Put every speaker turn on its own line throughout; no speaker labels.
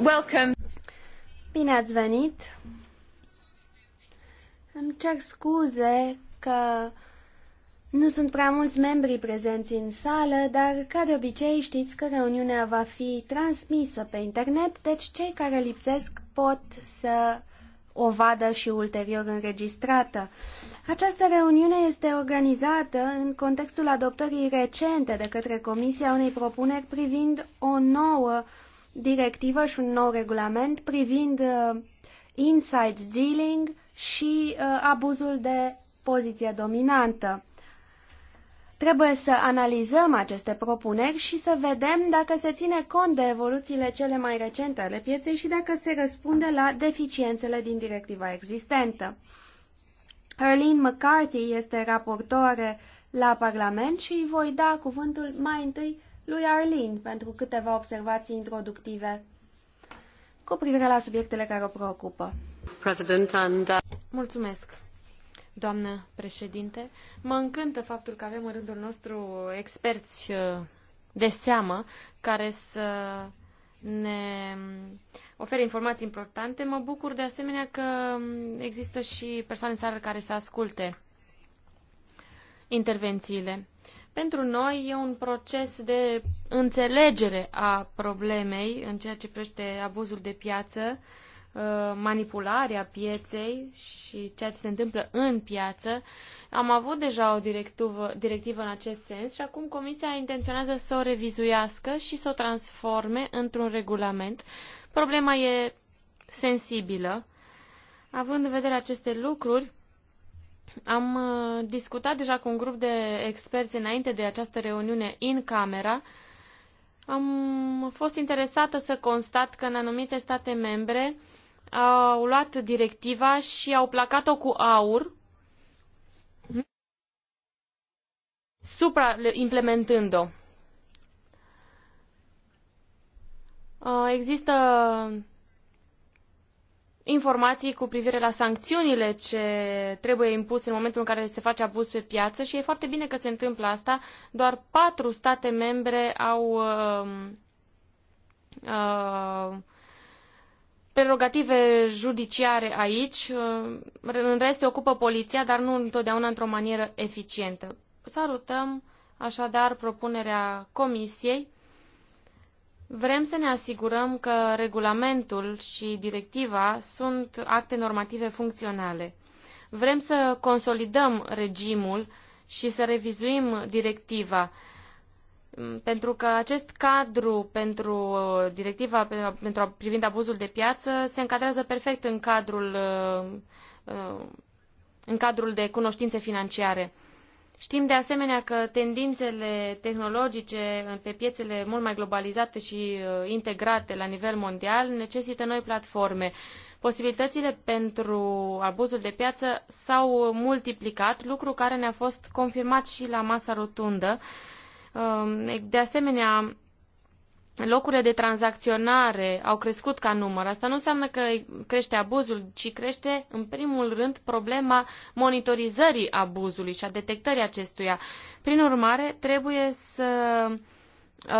welcome. Bine ați venit. Îmi cer scuze că nu sunt prea mulți membri prezenți în sală, dar ca de obicei știți că reuniunea va fi transmisă pe internet, deci cei care lipsesc pot să o vadă și ulterior înregistrată. Această reuniune este organizată în contextul adoptării recente de către Comisia unei propuneri privind o nouă directivă și un nou regulament privind uh, inside dealing și uh, abuzul de poziție dominantă. Trebuie să analizăm aceste propuneri și să vedem dacă se ține cont de evoluțiile cele mai recente ale pieței și dacă se răspunde la deficiențele din directiva existentă. Arlene McCarthy este raportoare la Parlament și îi voi da cuvântul mai întâi lui Arlin pentru câteva observații introductive cu privire la subiectele care o preocupă.
And... Uh,
Mulțumesc, doamnă președinte. Mă încântă faptul că avem în rândul nostru experți uh, de seamă care să ne oferă informații importante. Mă bucur de asemenea că există și persoane în sală care să asculte intervențiile. Pentru noi e un proces de înțelegere a problemei în ceea ce privește abuzul de piață, uh, manipularea pieței și ceea ce se întâmplă în piață. Am avut deja o directivă, directivă în acest sens și acum Comisia intenționează să o revizuiască și să o transforme într-un regulament. Problema e sensibilă. Având în vedere aceste lucruri, am uh, discutat deja cu un grup de experți înainte de această reuniune în camera. Am fost interesată să constat că în anumite state membre au luat directiva și au placat-o cu aur, supra-implementând-o. Uh, există informații cu privire la sancțiunile ce trebuie impuse în momentul în care se face abuz pe piață și e foarte bine că se întâmplă asta. Doar patru state membre au uh, uh, prerogative judiciare aici. Uh, în rest se ocupă poliția, dar nu întotdeauna într-o manieră eficientă. Salutăm așadar propunerea Comisiei Vrem să ne asigurăm că regulamentul și directiva sunt acte normative funcționale. Vrem să consolidăm regimul și să revizuim directiva, mm, pentru că acest cadru pentru uh, directiva pentru, privind abuzul de piață se încadrează perfect în cadrul, uh, uh, în cadrul de cunoștințe financiare. Știm de asemenea că tendințele tehnologice pe piețele mult mai globalizate și uh, integrate la nivel mondial necesită noi platforme. Posibilitățile pentru abuzul de piață s-au multiplicat, lucru care ne-a fost confirmat și la masa rotundă. Um, de asemenea, locurile de tranzacționare au crescut ca număr. Asta nu înseamnă că crește abuzul, ci crește, în primul rând, problema monitorizării abuzului și a detectării acestuia. Prin urmare, trebuie să uh,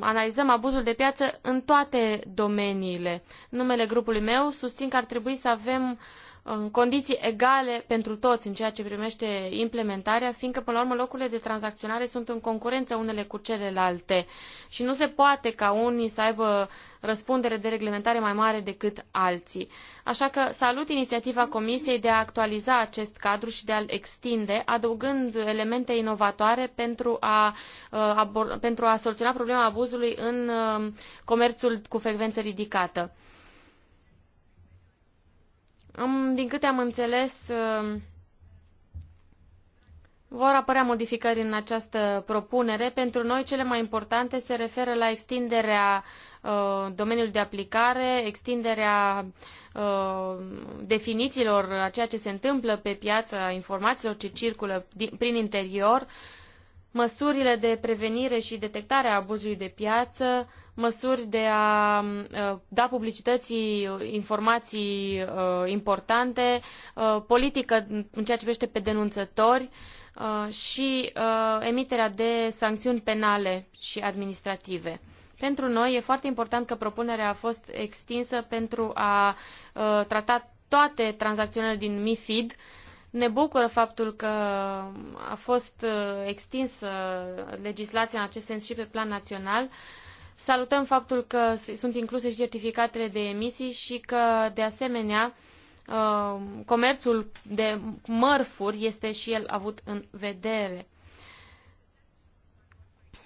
analizăm abuzul de piață în toate domeniile. Numele grupului meu susțin că ar trebui să avem uh, în condiții egale pentru toți în ceea ce primește implementarea, fiindcă, până la urmă, locurile de tranzacționare sunt în concurență unele cu celelalte și nu se poate ca unii să aibă răspundere de reglementare mai mare decât alții. Așa că salut inițiativa Comisiei de a actualiza acest cadru și de a-l extinde, adăugând elemente inovatoare pentru a, uh, pentru a soluționa problema abuzului în uh, comerțul cu frecvență ridicată. Am, din câte am înțeles, um, vor apărea modificări în această propunere. Pentru noi, cele mai importante se referă la extinderea uh, domeniului de aplicare, extinderea uh, definițiilor a ceea ce se întâmplă pe piața informațiilor ce circulă din, prin interior, măsurile de prevenire și detectare a abuzului de piață, măsuri de a uh, da publicității informații uh, importante, uh, politică în ceea ce privește pe denunțători și emiterea de sancțiuni penale și administrative. Pentru noi e foarte important că propunerea a fost extinsă pentru a trata toate tranzacțiunile din MIFID. Ne bucură faptul că a fost extinsă legislația în acest sens și pe plan național. Uh, Salutăm faptul că sunt incluse și certificatele de emisii și că, de asemenea, uh, comerțul de mărfuri este și el avut în vedere.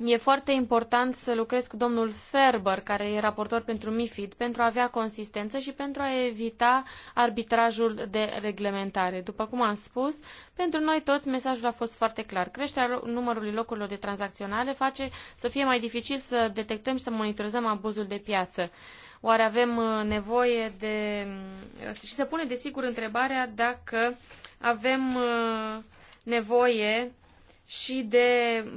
E foarte important să lucrez cu domnul Ferber, care e raportor pentru MIFID, pentru a avea consistență și pentru a evita arbitrajul de reglementare. După cum am spus, pentru noi toți mesajul a fost foarte clar. Creșterea numărului locurilor de tranzacționale face să fie mai dificil să detectăm și să monitorizăm abuzul de piață. Oare avem uh, nevoie de... Mm, și se pune desigur întrebarea dacă avem uh, nevoie și de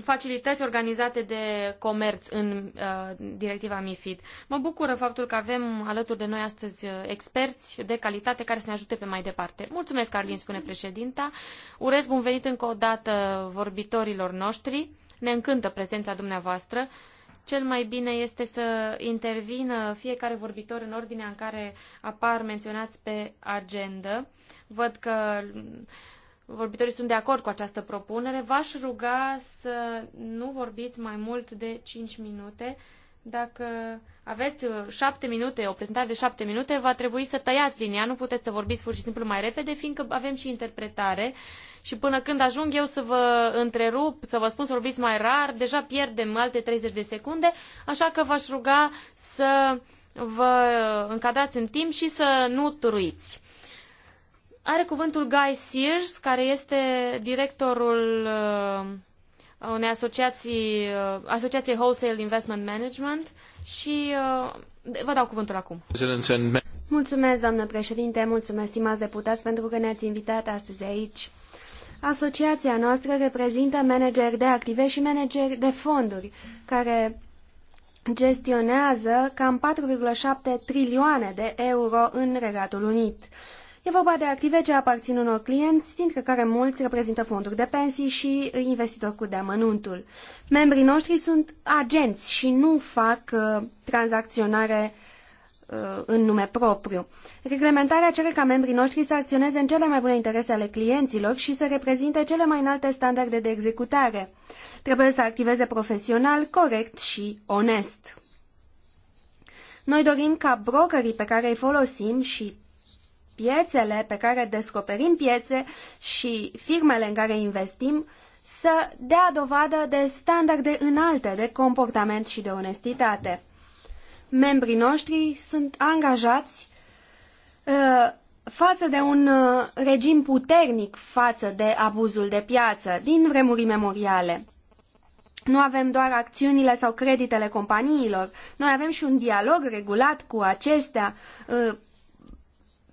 facilități organizate de comerț în uh, directiva MIFID. Mă bucură faptul că avem alături de noi astăzi uh, experți de calitate care să ne ajute pe mai departe. Mulțumesc, Carlin, spune președinta. Urez bun venit încă o dată vorbitorilor noștri. Ne încântă prezența dumneavoastră. Cel mai bine este să intervină fiecare vorbitor în ordinea în care apar menționați pe agenda. Văd că vorbitorii sunt de acord cu această propunere. V-aș ruga să nu vorbiți mai mult de 5 minute. Dacă aveți 7 uh, minute, o prezentare de 7 minute, va trebui să tăiați din ea, nu puteți să vorbiți pur și simplu mai repede, fiindcă avem și interpretare și până când ajung eu să vă întrerup, să vă spun să vorbiți mai rar, deja pierdem alte 30 de secunde, așa că v-aș ruga să vă încadrați în timp și să nu turuiți. Are cuvântul Guy Sears, care este directorul uh, unei asociații, uh, asociației Wholesale Investment Management și uh, vă dau cuvântul acum. Mulțumesc, doamnă președinte, mulțumesc, stimați
deputați, pentru că ne-ați invitat astăzi aici. Asociația noastră reprezintă manageri de active și manageri de fonduri, care gestionează cam 4,7 trilioane de euro în Regatul Unit. E vorba de active ce aparțin unor clienți, dintre care mulți reprezintă fonduri de pensii și investitori cu deamănuntul. Membrii noștri sunt agenți și nu fac uh, tranzacționare uh, în nume propriu. Reglementarea cere ca membrii noștri să acționeze în cele mai bune interese ale clienților și să reprezinte cele mai înalte standarde de executare. Trebuie să activeze profesional, corect și onest. Noi dorim ca brokerii pe care îi folosim și piețele pe care descoperim piețe și firmele în care investim să dea dovadă de standarde înalte de comportament și de onestitate. Membrii noștri sunt angajați uh, față de un uh, regim puternic față de abuzul de piață din vremuri memoriale. Nu avem doar acțiunile sau creditele companiilor, noi avem și un dialog regulat cu acestea uh,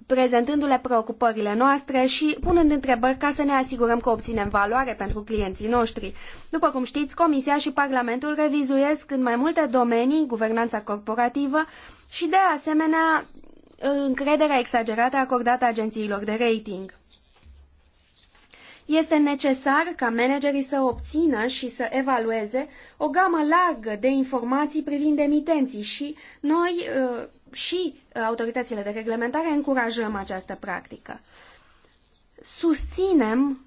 prezentându-le preocupările noastre și punând întrebări ca să ne asigurăm că obținem valoare pentru clienții noștri. După cum știți, Comisia și Parlamentul revizuiesc în mai multe domenii guvernanța corporativă și, de asemenea, încrederea exagerată acordată agențiilor de rating. Este necesar ca managerii să obțină și să evalueze o gamă largă de informații privind emitenții și noi uh, și uh, autoritățile de reglementare încurajăm această practică. Susținem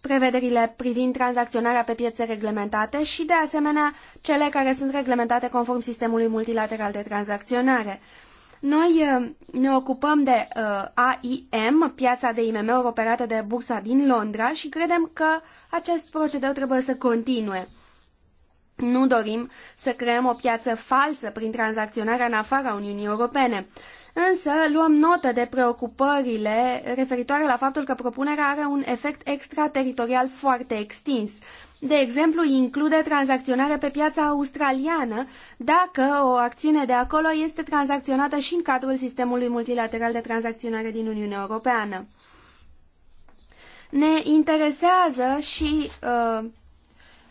prevederile privind tranzacționarea pe piețe reglementate și, de asemenea, cele care sunt reglementate conform sistemului multilateral de tranzacționare. Noi uh, ne ocupăm de uh, AIM, piața de IMM-uri operată de Bursa din Londra și credem că acest procedeu trebuie să continue. Nu dorim să creăm o piață falsă prin tranzacționarea în afara Uniunii Europene. Însă luăm notă de preocupările referitoare la faptul că propunerea are un efect extrateritorial foarte extins. De exemplu, include tranzacționarea pe piața australiană dacă o acțiune de acolo este tranzacționată și în cadrul sistemului multilateral de tranzacționare din Uniunea Europeană. Ne interesează și uh,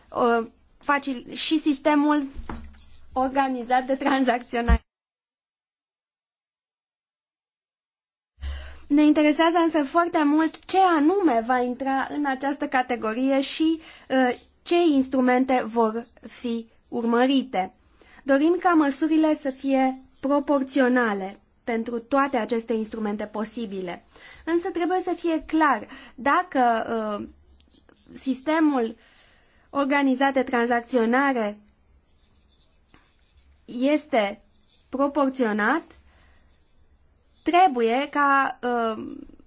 uh, facil- și sistemul organizat de tranzacționare. Ne interesează însă foarte mult ce anume va intra în această categorie și uh, ce instrumente vor fi urmărite. Dorim ca măsurile să fie proporționale pentru toate aceste instrumente posibile. Însă trebuie să fie clar dacă uh, sistemul organizate tranzacționare este proporționat, trebuie ca uh,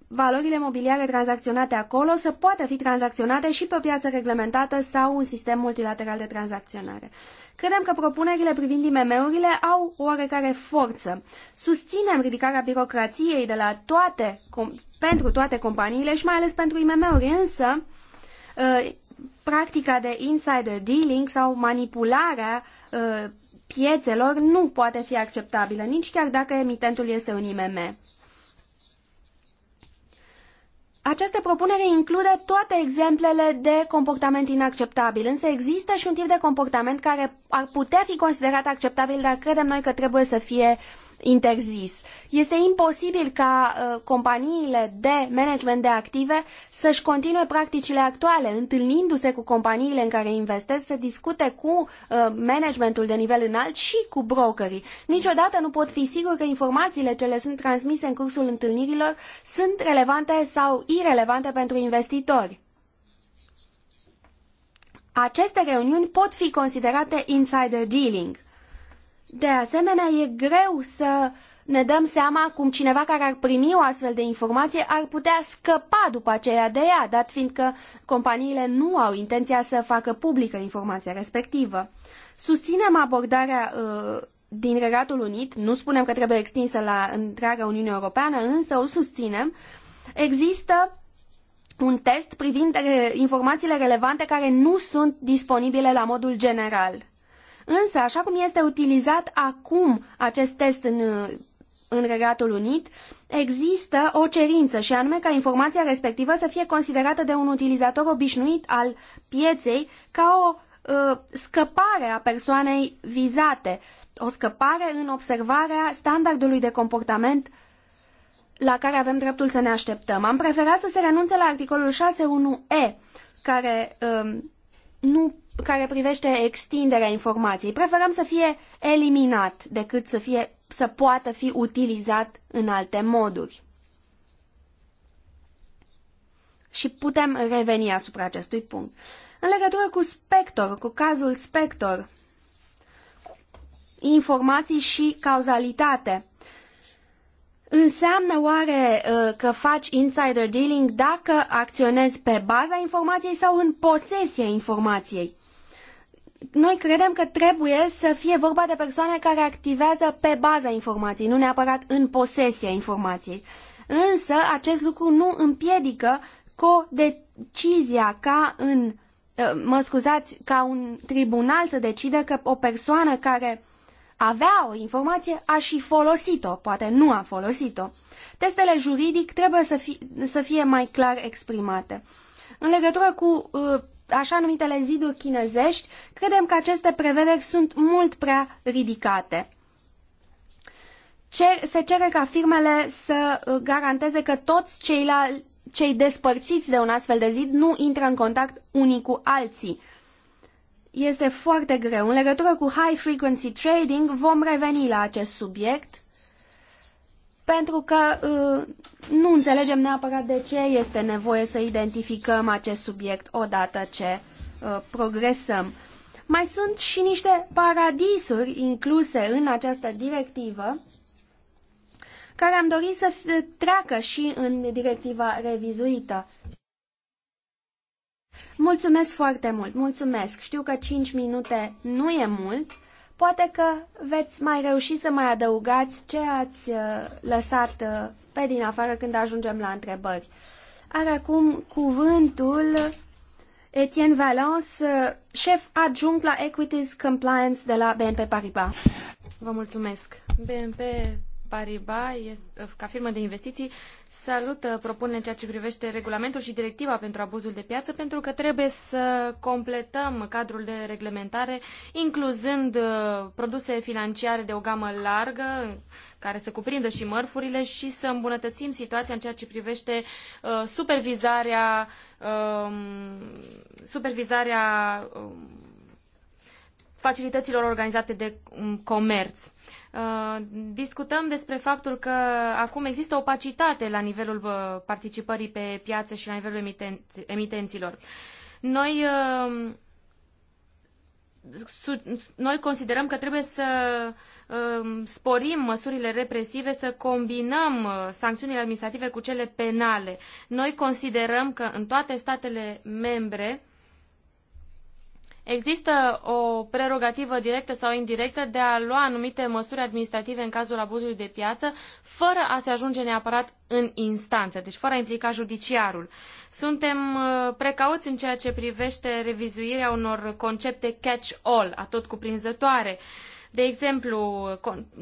valorile mobiliare tranzacționate acolo să poată fi tranzacționate și pe o piață reglementată sau un sistem multilateral de tranzacționare. Credem că propunerile privind IMM-urile au oarecare forță. Susținem ridicarea birocrației de la toate, pentru toate companiile și mai ales pentru IMM-uri, însă uh, Uh, practica de insider dealing sau manipularea uh, piețelor nu poate fi acceptabilă, nici chiar dacă emitentul este un IMM. Această propunere include toate exemplele de comportament inacceptabil, însă există și un tip de comportament care ar putea fi considerat acceptabil, dar credem noi că trebuie să fie uh, interzis. Este imposibil ca uh, companiile de management de active să-și continue practicile actuale, întâlnindu-se cu companiile în care investesc, să discute cu uh, managementul de nivel înalt și cu brokerii. Niciodată nu pot fi sigur că informațiile ce le sunt transmise în cursul întâlnirilor sunt relevante sau irelevante pentru investitori. Aceste reuniuni pot fi considerate insider dealing de asemenea, e greu să ne dăm seama cum cineva care ar primi o astfel de informație ar putea scăpa după aceea de ea, dat fiindcă companiile nu au intenția să facă publică informația respectivă. Susținem abordarea uh, din Regatul Unit, nu spunem că trebuie extinsă la întreaga Uniune Europeană, însă o susținem. Există un test privind uh, informațiile relevante care nu sunt disponibile la modul general Însă, așa cum este utilizat acum acest test în, în Regatul Unit, există o cerință și anume ca informația respectivă să fie considerată de un utilizator obișnuit al pieței ca o uh, scăpare a persoanei vizate, o scăpare în observarea standardului de comportament la care avem dreptul să ne așteptăm. Am preferat să se renunțe la articolul 6.1e, care ă, nu care privește extinderea informației. Preferăm să fie eliminat decât să, fie, să poată fi utilizat în alte moduri. Și putem reveni asupra acestui punct. În legătură cu Spector, cu cazul Spector, informații și cauzalitate. Înseamnă oare uh, că faci insider dealing dacă acționezi pe baza informației sau în posesia informației? noi credem că trebuie să fie vorba de persoane care activează pe baza informației, nu neapărat în posesia informației. Însă acest lucru nu împiedică codecizia ca în ă, mă scuzați, ca un tribunal să decidă că o persoană care avea o informație a și folosit-o, poate nu a folosit-o. Testele juridic trebuie să, fi, să fie mai clar exprimate. În legătură cu uh, așa numitele ziduri chinezești, credem că aceste prevederi sunt mult prea ridicate. Cer, se cere ca firmele să garanteze că toți cei, la, cei despărțiți de un astfel de zid nu intră în contact unii cu alții. Este foarte greu. În legătură cu high frequency trading vom reveni la acest subiect pentru că uh, nu înțelegem neapărat de ce este nevoie să identificăm acest subiect odată ce uh, progresăm. Mai sunt și niște paradisuri incluse în această directivă care am dorit să treacă și în directiva revizuită. Mulțumesc foarte mult, mulțumesc. Știu că 5 minute nu e mult, Poate că veți mai reuși să mai adăugați ce ați uh, lăsat uh, pe din afară când ajungem la întrebări. Are acum cuvântul Etienne Valence, uh, șef adjunct la Equities Compliance de la BNP Paribas.
Vă mulțumesc. BNP Paribas, ca firmă de investiții, salută propunerea în ceea ce privește regulamentul și directiva pentru abuzul de piață, pentru că trebuie să completăm cadrul de reglementare, incluzând uh, produse financiare de o gamă largă, care să cuprindă și mărfurile, și să îmbunătățim situația în ceea ce privește uh, supervizarea, um, supervizarea um, facilităților organizate de um, comerț. Uh, discutăm despre faptul că acum există opacitate la nivelul uh, participării pe piață și la nivelul emitenț- emitenților. Noi uh, noi considerăm că trebuie să sporim măsurile represive, să combinăm sancțiunile administrative cu cele penale. Noi considerăm că în toate statele membre Există o prerogativă directă sau indirectă de a lua anumite măsuri administrative în cazul abuzului de piață, fără a se ajunge neapărat în instanță, deci fără a implica judiciarul. Suntem uh, precauți în ceea ce privește revizuirea unor concepte catch-all, atot cuprinzătoare. Uh, de exemplu,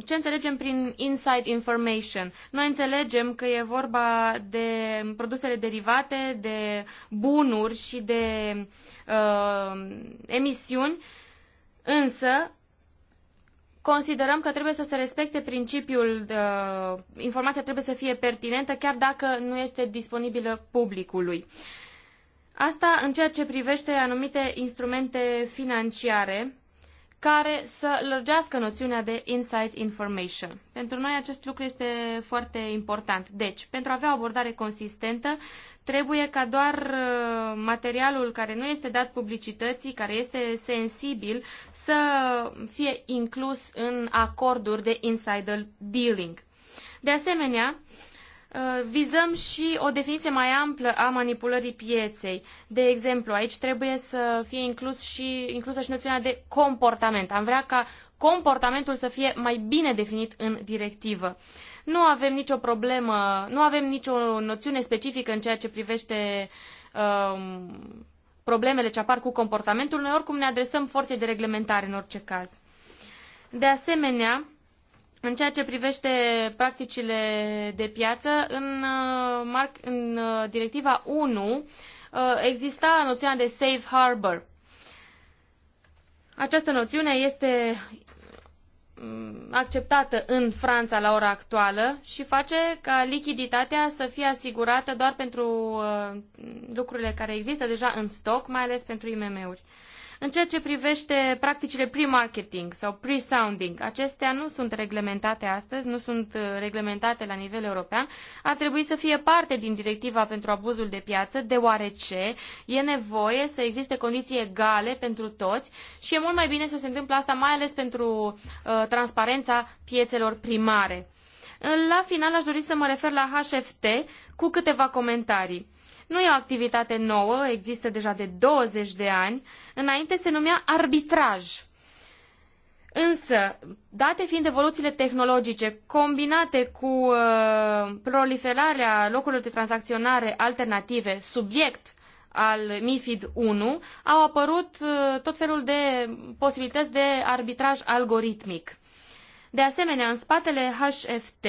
ce înțelegem prin inside information? Noi înțelegem că e vorba de produsele derivate, de bunuri și de uh, emisiuni, însă considerăm că trebuie să se respecte principiul de, uh, informația trebuie să fie pertinentă chiar dacă nu este disponibilă publicului. Asta în ceea ce privește anumite instrumente financiare care să lărgească noțiunea de inside information. Pentru noi acest lucru este foarte important. Deci, pentru a avea o abordare consistentă, trebuie ca doar uh, materialul care nu este dat publicității, care este sensibil, să fie inclus în acorduri de insider dealing. De asemenea, Uh, vizăm și o definiție mai amplă a manipulării pieței. De exemplu, aici trebuie să fie inclus și, inclusă și noțiunea de comportament. Am vrea ca comportamentul să fie mai bine definit în directivă. Nu avem nicio problemă, nu avem nicio noțiune specifică în ceea ce privește um, problemele ce apar cu comportamentul. Noi oricum ne adresăm forței de reglementare în orice caz. De asemenea, în ceea ce privește practicile de piață, în, uh, în uh, directiva 1 uh, exista noțiunea de safe harbor. Această noțiune este mm, acceptată în Franța la ora actuală și face ca lichiditatea să fie asigurată doar pentru lucrurile care există deja în stoc, mai ales pentru IMM-uri. În ceea ce privește practicile pre-marketing sau pre-sounding, acestea nu sunt reglementate astăzi, nu sunt uh, reglementate la nivel european. Ar trebui să fie parte din directiva pentru abuzul de piață, deoarece e nevoie să existe condiții egale pentru toți și e mult mai bine să se întâmple asta, mai ales pentru uh, transparența piețelor primare. La final aș dori să mă refer la HFT cu câteva comentarii. Nu e o activitate nouă, există deja de 20 de ani. Înainte se numea arbitraj. Însă, date fiind evoluțiile tehnologice combinate cu uh, proliferarea locurilor de tranzacționare alternative, subiect al MIFID 1, au apărut uh, tot felul de posibilități de arbitraj algoritmic. De asemenea, în spatele HFT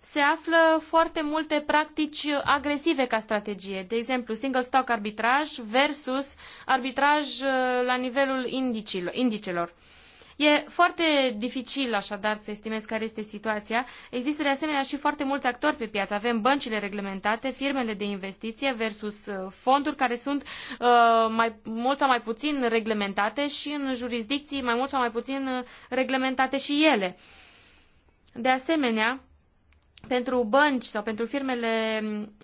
se află foarte multe practici agresive ca strategie. De exemplu, single stock arbitraj versus arbitraj uh, la nivelul indicelor. E foarte dificil așadar să estimez care este situația. Există de asemenea și foarte mulți actori pe piață. Avem băncile reglementate, firmele de investiție versus uh, fonduri care sunt uh, mai mult sau mai puțin reglementate și în jurisdicții mai mult sau mai puțin uh, reglementate și ele. De asemenea, pentru bănci sau pentru firmele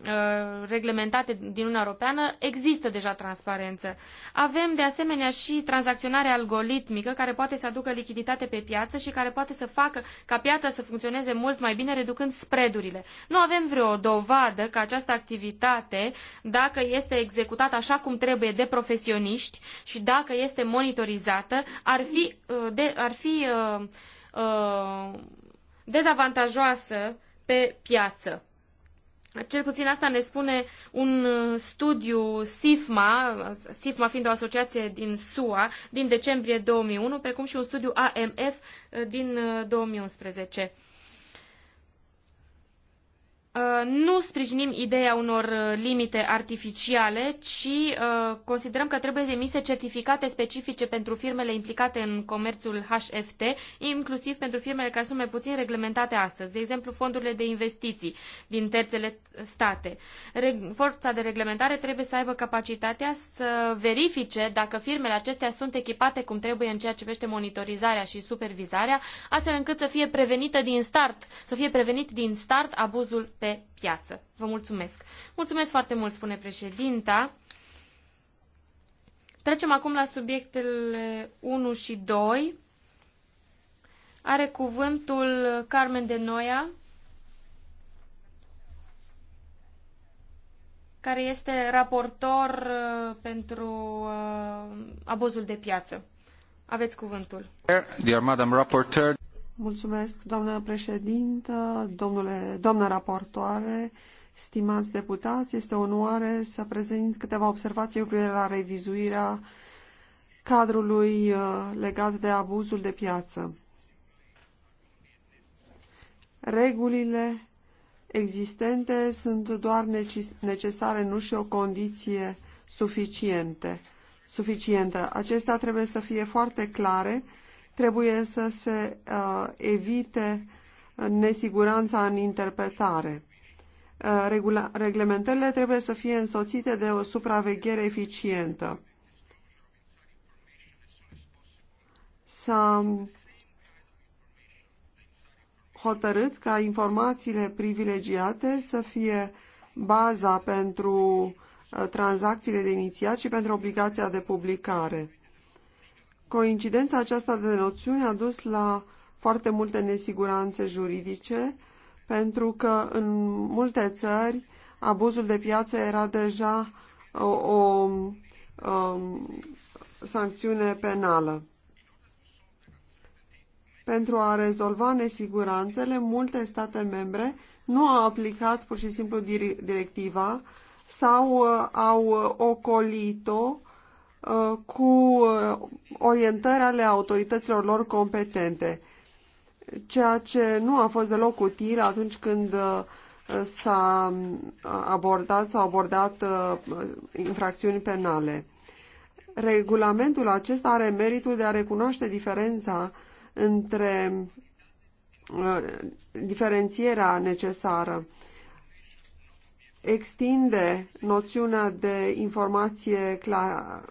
uh, reglementate din Uniunea Europeană există deja transparență. Avem de asemenea și tranzacționarea algoritmică care poate să aducă lichiditate pe piață și care poate să facă ca piața să funcționeze mult mai bine reducând spreadurile. Nu avem vreo dovadă că această activitate, dacă este executată așa cum trebuie de profesioniști și dacă este monitorizată, ar fi, uh, de, ar fi uh, uh dezavantajoasă pe piață. Cel puțin asta ne spune un uh, studiu SIFMA, SIFMA fiind o asociație din SUA, din decembrie 2001, precum și un studiu AMF uh, din 2011. Uh, Uh, nu sprijinim ideea unor uh, limite artificiale, ci uh, considerăm că trebuie emise certificate specifice pentru firmele implicate în comerțul HFT, inclusiv pentru firmele care sunt mai puțin reglementate astăzi, de exemplu fondurile de investiții din terțele state. Forța de reglementare trebuie să aibă capacitatea să verifice dacă firmele acestea sunt echipate cum trebuie în ceea ce privește monitorizarea și supervizarea, astfel încât să fie prevenită din start, să fie prevenit din start abuzul pe piață. Vă mulțumesc. Mulțumesc foarte mult, spune președinta. Trecem acum la subiectele 1 și 2. Are cuvântul Carmen de Noia, care este raportor uh, pentru uh, abuzul de
piață. Aveți cuvântul.
Dear Madam Rapporteur,
Mulțumesc, doamnă președintă, domnule, doamnă raportoare, stimați deputați. Este o onoare să prezint câteva observații cu privire la revizuirea cadrului uh, legat de abuzul de piață. Regulile existente sunt doar necesare, nu și o condiție suficientă. Acestea trebuie să fie foarte clare Trebuie să se uh, evite uh, nesiguranța în interpretare. Uh, regula- reglementările trebuie să fie însoțite de o supraveghere eficientă. S-a hotărât ca informațiile privilegiate să fie baza pentru uh, tranzacțiile de inițiat și pentru obligația de publicare. Coincidența aceasta de noțiuni a dus la foarte multe nesiguranțe juridice, pentru că în multe țări abuzul de piață era deja o, o, o um, sancțiune penală. Pentru a rezolva nesiguranțele, multe state membre nu au aplicat pur și simplu directiva sau uh, au ocolit-o Uh, cu uh, orientări ale autorităților lor competente, ceea ce nu a fost deloc util atunci când uh, s-a abordat, s abordat infracțiuni penale. Regulamentul acesta are meritul de a recunoaște diferența între diferențierea necesară extinde noțiunea de informație clar,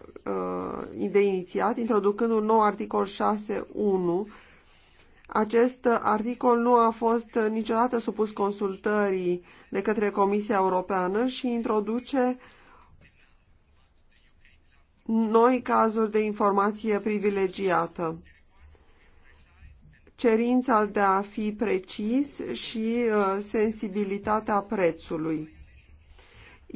uh, de inițiat, introducând un nou articol 6.1. Acest articol nu a fost niciodată supus consultării de către Comisia Europeană și introduce noi cazuri de informație privilegiată. Cerința de a fi precis și uh, sensibilitatea prețului.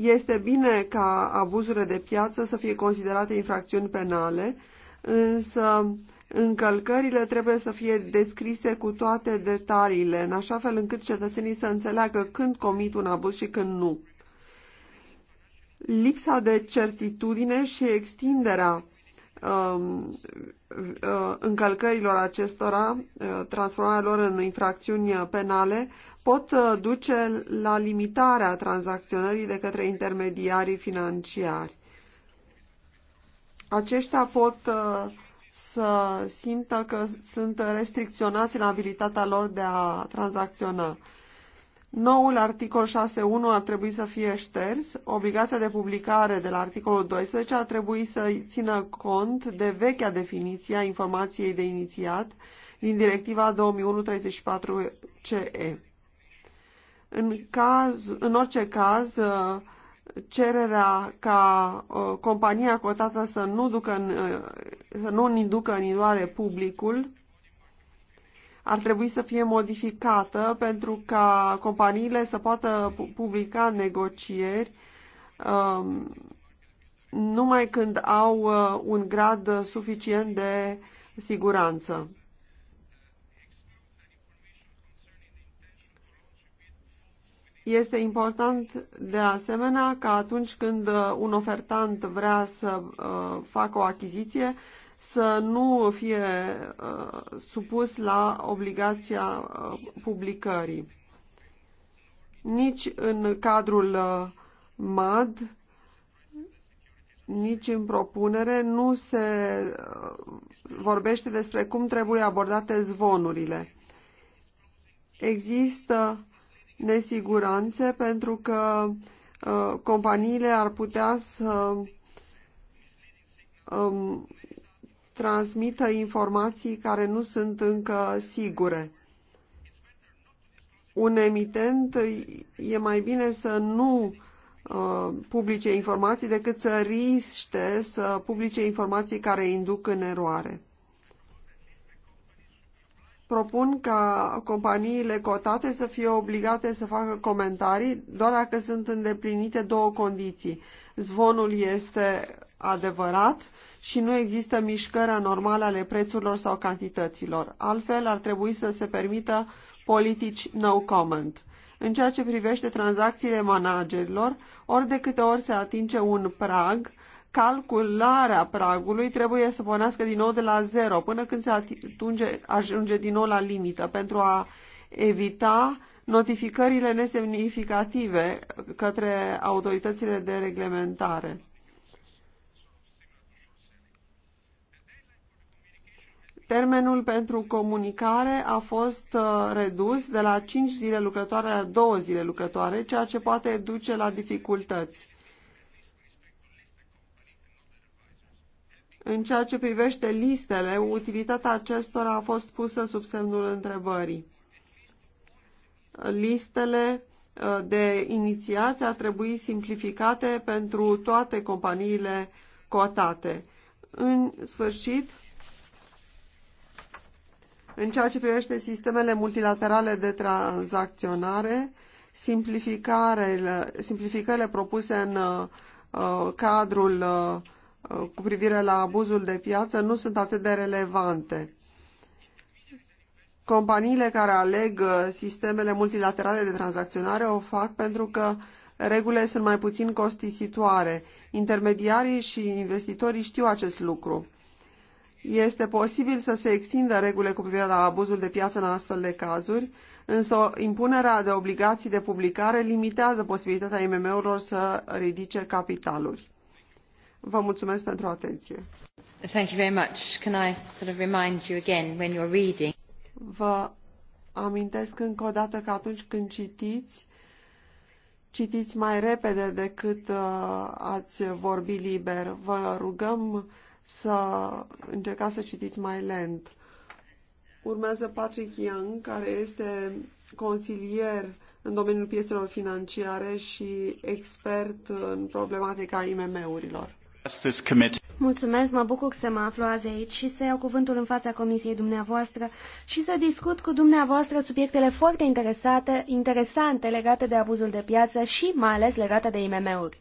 Este bine ca abuzurile de piață să fie considerate infracțiuni penale, însă încălcările trebuie să fie descrise cu toate detaliile, în așa fel încât cetățenii să înțeleagă când comit un abuz și când nu. Lipsa de certitudine și extinderea um, Uh, încălcărilor acestora, uh, transformarea lor în infracțiuni penale, pot uh, duce la limitarea tranzacționării de către intermediarii financiari. Aceștia pot să simtă că sunt restricționați în abilitatea lor de a tranzacționa. Noul articol 6.1 ar trebui să fie șters. Obligația de publicare de la articolul 12 ar trebui să țină cont de vechea definiție a informației de inițiat din directiva 2001-34-CE. În, caz, în orice caz, uh, cererea ca uh, compania cotată să nu, ducă în, uh, să nu inducă în iroare publicul ar trebui să fie modificată pentru ca companiile să poată publica negocieri um, numai când au uh, un grad suficient de siguranță. Este important de asemenea ca atunci când uh, un ofertant vrea să uh, facă o achiziție, să nu fie uh, supus la obligația uh, publicării. Nici în cadrul uh, MAD, nici în propunere, nu se uh, vorbește despre cum trebuie abordate zvonurile. Există nesiguranțe pentru că uh, companiile ar putea să uh, transmită informații care nu sunt încă sigure. Un emitent e mai bine să nu uh, publice informații decât să riște să publice informații care induc în eroare. Propun ca companiile cotate să fie obligate să facă comentarii doar dacă sunt îndeplinite două condiții. Zvonul este adevărat și nu există mișcări anormale ale prețurilor sau cantităților. Altfel, ar trebui să se permită politici no comment. În ceea ce privește tranzacțiile managerilor, ori de câte ori se atinge un prag, calcularea pragului trebuie să pornească din nou de la zero până când se atinge, ajunge din nou la limită pentru a evita notificările nesemnificative către autoritățile de reglementare. Termenul pentru comunicare a fost uh, redus de la 5 zile lucrătoare la 2 zile lucrătoare, ceea ce poate duce la dificultăți. În ceea ce privește listele, utilitatea acestora a fost pusă sub semnul întrebării. Listele uh, de inițiați ar trebui simplificate pentru toate companiile cotate. În sfârșit, în ceea ce privește sistemele multilaterale de tranzacționare, simplificările propuse în uh, cadrul uh, uh, cu privire la abuzul de piață nu sunt atât de relevante. Companiile care aleg uh, sistemele multilaterale de tranzacționare o fac pentru că regulile sunt mai puțin costisitoare. Intermediarii și investitorii știu acest lucru. Este posibil să se extindă regulile cu privire la abuzul de piață în astfel de cazuri, însă impunerea de obligații de publicare limitează posibilitatea IMM-urilor să ridice capitaluri. Vă mulțumesc pentru atenție. Thank you very much. Can I sort of remind you again when you're reading? Vă amintesc încă o dată că atunci când citiți, citiți mai repede decât uh, ați vorbi liber. Vă rugăm să încercați să citiți mai lent. Urmează Patrick Young, care este consilier în domeniul piețelor financiare și expert în problematica IMM-urilor. Mulțumesc, mă bucur să mă aflu
azi aici și să iau cuvântul în fața comisiei dumneavoastră și să discut cu dumneavoastră subiectele foarte interesate, interesante legate de abuzul de piață și mai ales legate de IMM-uri.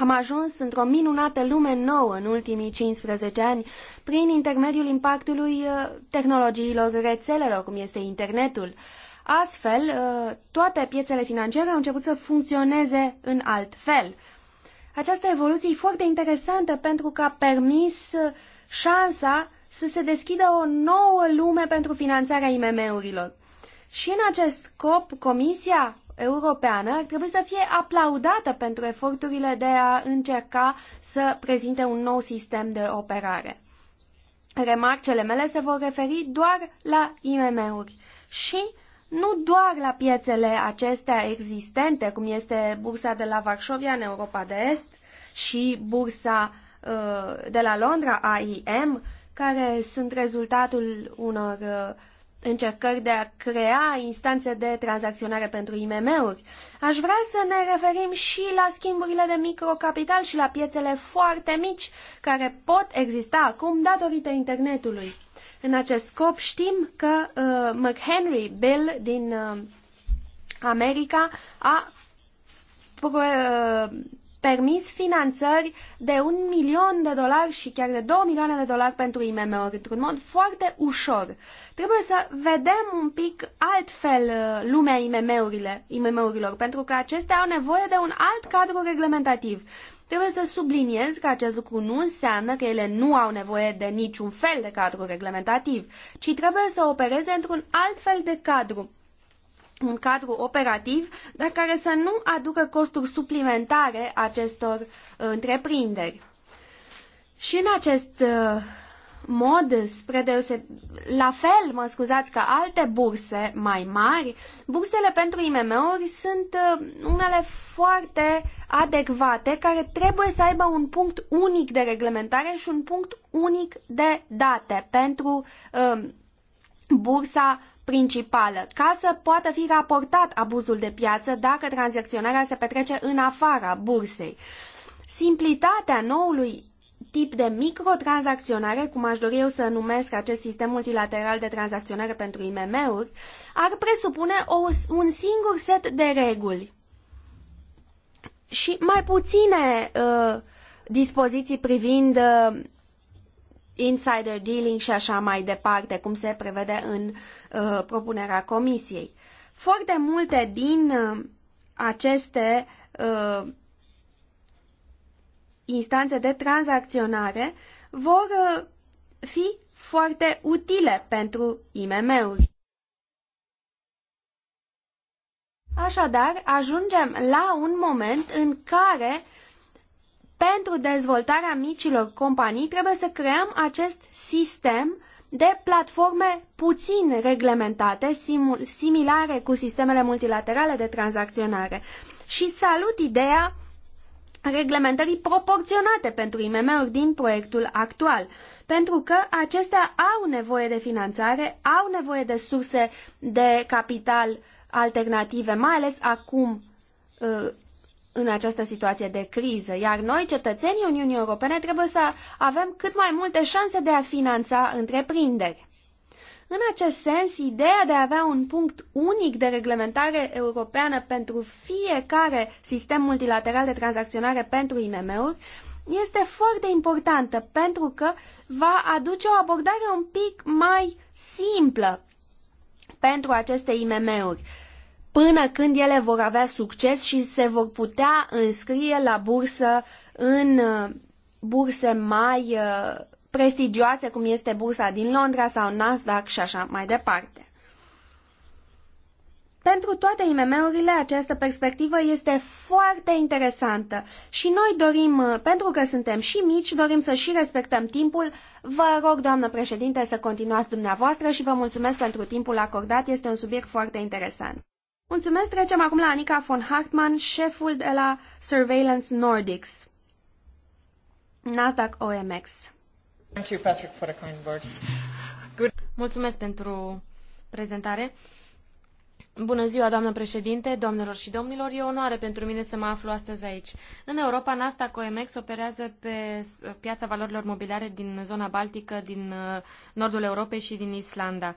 Am ajuns într-o minunată lume nouă în ultimii 15 ani prin intermediul impactului uh, tehnologiilor rețelelor, cum este internetul. Astfel, uh, toate piețele financiare au început să funcționeze în alt fel. Această evoluție e foarte interesantă pentru că a permis uh, șansa să se deschidă o nouă lume pentru finanțarea IMM-urilor. Și în acest scop, Comisia europeană ar trebui să fie aplaudată pentru eforturile de a încerca să prezinte un nou sistem de operare. Remarcele mele se vor referi doar la IMM-uri și nu doar la piețele acestea existente, cum este bursa de la Varșovia în Europa de Est și bursa uh, de la Londra, AIM, care sunt rezultatul unor uh, încercări de a crea instanțe de tranzacționare pentru IMM-uri. Aș vrea să ne referim și la schimburile de microcapital și la piețele foarte mici care pot exista acum datorită internetului. În acest scop știm că uh, McHenry Bill din uh, America a pro, uh, permis finanțări de un milion de dolari și chiar de două milioane de dolari pentru IMM-uri, într-un mod foarte ușor. Trebuie să vedem un pic altfel uh, lumea IMM-urile, IMM-urilor, pentru că acestea au nevoie de un alt cadru reglementativ. Trebuie să subliniez că acest lucru nu înseamnă că ele nu au nevoie de niciun fel de cadru reglementativ, ci trebuie să opereze într-un alt fel de cadru, un cadru operativ, dar care să nu aducă costuri suplimentare acestor uh, întreprinderi. Și în acest uh, mod, spre deoseb... la fel, mă scuzați, ca alte burse mai mari, bursele pentru IMM-uri sunt uh, unele foarte adecvate care trebuie să aibă un punct unic de reglementare și un punct unic de date pentru bursa principală, ca să poată fi raportat abuzul de piață dacă tranzacționarea se petrece în afara bursei. Simplitatea noului tip de microtransacționare, cum aș dori eu să numesc acest sistem multilateral de tranzacționare pentru IMM-uri, ar presupune o, un singur set de reguli și mai puține uh, dispoziții privind uh, insider dealing și așa mai departe, cum se prevede în uh, propunerea comisiei. Foarte multe din uh, aceste uh, instanțe de tranzacționare vor uh, fi foarte utile pentru IMM-uri. Așadar, ajungem la un moment în care pentru dezvoltarea micilor companii trebuie să creăm acest sistem de platforme puțin reglementate, similare cu sistemele multilaterale de tranzacționare. Și salut ideea reglementării proporționate pentru IMM-uri din proiectul actual, pentru că acestea au nevoie de finanțare, au nevoie de surse de capital alternative, mai ales acum uh, în această situație de criză, iar noi, cetățenii Uniunii Europene, trebuie să avem cât mai multe șanse de a finanța întreprinderi. În acest sens, ideea de a avea un punct unic de reglementare europeană pentru fiecare sistem multilateral de tranzacționare pentru IMM-uri este foarte importantă pentru că va aduce o abordare un pic mai simplă pentru aceste IMM-uri până când ele vor avea succes și se vor putea înscrie la bursă în uh, burse mai uh, prestigioase, cum este bursa din Londra sau Nasdaq și așa mai departe. Pentru toate IMM-urile, această perspectivă este foarte interesantă și noi dorim, uh, pentru că suntem și mici, dorim să și respectăm timpul. Vă rog, doamnă președinte, să continuați dumneavoastră și vă mulțumesc pentru timpul acordat. Este un subiect foarte interesant. Mulțumesc, trecem acum la Anica von Hartmann, șeful de la Surveillance
Nordics, Nasdaq OMX.
Thank you, Patrick,
for the kind words. Good. Mulțumesc pentru prezentare. Bună ziua, doamnă președinte, doamnelor și domnilor. E onoare pentru mine să mă aflu astăzi aici. În Europa, Nasdaq OMX operează pe piața valorilor mobiliare din zona Baltică, din uh, nordul Europei și din Islanda. Uh,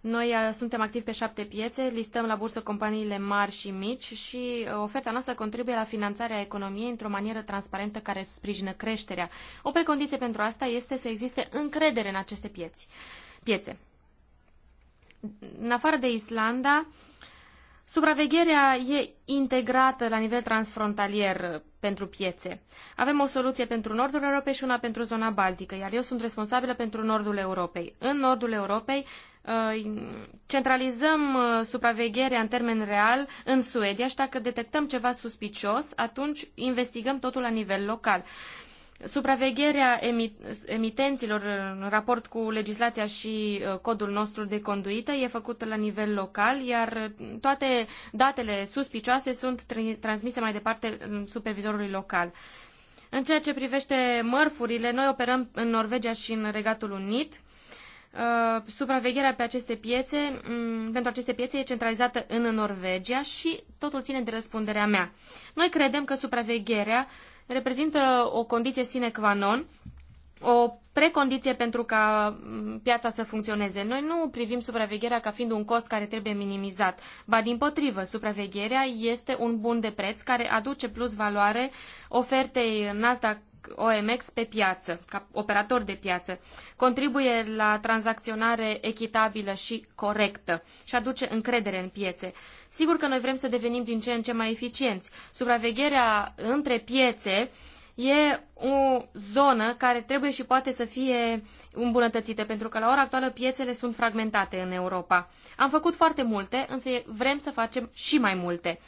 noi uh, suntem activi pe șapte piețe, listăm la bursă companiile mari și mici și uh, oferta noastră contribuie la finanțarea economiei într-o manieră transparentă care sprijină creșterea. O precondiție pentru asta este să existe încredere în aceste pieți, piețe. În afară de Islanda, Supravegherea e integrată la nivel transfrontalier pentru piețe. Avem o soluție pentru nordul Europei și una pentru zona Baltică, iar eu sunt responsabilă pentru nordul Europei. În nordul Europei Uh, centralizăm uh, supravegherea în termen real în Suedia și dacă detectăm ceva suspicios, atunci investigăm totul la nivel local. Supravegherea emitenților în raport cu legislația și uh, codul nostru de conduită e făcută la nivel local, iar toate datele suspicioase sunt transmise mai departe supervizorului local. În ceea ce privește mărfurile, noi operăm în Norvegia și în Regatul Unit Uh, supravegherea pe aceste piețe, mm, pentru aceste piețe e centralizată în Norvegia și totul ține de răspunderea mea. Noi credem că supravegherea reprezintă o condiție sine qua non, o precondiție pentru ca mm, piața să funcționeze. Noi nu privim supravegherea ca fiind un cost care trebuie minimizat. Ba din potrivă, supravegherea este un bun de preț care aduce plus valoare ofertei Nasdaq OMX pe piață, ca operator de piață, contribuie la tranzacționare echitabilă și corectă și aduce încredere în piețe. Sigur că noi vrem să devenim din ce în ce mai eficienți. Supravegherea între piețe e o zonă care trebuie și poate să fie îmbunătățită, pentru că la ora actuală piețele sunt fragmentate în Europa. Am făcut foarte multe, însă vrem să facem și mai multe.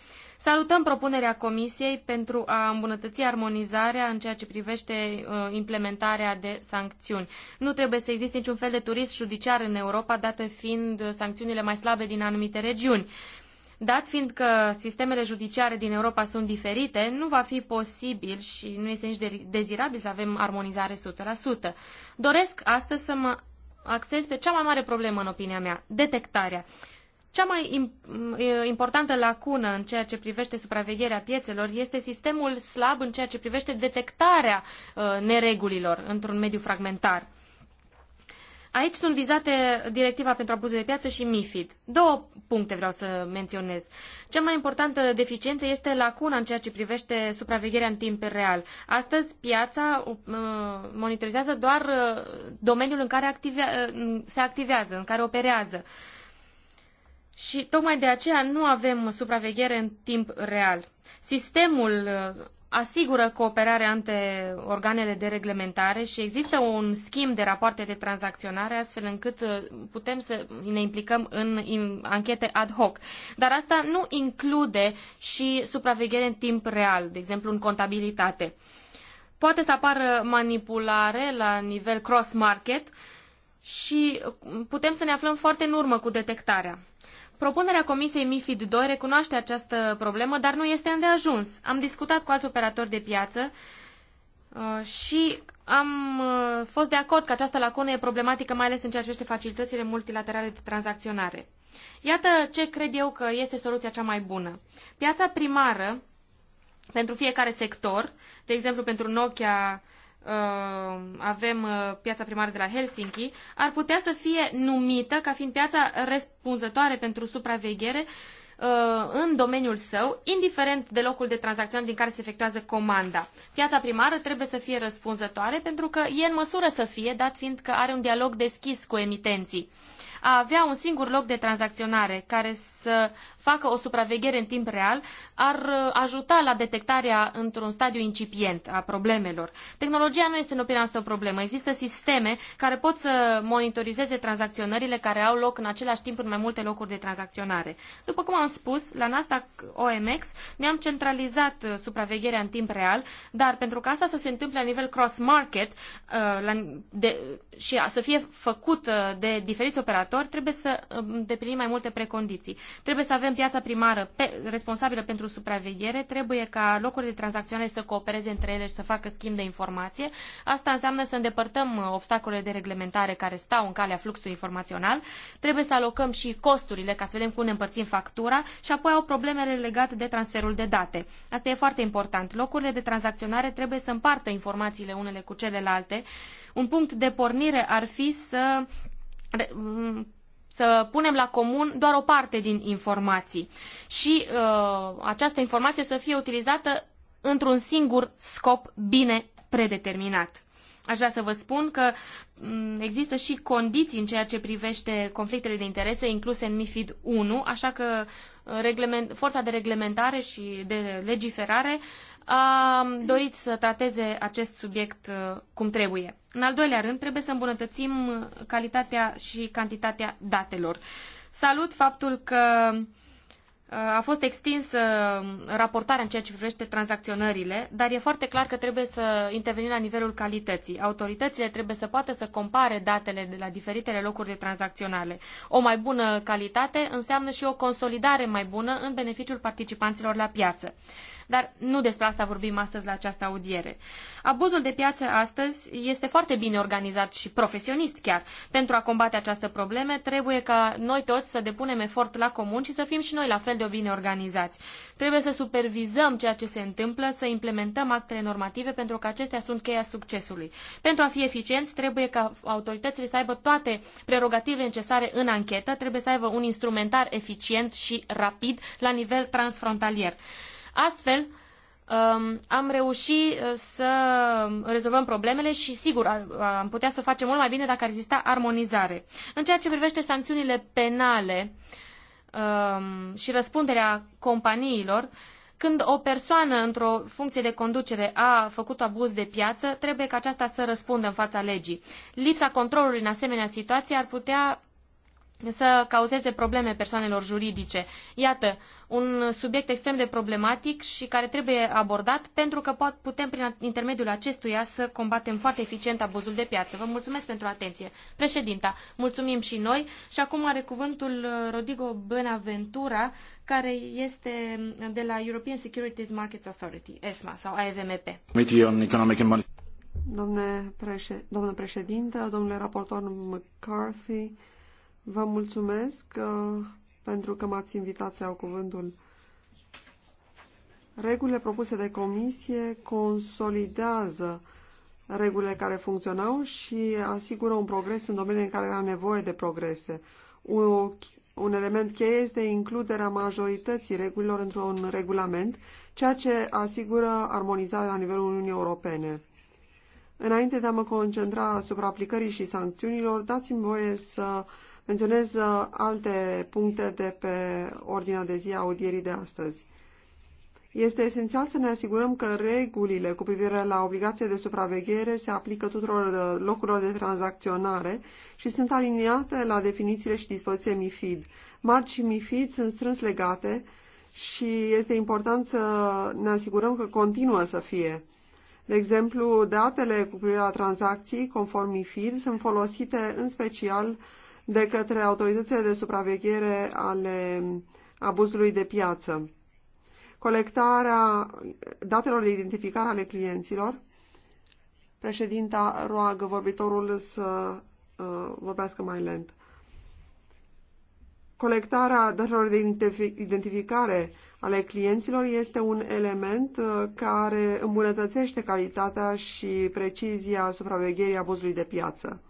Salutăm propunerea Comisiei pentru a îmbunătăți armonizarea în ceea ce privește uh, implementarea de sancțiuni. Nu trebuie să existe niciun fel de turism judiciar în Europa, date fiind uh, sancțiunile mai slabe din anumite regiuni. Dat fiind că sistemele judiciare din Europa sunt diferite, nu va fi posibil și nu este nici dezirabil să avem armonizare 100%. Doresc astăzi să mă axez pe cea mai mare problemă, în opinia mea, detectarea. Cea mai importantă lacună în ceea ce privește supravegherea piețelor este sistemul slab în ceea ce privește detectarea neregulilor într-un mediu fragmentar. Aici sunt vizate directiva pentru abuzul de piață și MIFID. Două puncte vreau să menționez. Cea mai importantă deficiență este lacuna în ceea ce privește supravegherea în timp real. Astăzi piața monitorizează doar domeniul în care se activează, în care operează. Și tocmai de aceea nu avem supraveghere în timp real. Sistemul uh, asigură cooperarea între organele de reglementare și există un schimb de rapoarte de tranzacționare astfel încât uh, putem să ne implicăm în anchete ad hoc. Dar asta nu include și supraveghere în timp real, de exemplu în contabilitate. Poate să apară manipulare la nivel cross-market și putem să ne aflăm foarte în urmă cu detectarea. Propunerea Comisiei MIFID 2 recunoaște această problemă, dar nu este îndeajuns. Am discutat cu alți operatori de piață uh, și am uh, fost de acord că această lacună e problematică, mai ales în ceea ce privește facilitățile multilaterale de tranzacționare. Iată ce cred eu că este soluția cea mai bună. Piața primară pentru fiecare sector, de exemplu pentru Nokia Uh, avem uh, piața primară de la Helsinki, ar putea să fie numită ca fiind piața răspunzătoare pentru supraveghere uh, în domeniul său, indiferent de locul de tranzacționare din care se efectuează comanda. Piața primară trebuie să fie răspunzătoare pentru că e în măsură să fie, dat fiind că are un dialog deschis cu emitenții a avea un singur loc de tranzacționare care să facă o supraveghere în timp real ar uh, ajuta la detectarea într-un stadiu incipient a problemelor. Tehnologia nu este în opinia noastră o problemă. Există sisteme care pot să monitorizeze tranzacționările care au loc în același timp în mai multe locuri de tranzacționare. După cum am spus, la Nasdaq OMX ne-am centralizat uh, supravegherea în timp real, dar pentru ca asta să se întâmple la nivel cross-market uh, și să fie făcută de diferiți operatori, consumatori, trebuie să um, îndeplinim mai multe precondiții. Trebuie să avem piața primară pe, responsabilă pentru supraveghere, trebuie ca locurile de tranzacționare să coopereze între ele și să facă schimb de informație. Asta înseamnă să îndepărtăm uh, obstacolele de reglementare care stau în calea fluxului informațional. Trebuie să alocăm și costurile ca să vedem cum ne împărțim factura și apoi au problemele legate de transferul de date. Asta e foarte important. Locurile de tranzacționare trebuie să împartă informațiile unele cu celelalte. Un punct de pornire ar fi să să punem la comun doar o parte din informații și uh, această informație să fie utilizată într-un singur scop bine predeterminat. Aș vrea să vă spun că există și condiții în ceea ce privește conflictele de interese incluse în MIFID 1, așa că uh, forța de reglementare și de legiferare a dorit să trateze acest subiect uh, cum trebuie. În al doilea rând, trebuie să îmbunătățim calitatea și cantitatea datelor. Salut faptul că uh, a fost extinsă raportarea în ceea ce privește tranzacționările, dar e foarte clar că trebuie să intervenim la nivelul calității. Autoritățile trebuie să poată să compare datele de la diferitele locuri de tranzacționale. O mai bună calitate înseamnă și o consolidare mai bună în beneficiul participanților la piață. Dar nu despre asta vorbim astăzi la această audiere. Abuzul de piață astăzi este foarte bine organizat și profesionist chiar. Pentru a combate această probleme trebuie ca noi toți să depunem efort la comun și să fim și noi la fel de bine organizați. Trebuie să supervizăm ceea ce se întâmplă, să implementăm actele normative pentru că acestea sunt cheia succesului. Pentru a fi eficienți trebuie ca autoritățile să aibă toate prerogativele necesare în anchetă, trebuie să aibă un instrumentar eficient și rapid la nivel transfrontalier. Astfel, um, am reușit uh, să rezolvăm problemele și, sigur, am putea să facem mult mai bine dacă ar exista armonizare. În ceea ce privește sancțiunile penale um, și răspunderea companiilor, când o persoană într-o funcție de conducere a făcut abuz de piață, trebuie ca aceasta să răspundă în fața legii. Lipsa controlului în asemenea situație ar putea să cauzeze probleme persoanelor juridice. Iată, un subiect extrem de problematic și care trebuie abordat pentru că putem prin intermediul acestuia să combatem foarte eficient abuzul de piață. Vă mulțumesc pentru atenție. Președinta, mulțumim și noi și acum are cuvântul uh, Rodrigo Benaventura, care este uh, de la European Securities Markets Authority, ESMA sau AFMP.
Domnule președinte, domnule raportor McCarthy, Vă mulțumesc uh, pentru că m-ați invitat să iau cuvântul. Regulile propuse de comisie consolidează regulile care funcționau și asigură un progres în domenii în care era nevoie de progrese. Un, un element cheie este includerea majorității regulilor într-un regulament, ceea ce asigură armonizarea la nivelul Uniunii Europene. Înainte de a mă concentra asupra aplicării și sancțiunilor, dați-mi voie să uh, menționez uh, alte puncte de pe ordinea de zi a audierii de astăzi. Este esențial să ne asigurăm că regulile cu privire la obligația de supraveghere se aplică tuturor uh, locurilor de tranzacționare și sunt aliniate la definițiile și dispoziție MIFID. MAD și MIFID sunt strâns legate și este important să ne asigurăm că continuă să fie. De exemplu, datele cu privire la tranzacții, conform MIFID, sunt folosite în special de către autoritățile de supraveghere ale abuzului de piață. Colectarea datelor de identificare ale clienților. Președinta roagă vorbitorul să uh, vorbească mai lent. Colectarea datelor de identificare ale clienților este un element uh, care îmbunătățește calitatea și precizia supravegherii abuzului de piață.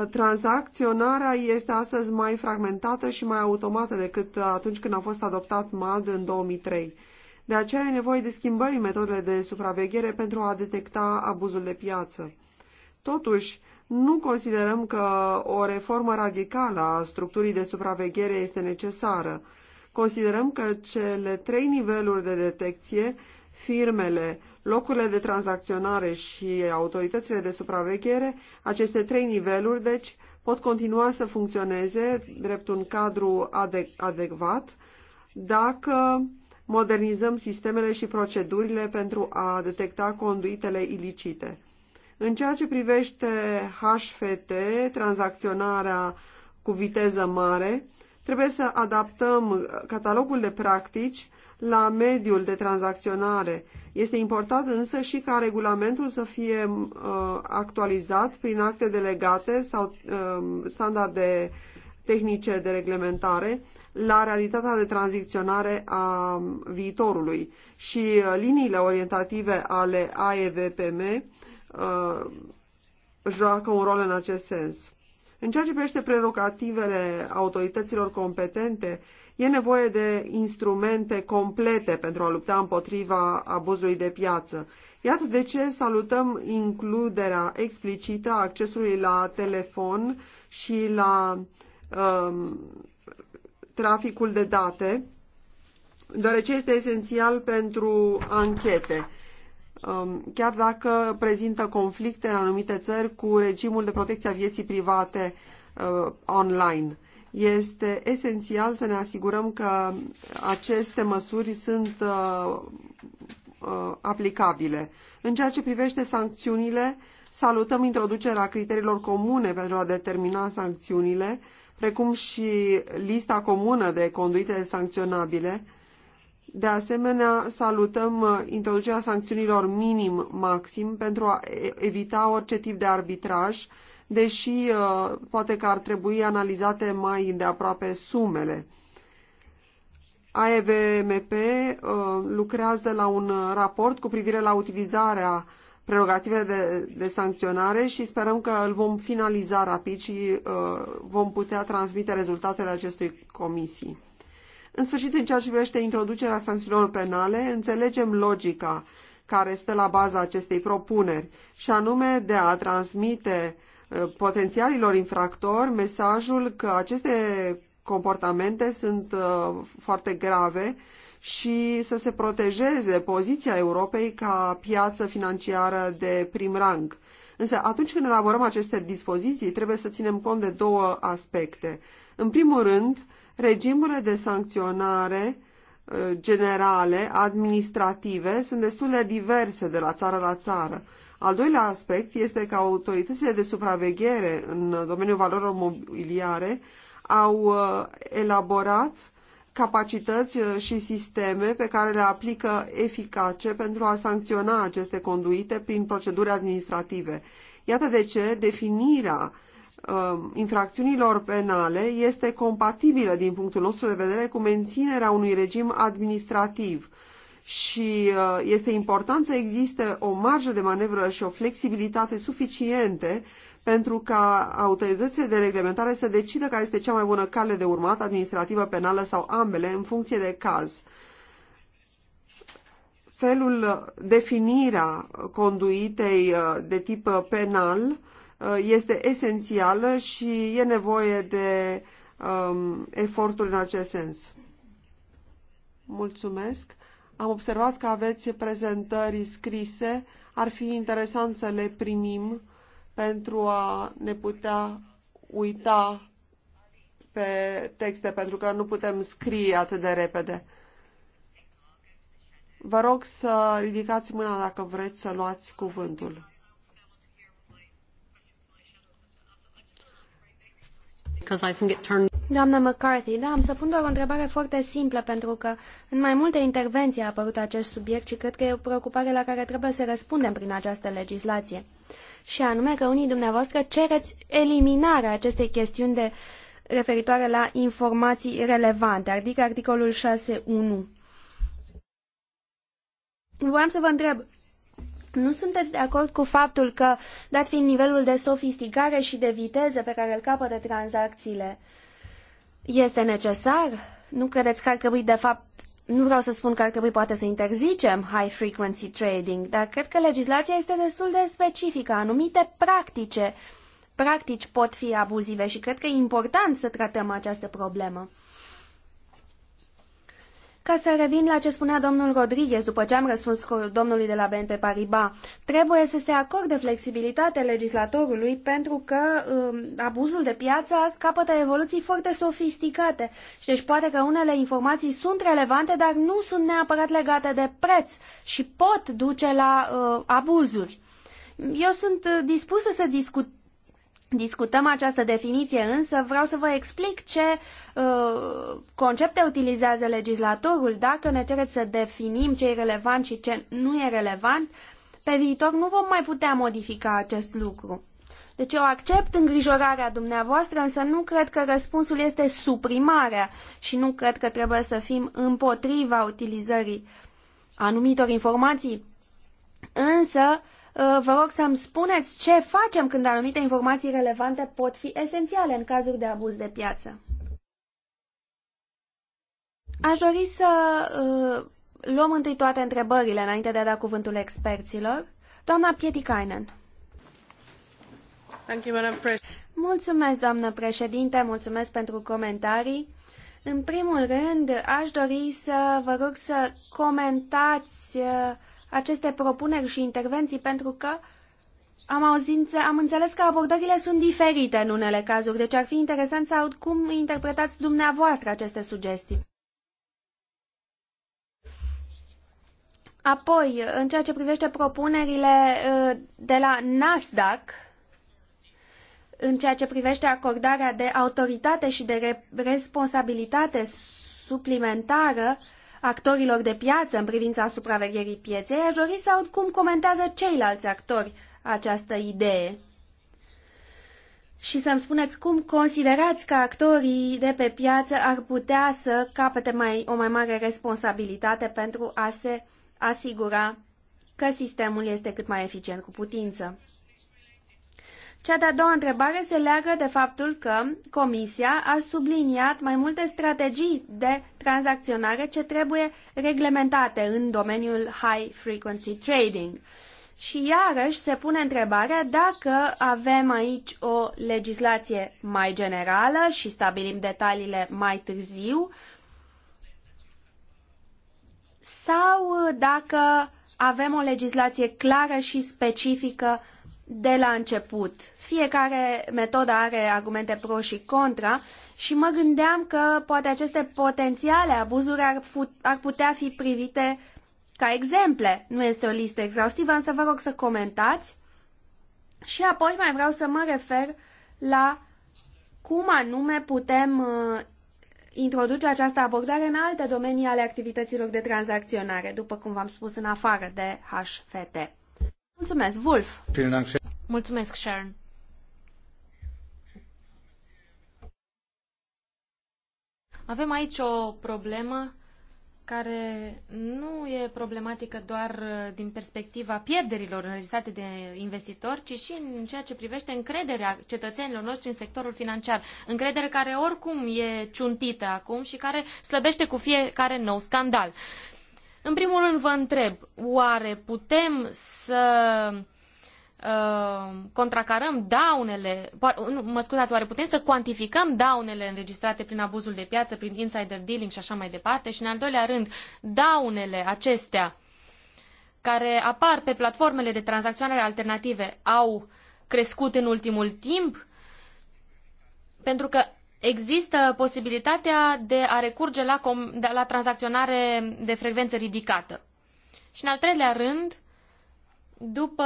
Uh, tranzacționarea este astăzi mai fragmentată și mai automată decât uh, atunci când a fost adoptat MAD în 2003. De aceea e nevoie de schimbări în metodele de supraveghere pentru a detecta abuzul de piață. Totuși, nu considerăm că o reformă radicală a structurii de supraveghere este necesară. Considerăm că cele trei niveluri de detecție, firmele, locurile de tranzacționare și autoritățile de supraveghere, aceste trei niveluri, deci, pot continua să funcționeze drept un cadru adec- adecvat dacă modernizăm sistemele și procedurile pentru a detecta conduitele ilicite. În ceea ce privește HFT, tranzacționarea cu viteză mare, trebuie să adaptăm catalogul de practici la mediul de tranzacționare. Este important însă și ca regulamentul să fie uh, actualizat prin acte delegate sau uh, standarde tehnice de reglementare la realitatea de tranzicționare a viitorului și uh, liniile orientative ale AEVPM uh, joacă un rol în acest sens. În ceea ce privește prerogativele autorităților competente, E nevoie de instrumente complete pentru a lupta împotriva abuzului de piață. Iată de ce salutăm includerea explicită a accesului la telefon și la um, traficul de date, deoarece este esențial pentru anchete um, chiar dacă prezintă conflicte în anumite țări cu regimul de protecție a vieții private uh, online. Este esențial să ne asigurăm că aceste măsuri sunt uh, uh, aplicabile. În ceea ce privește sancțiunile, salutăm introducerea criteriilor comune pentru a determina sancțiunile, precum și lista comună de conduite sancționabile. De asemenea, salutăm uh, introducerea sancțiunilor minim-maxim pentru a evita orice tip de arbitraj deși uh, poate că ar trebui analizate mai de aproape sumele. AEVMP uh, lucrează la un raport cu privire la utilizarea prerogativele de, de sancționare și sperăm că îl vom finaliza rapid și uh, vom putea transmite rezultatele acestui comisii. În sfârșit, în ceea ce privește introducerea sancțiunilor penale, înțelegem logica care stă la baza acestei propuneri, și anume de a transmite potențialilor infractori mesajul că aceste comportamente sunt uh, foarte grave și să se protejeze poziția Europei ca piață financiară de prim rang. Însă atunci când elaborăm aceste dispoziții, trebuie să ținem cont de două aspecte. În primul rând, regimurile de sancționare uh, generale, administrative, sunt destul de diverse de la țară la țară. Al doilea aspect este că autoritățile de supraveghere în domeniul valorilor mobiliare au uh, elaborat capacități uh, și sisteme pe care le aplică eficace pentru a sancționa aceste conduite prin proceduri administrative. Iată de ce definirea uh, infracțiunilor penale este compatibilă din punctul nostru de vedere cu menținerea unui regim administrativ și uh, este important să existe o marjă de manevră și o flexibilitate suficiente pentru ca autoritățile de reglementare să decidă care este cea mai bună cale de urmat, administrativă, penală sau ambele, în funcție de caz. Felul, uh, definirea conduitei uh, de tip penal este esențială și e nevoie de um, eforturi în acest sens. Mulțumesc. Am observat că aveți prezentări scrise. Ar fi interesant să le primim pentru a ne putea uita pe texte, pentru că nu putem scrie atât de repede. Vă rog să ridicați mâna dacă vreți să luați cuvântul. Turned... Doamnă McCarthy, da, am să pun doar o
întrebare foarte simplă, pentru că în mai multe intervenții a apărut acest subiect și cred că e o preocupare la care trebuie să răspundem prin această legislație. Și anume că unii dumneavoastră cereți eliminarea acestei chestiuni de referitoare la informații relevante, adică articolul 6.1. Voiam să vă întreb, nu sunteți de acord cu faptul că, dat fiind nivelul de sofisticare și de viteză pe care îl capătă tranzacțiile, este necesar? Nu credeți că ar trebui, de fapt, nu vreau să spun că ar trebui poate să interzicem high frequency trading, dar cred că legislația este destul de specifică. Anumite practice, practici pot fi abuzive și cred că e important să tratăm această problemă. Ca să revin la ce spunea domnul Rodriguez după ce am răspuns domnului de la BNP Paribas, trebuie să se acorde flexibilitate legislatorului pentru că um, abuzul de piață capătă evoluții foarte sofisticate și deci poate că unele informații sunt relevante, dar nu sunt neapărat legate de preț și pot duce la uh, abuzuri. Eu sunt uh, dispusă să discut Discutăm această definiție, însă vreau să vă explic ce uh, concepte utilizează legislatorul. Dacă ne cereți să definim ce e relevant și ce nu e relevant, pe viitor nu vom mai putea modifica acest lucru. Deci eu accept îngrijorarea dumneavoastră, însă nu cred că răspunsul este suprimarea și nu cred că trebuie să fim împotriva utilizării anumitor informații. Însă, Uh, vă rog să-mi spuneți ce facem când anumite informații relevante pot fi esențiale în cazuri de abuz de piață. Aș dori să uh, luăm întâi toate întrebările înainte de a da cuvântul experților. Doamna Pietikainen. Mulțumesc, doamnă președinte, mulțumesc pentru comentarii. În primul rând, aș dori să vă rog să comentați uh, aceste propuneri și intervenții pentru că am, auzit, am înțeles că abordările sunt diferite în unele cazuri, deci ar fi interesant să aud cum interpretați dumneavoastră aceste sugestii. Apoi, în ceea ce privește propunerile uh, de la Nasdaq, în ceea ce privește acordarea de autoritate și de responsabilitate suplimentară, uh, actorilor de piață în privința supravegherii pieței, aș dori să aud cum comentează ceilalți actori această idee. Și să-mi spuneți cum considerați că actorii de pe piață ar putea să capete mai, o mai mare responsabilitate pentru a se asigura că sistemul este cât mai eficient cu putință. Cea de-a doua întrebare se leagă de faptul că Comisia a subliniat mai multe strategii de tranzacționare ce trebuie reglementate în domeniul high frequency trading. Și iarăși se pune întrebarea dacă avem aici o legislație mai generală și stabilim detaliile mai târziu sau dacă avem o legislație clară și specifică de la început. Fiecare metodă are argumente pro și contra și mă gândeam că poate aceste potențiale abuzuri ar, ar putea fi privite ca exemple. Nu este o listă exhaustivă, însă vă rog să comentați. Și apoi mai vreau să mă refer la cum anume putem uh, introduce această abordare în alte domenii ale activităților de tranzacționare, după cum v-am spus, în afară de
HFT. Mulțumesc, Wolf! Mulțumesc, Sharon! Avem aici o problemă care nu e problematică doar uh, din perspectiva pierderilor înregistrate de investitori, ci și în ceea ce privește încrederea cetățenilor noștri în sectorul financiar. Încredere care oricum e ciuntită acum și care slăbește cu fiecare nou scandal. În primul rând vă întreb, oare putem să uh, contracarăm daunele, nu, mă scuzați, oare putem să cuantificăm daunele înregistrate prin abuzul de piață, prin insider dealing și așa mai departe? Și în al doilea rând, daunele acestea care apar pe platformele de tranzacționare alternative au crescut în ultimul timp? Pentru că există posibilitatea de a recurge la, com- de, la tranzacționare de frecvență ridicată. Și în al treilea rând, după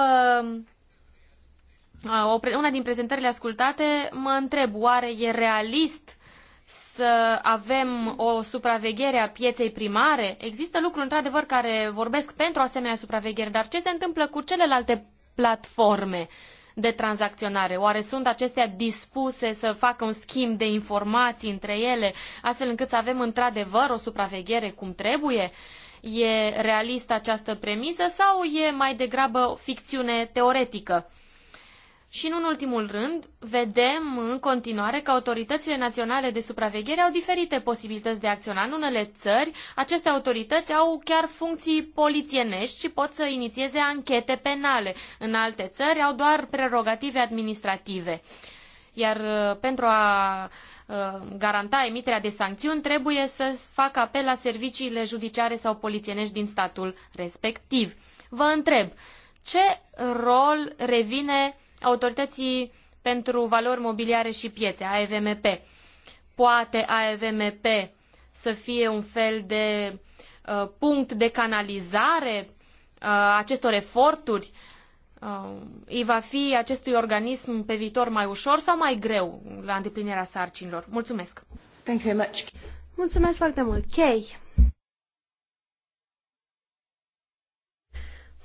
una din prezentările ascultate, mă întreb oare e realist să avem o supraveghere a pieței primare? Există lucruri într-adevăr care vorbesc pentru o asemenea supraveghere, dar ce se întâmplă cu celelalte platforme? Uh, de tranzacționare? Oare sunt acestea dispuse să facă un schimb de informații între ele, astfel încât să avem într-adevăr o supraveghere cum trebuie? E realistă această premisă sau e mai degrabă ficțiune teoretică? Și, în ultimul rând, vedem în continuare că autoritățile naționale de supraveghere au diferite posibilități de a acționa. În unele țări, aceste autorități au chiar funcții polițienești și pot să inițieze anchete penale. În alte țări au doar prerogative administrative. Iar uh, pentru a uh, garanta emiterea de sancțiuni, trebuie să facă apel la serviciile judiciare sau polițienești din statul respectiv. Vă întreb, ce rol revine Autorității pentru Valori Mobiliare și Piețe, AEVMP. Poate AVMP să fie un fel de uh, punct de canalizare uh, acestor eforturi? Uh, îi va fi acestui organism pe viitor mai ușor sau mai greu la îndeplinirea sarcinilor? Mulțumesc! Thank you very much.
Mulțumesc foarte mult! Kay!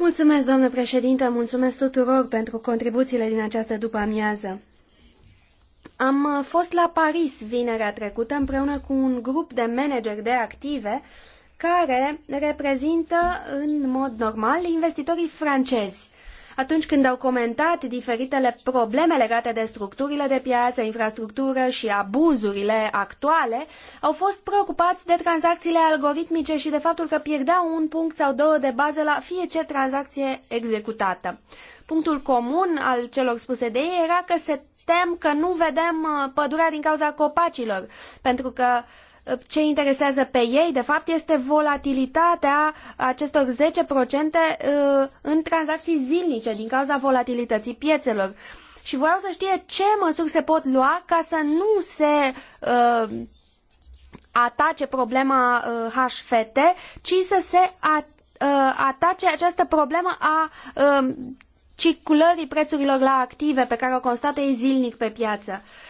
Mulțumesc, doamnă președinte, mulțumesc tuturor pentru contribuțiile din această după-amiază. Am uh, fost la Paris vinerea trecută împreună cu un grup de manageri de active care reprezintă în mod normal investitorii francezi atunci când au comentat diferitele probleme legate de structurile de piață, infrastructură și abuzurile actuale, au fost preocupați de tranzacțiile algoritmice și de faptul că pierdeau un punct sau două de bază la fiecare tranzacție executată. Punctul comun al celor spuse de ei era că se tem că nu vedem uh, pădurea din cauza copacilor, pentru că ce interesează pe ei, de fapt, este volatilitatea acestor 10% uh, în tranzacții zilnice din cauza volatilității piețelor. Și vreau să știe ce măsuri se pot lua ca să nu se uh, atace problema uh, HFT, ci să se uh, atace această problemă a uh, circulării prețurilor la active pe care o constată ei zilnic pe piață. Uh,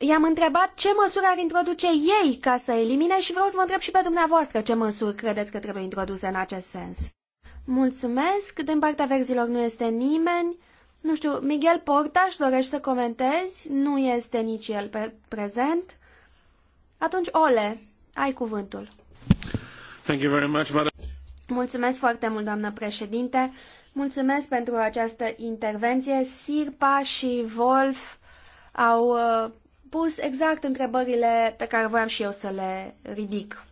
I-am întrebat ce măsuri ar introduce ei ca să elimine și vreau să vă întreb și pe dumneavoastră ce măsuri credeți că trebuie introduse în acest sens. Mulțumesc, din partea verzilor nu este nimeni. Nu știu, Miguel Portaș, dorești să comentezi? Nu este nici el pe prezent. Atunci, Ole, ai cuvântul.
Thank you very much, madam.
Mulțumesc foarte mult, doamnă președinte. Mulțumesc pentru această intervenție. Sirpa și Wolf au uh, pus exact întrebările pe care voiam și eu să le ridic.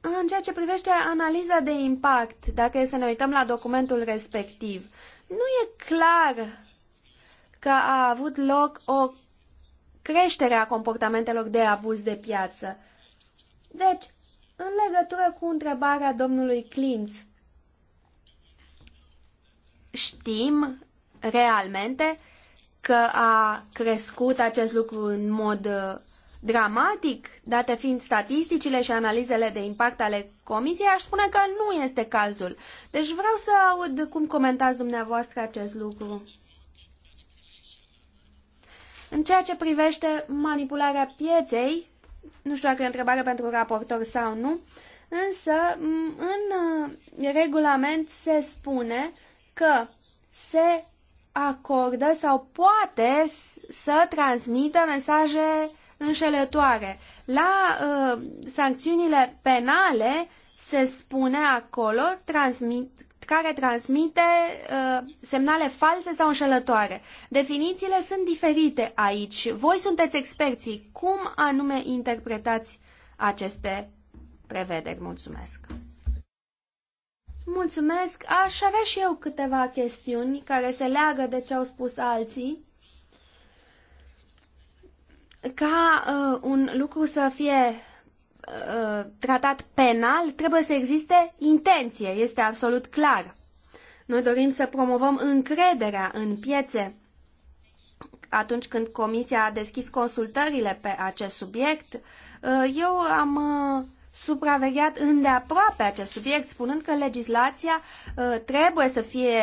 În ceea ce privește analiza de impact, dacă e să ne uităm la documentul respectiv, nu e clar că a avut loc o creștere a comportamentelor de abuz de piață. Deci, în legătură cu întrebarea domnului Clinț, știm realmente că a crescut acest lucru în mod uh, dramatic, date fiind statisticile și analizele de impact ale comisiei, aș spune că nu este cazul. Deci vreau să aud cum comentați dumneavoastră acest lucru. În ceea ce privește manipularea pieței, nu știu dacă e o întrebare pentru raportor sau nu, însă în uh, regulament se spune că se acordă sau poate să transmită mesaje înșelătoare. La uh, sancțiunile penale se spune acolo transmit, care transmite uh, semnale false sau înșelătoare. Definițiile sunt diferite aici. Voi sunteți experții. Cum anume interpretați aceste prevederi? Mulțumesc! Mulțumesc. Aș avea și eu câteva chestiuni care se leagă de ce au spus alții. Ca uh, un lucru să fie uh, tratat penal, trebuie să existe intenție, este absolut clar. Noi dorim să promovăm încrederea în piețe. Atunci când Comisia a deschis consultările pe acest subiect, uh, eu am uh, supravegheat îndeaproape acest subiect, spunând că legislația uh, trebuie să fie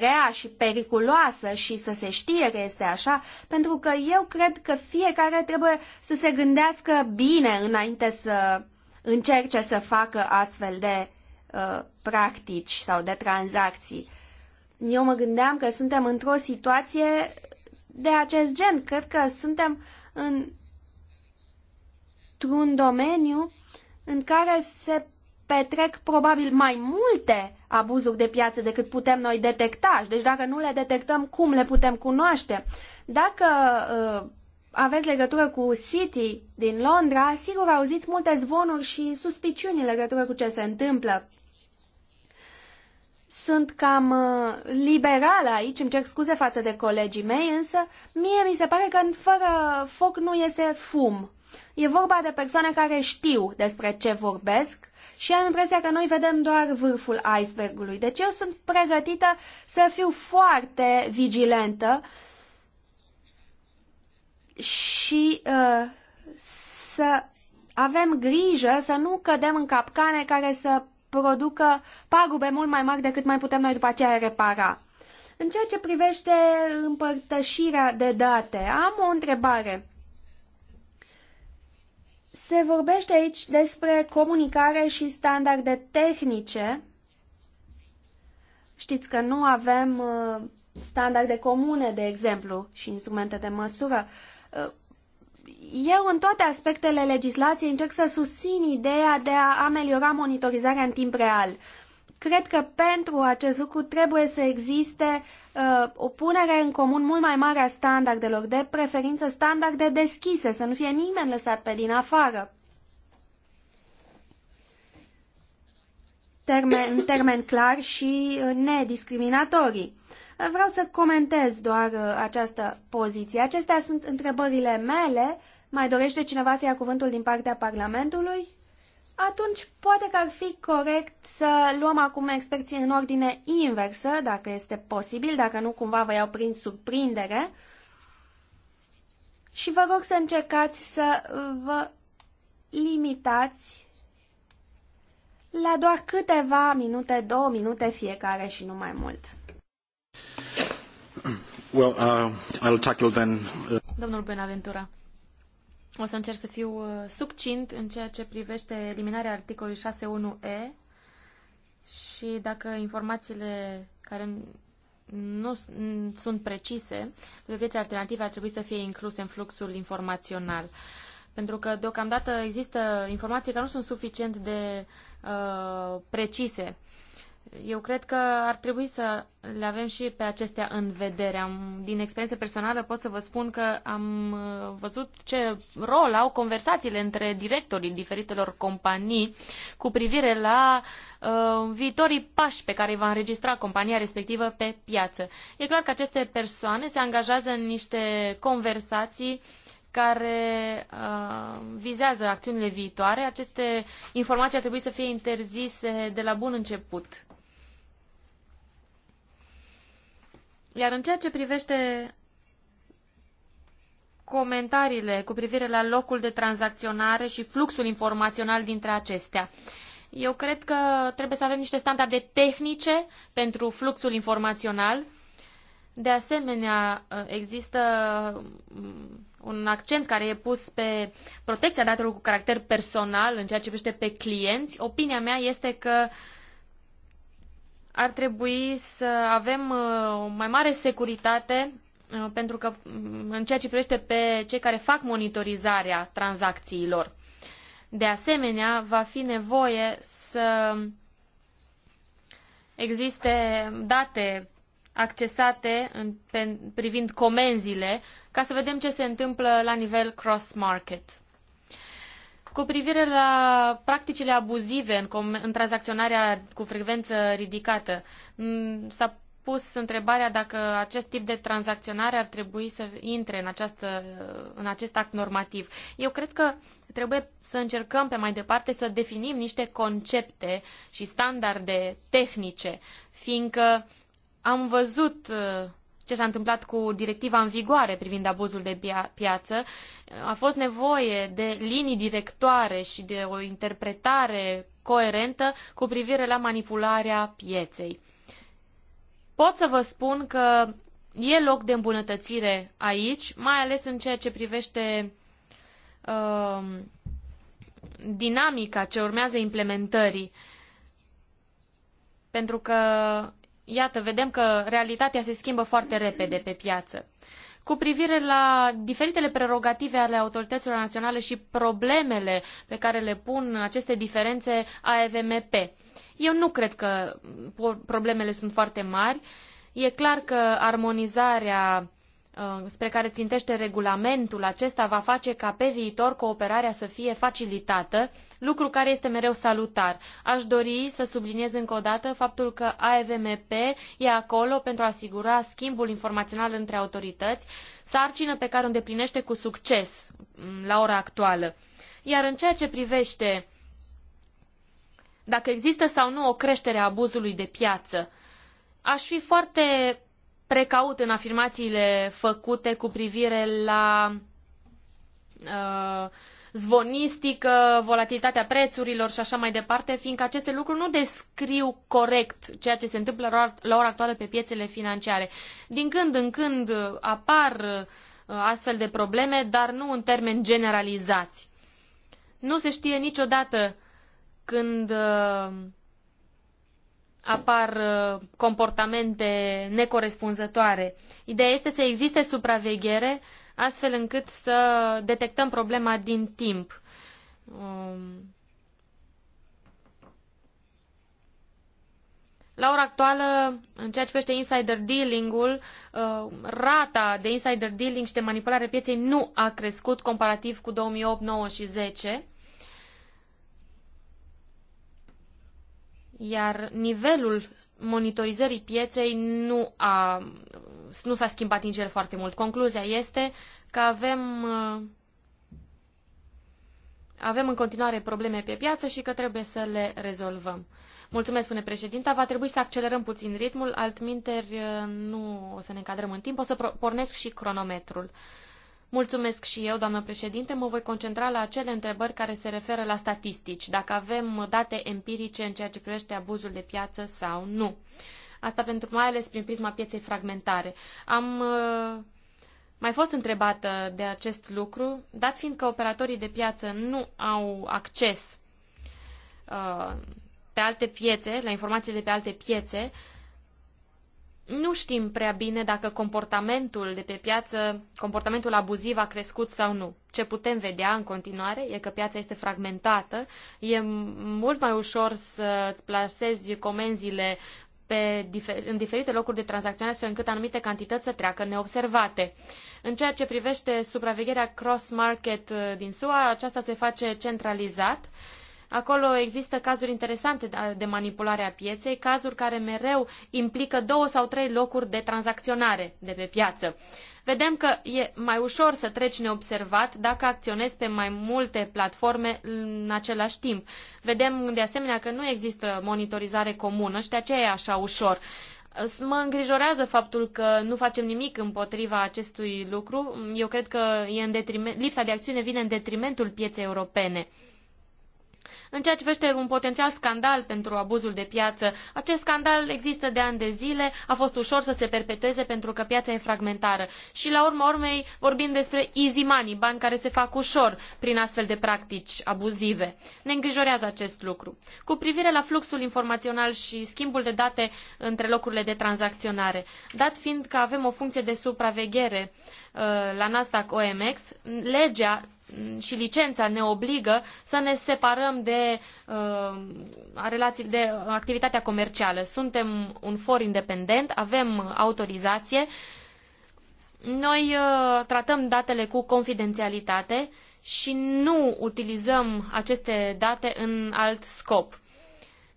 rea și periculoasă și să se știe că este așa, pentru că eu cred că fiecare trebuie să se gândească bine înainte să încerce să facă astfel de uh, practici sau de tranzacții. Eu mă gândeam că suntem într-o situație de acest gen. Cred că suntem în, într-un domeniu în care se petrec probabil mai multe abuzuri de piață decât putem noi detecta. Deci dacă nu le detectăm, cum le putem cunoaște? Dacă uh, aveți legătură cu City din Londra, sigur auziți multe zvonuri și suspiciuni în legătură cu ce se întâmplă. Sunt cam uh, liberală aici, îmi cer scuze față de colegii mei, însă mie mi se pare că în fără foc nu iese fum. E vorba de persoane care știu despre ce vorbesc și am impresia că noi vedem doar vârful icebergului. Deci eu sunt pregătită să fiu foarte vigilentă și uh, să avem grijă să nu cădem în capcane care să producă pagube mult mai mari decât mai putem noi după aceea repara. În ceea ce privește împărtășirea de date, am o întrebare. Se vorbește aici despre comunicare și standarde tehnice. Știți că nu avem uh, standarde comune, de exemplu, și instrumente de măsură. Uh, eu, în toate aspectele legislației, încerc să susțin ideea de a ameliora monitorizarea în timp real. Cred că pentru acest lucru trebuie să existe uh, o punere în comun mult mai mare a standardelor, de preferință standarde deschise, să nu fie nimeni lăsat pe din afară. Termen, în clar și uh, nediscriminatorii. Uh, vreau să comentez doar uh, această poziție. Acestea sunt întrebările mele. Mai dorește cineva să ia cuvântul din partea Parlamentului? atunci poate că ar fi corect să luăm acum experții în ordine inversă, dacă este posibil, dacă nu cumva vă iau prin surprindere. Și vă rog să încercați să vă limitați la doar câteva minute, două minute fiecare și nu mai mult.
Well, uh, I'll tackle then, uh...
Domnul Benaventura, o să încerc să fiu uh, succint în ceea ce privește eliminarea articolului 6.1e și dacă informațiile care nu sunt precise, bibliotețile alternative ar trebui să fie incluse în fluxul informațional. Pentru că deocamdată există informații care nu sunt suficient de uh, precise eu cred că ar trebui să le avem și pe acestea în vedere. Am, din experiență personală pot să vă spun că am uh, văzut ce rol au conversațiile între directorii diferitelor companii cu privire la uh, viitorii pași pe care îi va înregistra compania respectivă pe piață. E clar că aceste persoane se angajează în niște conversații care uh, vizează acțiunile viitoare. Aceste informații ar trebui să fie interzise de la bun început Iar în ceea ce privește comentariile cu privire la locul de tranzacționare și fluxul informațional dintre acestea. Eu cred că trebuie să avem niște standarde tehnice pentru fluxul informațional. De asemenea, există mm, un accent care e pus pe protecția datelor cu caracter personal în ceea ce privește pe clienți. Opinia mea este că uh, ar trebui să avem uh, o mai mare securitate uh, pentru că mm, în ceea ce privește pe cei care fac monitorizarea tranzacțiilor. De asemenea, va fi nevoie să existe date accesate în, pe, privind comenzile ca să vedem ce se întâmplă la nivel cross-market. Cu privire la practicile abuzive în, com- în tranzacționarea cu frecvență ridicată, s-a pus întrebarea dacă acest tip de tranzacționare ar trebui să intre în, această, în acest act normativ. Eu cred că trebuie să încercăm pe mai departe să definim niște concepte și standarde tehnice, fiindcă am văzut uh, ce s-a întâmplat cu directiva în vigoare privind abuzul de pia- piață, a fost nevoie de linii directoare și de o interpretare coerentă cu privire la manipularea pieței. Pot să vă spun că e loc de îmbunătățire aici, mai ales în ceea ce privește uh, dinamica ce urmează implementării. Pentru că iată, vedem că realitatea se schimbă foarte repede pe piață. Cu privire la diferitele prerogative ale autorităților naționale și problemele pe care le pun aceste diferențe AFMP, eu nu cred că problemele sunt foarte mari. E clar că armonizarea Uh, spre care țintește regulamentul acesta va face ca pe viitor cooperarea să fie facilitată, lucru care este mereu salutar. Aș dori să subliniez încă o dată faptul că AEVMP e acolo pentru a asigura schimbul informațional între autorități, sarcină pe care o îndeplinește cu succes mm, la ora actuală. Iar în ceea ce privește dacă există sau nu o creștere a abuzului de piață, aș fi foarte precaut în afirmațiile făcute cu privire la uh, zvonistică, volatilitatea prețurilor și așa mai departe, fiindcă aceste lucruri nu descriu corect ceea ce se întâmplă la ora actuală pe piețele financiare. Din când în când apar uh, astfel de probleme, dar nu în termeni generalizați. Nu se știe niciodată când uh, apar uh, comportamente necorespunzătoare. Ideea este să existe supraveghere astfel încât să detectăm problema din timp. Um, La ora actuală, în ceea ce privește insider dealing-ul, uh, rata de insider dealing și de manipulare pieței nu a crescut comparativ cu 2008, 2009 și 10. iar nivelul monitorizării pieței nu, a, nu s-a schimbat nici el foarte mult. Concluzia este că avem, uh, avem în continuare probleme pe piață și că trebuie să le rezolvăm. Mulțumesc, spune președinta. Va trebui să accelerăm puțin ritmul, altminteri uh, nu o să ne încadrăm în timp. O să pornesc și cronometrul. Mulțumesc și eu, doamnă președinte. Mă voi concentra la acele întrebări care se referă la statistici, dacă avem date empirice în ceea ce privește abuzul de piață sau nu. Asta pentru mai ales prin prisma pieței fragmentare. Am uh, mai fost întrebată de acest lucru, dat fiind că operatorii de piață nu au acces uh, pe alte piețe, la informații de pe alte piețe, uh, nu știm prea bine dacă comportamentul de pe piață, comportamentul abuziv a crescut sau nu. Ce putem vedea în continuare e că piața este fragmentată, e mult mai ușor să-ți plasezi comenzile pe în diferite locuri de tranzacționare, astfel încât anumite cantități să treacă neobservate. În ceea ce privește supravegherea cross-market uh, din SUA, aceasta se face centralizat Acolo există cazuri interesante de manipulare a pieței, cazuri care mereu implică două sau trei locuri de tranzacționare de pe piață. Vedem că e mai ușor să treci neobservat dacă acționezi pe mai multe platforme în același timp. Vedem de asemenea că nu există monitorizare comună și de aceea e așa ușor. Mă îngrijorează faptul că nu facem nimic împotriva acestui lucru. Eu cred că e în detriment, lipsa de acțiune vine în detrimentul pieței europene. În ceea ce privește un potențial scandal pentru abuzul de piață, acest scandal există de ani de zile, a fost ușor să se perpetueze pentru că piața e fragmentară. Și la urma urmei vorbim despre easy money, bani care se fac ușor prin astfel de practici abuzive. Ne îngrijorează acest lucru. Cu privire la fluxul informațional și schimbul de date între locurile de tranzacționare, dat fiind că avem o funcție de supraveghere, Uh, la Nasdaq OMX, legea și licența ne obligă să ne separăm de, uh, de activitatea comercială. Suntem un for independent, avem autorizație, noi uh, tratăm datele cu confidențialitate și nu utilizăm aceste date în alt scop.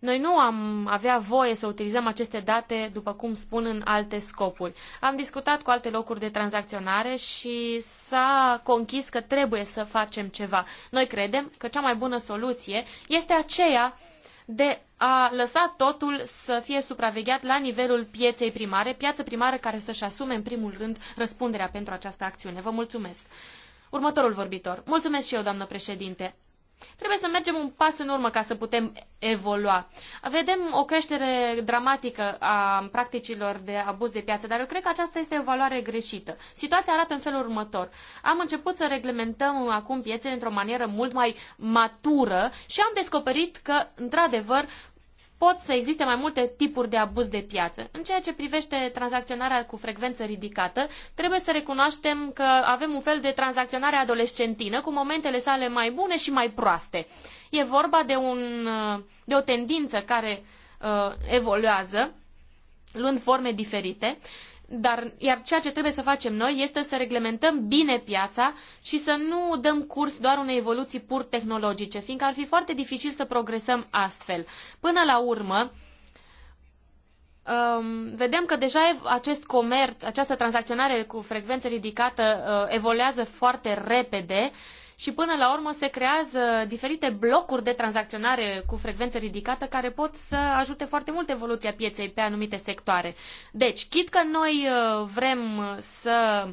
Noi nu am avea voie să utilizăm aceste date, după cum spun, în alte scopuri. Am discutat cu alte locuri de tranzacționare și s-a conchis că trebuie să facem ceva. Noi credem că cea mai bună soluție este aceea de a lăsa totul să fie supravegheat la nivelul pieței primare, piață primară care să-și asume în primul rând răspunderea pentru această acțiune. Vă mulțumesc! Următorul vorbitor. Mulțumesc și eu, doamnă președinte. Trebuie să mergem un pas în urmă ca să putem evolua. Vedem o creștere dramatică a practicilor de abuz de piață, dar eu cred că aceasta este o valoare greșită. Situația arată în felul următor. Am început să reglementăm acum piețele într-o manieră mult mai matură și am descoperit că, într-adevăr, pot să existe mai multe tipuri de abuz de piață. În ceea ce privește tranzacționarea cu frecvență ridicată, trebuie să recunoaștem că avem un fel de tranzacționare adolescentină cu momentele sale mai bune și mai proaste. E vorba de, un, de o tendință care uh, evoluează, luând forme diferite. Uh, dar, iar ceea ce trebuie să facem noi este să reglementăm bine piața și să nu dăm curs doar unei evoluții pur tehnologice, fiindcă ar fi foarte dificil să progresăm astfel. Până la urmă, Um, vedem că deja acest comerț, această tranzacționare cu frecvență ridicată uh, evoluează foarte repede uh, și până la urmă se creează diferite blocuri de tranzacționare cu frecvență ridicată care pot să ajute foarte mult evoluția pieței pe anumite sectoare. Deci, chit că noi uh, vrem să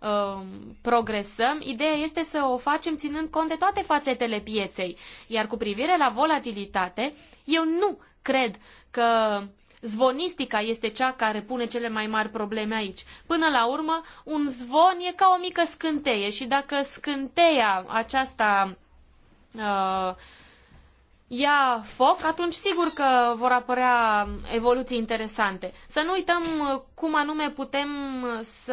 uh, progresăm, ideea este să o facem ținând cont de toate fațetele pieței. Iar cu privire la volatilitate, eu nu cred că Zvonistica este cea care pune cele mai mari probleme aici. Până la urmă, un zvon e ca o mică scânteie și dacă scânteia aceasta uh, ia foc, atunci sigur că vor apărea evoluții interesante. Să nu uităm uh, cum anume putem uh, să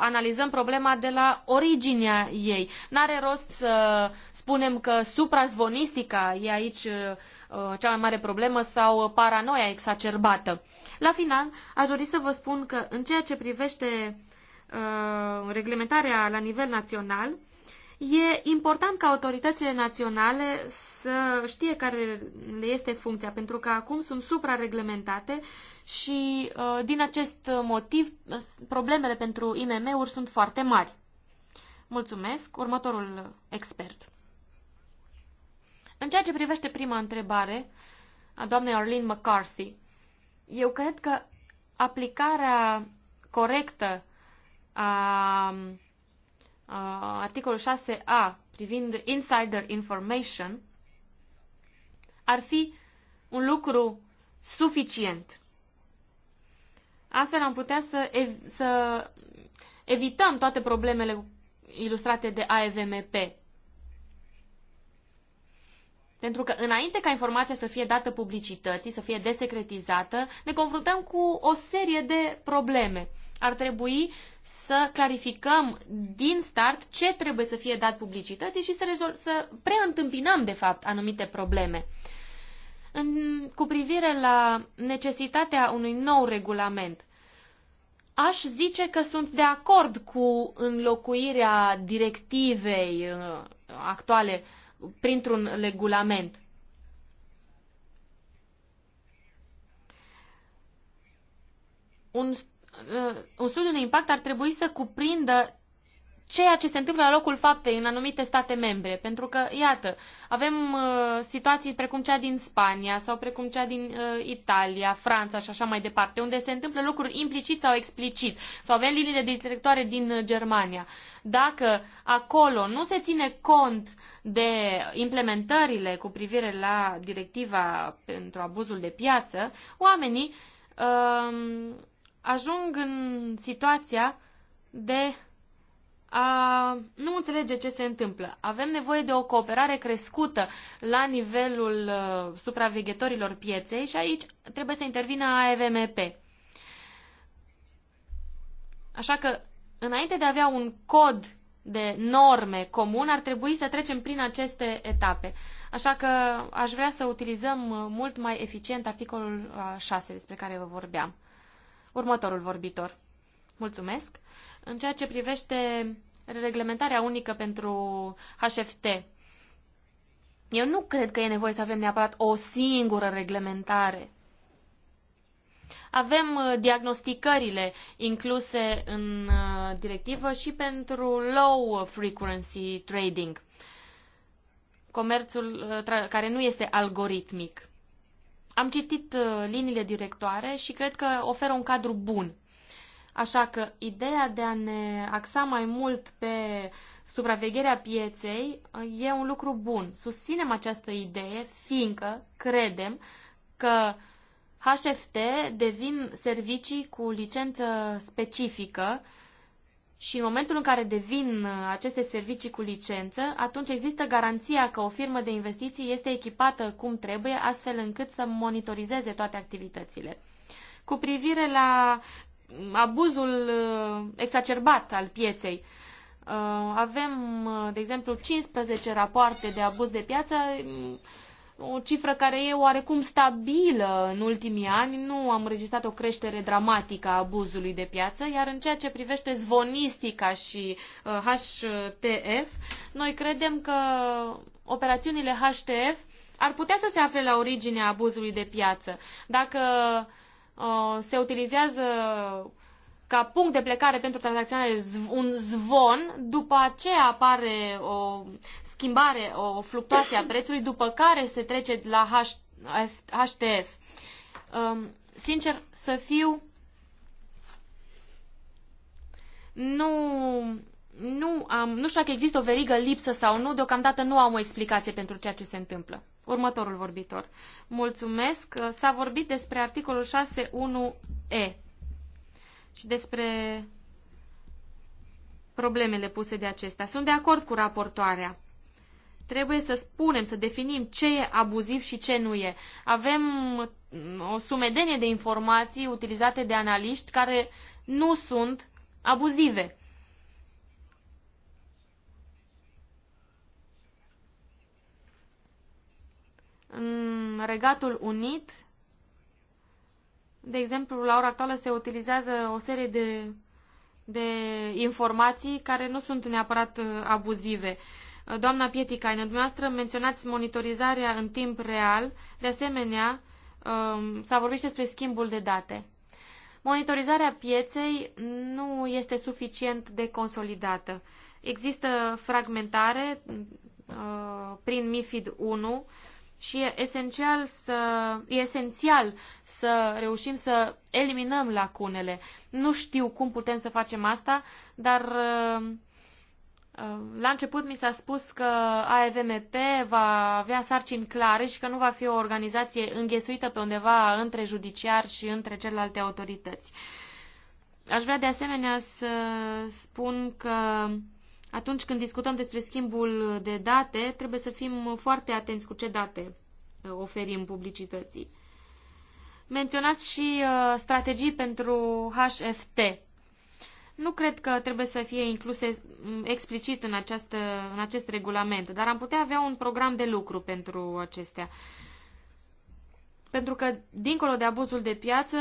analizăm problema de la originea ei. N-are rost să spunem că suprazvonistica e aici uh, Uh, cea mai mare problemă sau paranoia exacerbată. La final, aș dori să vă spun că în ceea ce privește uh, reglementarea la nivel național, E important ca autoritățile naționale să știe care le este funcția, pentru că acum sunt suprareglementate și uh, din acest motiv problemele pentru IMM-uri sunt foarte mari. Mulțumesc. Următorul expert. În ceea ce privește prima întrebare a doamnei Arlene McCarthy, eu cred că aplicarea corectă a, a articolul 6a privind insider information ar fi un lucru suficient. Astfel am putea să, ev- să evităm toate problemele ilustrate de AVMP, pentru că înainte ca informația să fie dată publicității, să fie desecretizată, ne confruntăm cu o serie de probleme. Ar trebui să clarificăm din start ce trebuie să fie dat publicității și să, rezol- să preîntâmpinăm, de fapt, anumite probleme. În, cu privire la necesitatea unui nou regulament, aș zice că sunt de acord cu înlocuirea directivei uh, actuale printr-un regulament. Un, uh, un studiu de impact ar trebui să cuprindă ceea ce se întâmplă la locul faptei în anumite state membre. Pentru că, iată, avem uh, situații precum cea din Spania sau precum cea din uh, Italia, Franța și așa mai departe, unde se întâmplă lucruri implicit sau explicit. Sau avem liniile directoare din uh, Germania. Dacă acolo nu se ține cont de implementările cu privire la directiva pentru abuzul de piață, oamenii uh, ajung în situația de a nu înțelege ce se întâmplă. Avem nevoie de o cooperare crescută la nivelul uh, supraveghetorilor pieței și aici trebuie să intervină AVMP. Așa că înainte de a avea un cod de norme comun, ar trebui să trecem prin aceste etape. Așa că aș vrea să utilizăm uh, mult mai eficient articolul 6 uh, despre care vă vorbeam. Următorul vorbitor. Mulțumesc. În ceea ce privește reglementarea unică pentru HFT, eu nu cred că e nevoie să avem neapărat o singură reglementare. Avem uh, diagnosticările incluse în uh, directivă și pentru low frequency trading, comerțul uh, care nu este algoritmic. Am citit liniile directoare și cred că oferă un cadru bun. Așa că ideea de a ne axa mai mult pe supravegherea pieței e un lucru bun. Susținem această idee, fiindcă credem că HFT devin servicii cu licență specifică și în momentul în care devin uh, aceste servicii cu licență, atunci există garanția că o firmă de investiții este echipată cum trebuie, astfel încât să monitorizeze toate activitățile. Cu privire la mm, abuzul uh, exacerbat al pieței, uh, avem, de exemplu, 15 rapoarte de abuz de piață mm, o cifră care e oarecum stabilă în ultimii ani. Nu am registrat o creștere dramatică a abuzului de piață, iar în ceea ce privește zvonistica și HTF, uh, noi credem că operațiunile HTF ar putea să se afle la originea abuzului de piață. Dacă uh, se utilizează ca punct de plecare pentru tranzacționare un zvon, după aceea apare o schimbare, o fluctuație a prețului, după care se trece la HTF. Um, sincer să fiu, nu, nu, am, nu știu dacă există o verigă lipsă sau nu, deocamdată nu am o explicație pentru ceea ce se întâmplă. Următorul vorbitor. Mulțumesc. S-a vorbit despre articolul 6.1e și despre problemele puse de acestea. Sunt de acord cu raportoarea. Trebuie să spunem, să definim ce e abuziv și ce nu e. Avem mm, o sumedenie de informații utilizate de analiști care nu sunt abuzive. În Regatul Unit, de exemplu, la ora actuală se utilizează o serie de, de informații care nu sunt neapărat uh, abuzive. Uh, Doamna Pieticaină, dumneavoastră menționați monitorizarea în timp real, de asemenea, um, s-a vorbit despre schimbul de date. Monitorizarea pieței nu este suficient de consolidată. Există fragmentare uh, prin MIFID 1 și e esențial să, e esențial să reușim să eliminăm lacunele. Nu știu cum putem să facem asta, dar uh, Uh, la început mi s-a spus că AEVMP va avea sarcini clare și că nu va fi o organizație înghesuită pe undeva între judiciar și între celelalte autorități. Aș vrea de asemenea să spun că atunci când discutăm despre schimbul de date, trebuie să fim foarte atenți cu ce date uh, oferim publicității. Menționați și uh, strategii pentru HFT, nu cred că trebuie să fie incluse mm, explicit în, această, în acest regulament, dar am putea avea un program de lucru pentru acestea. Pentru că, dincolo de abuzul de piață,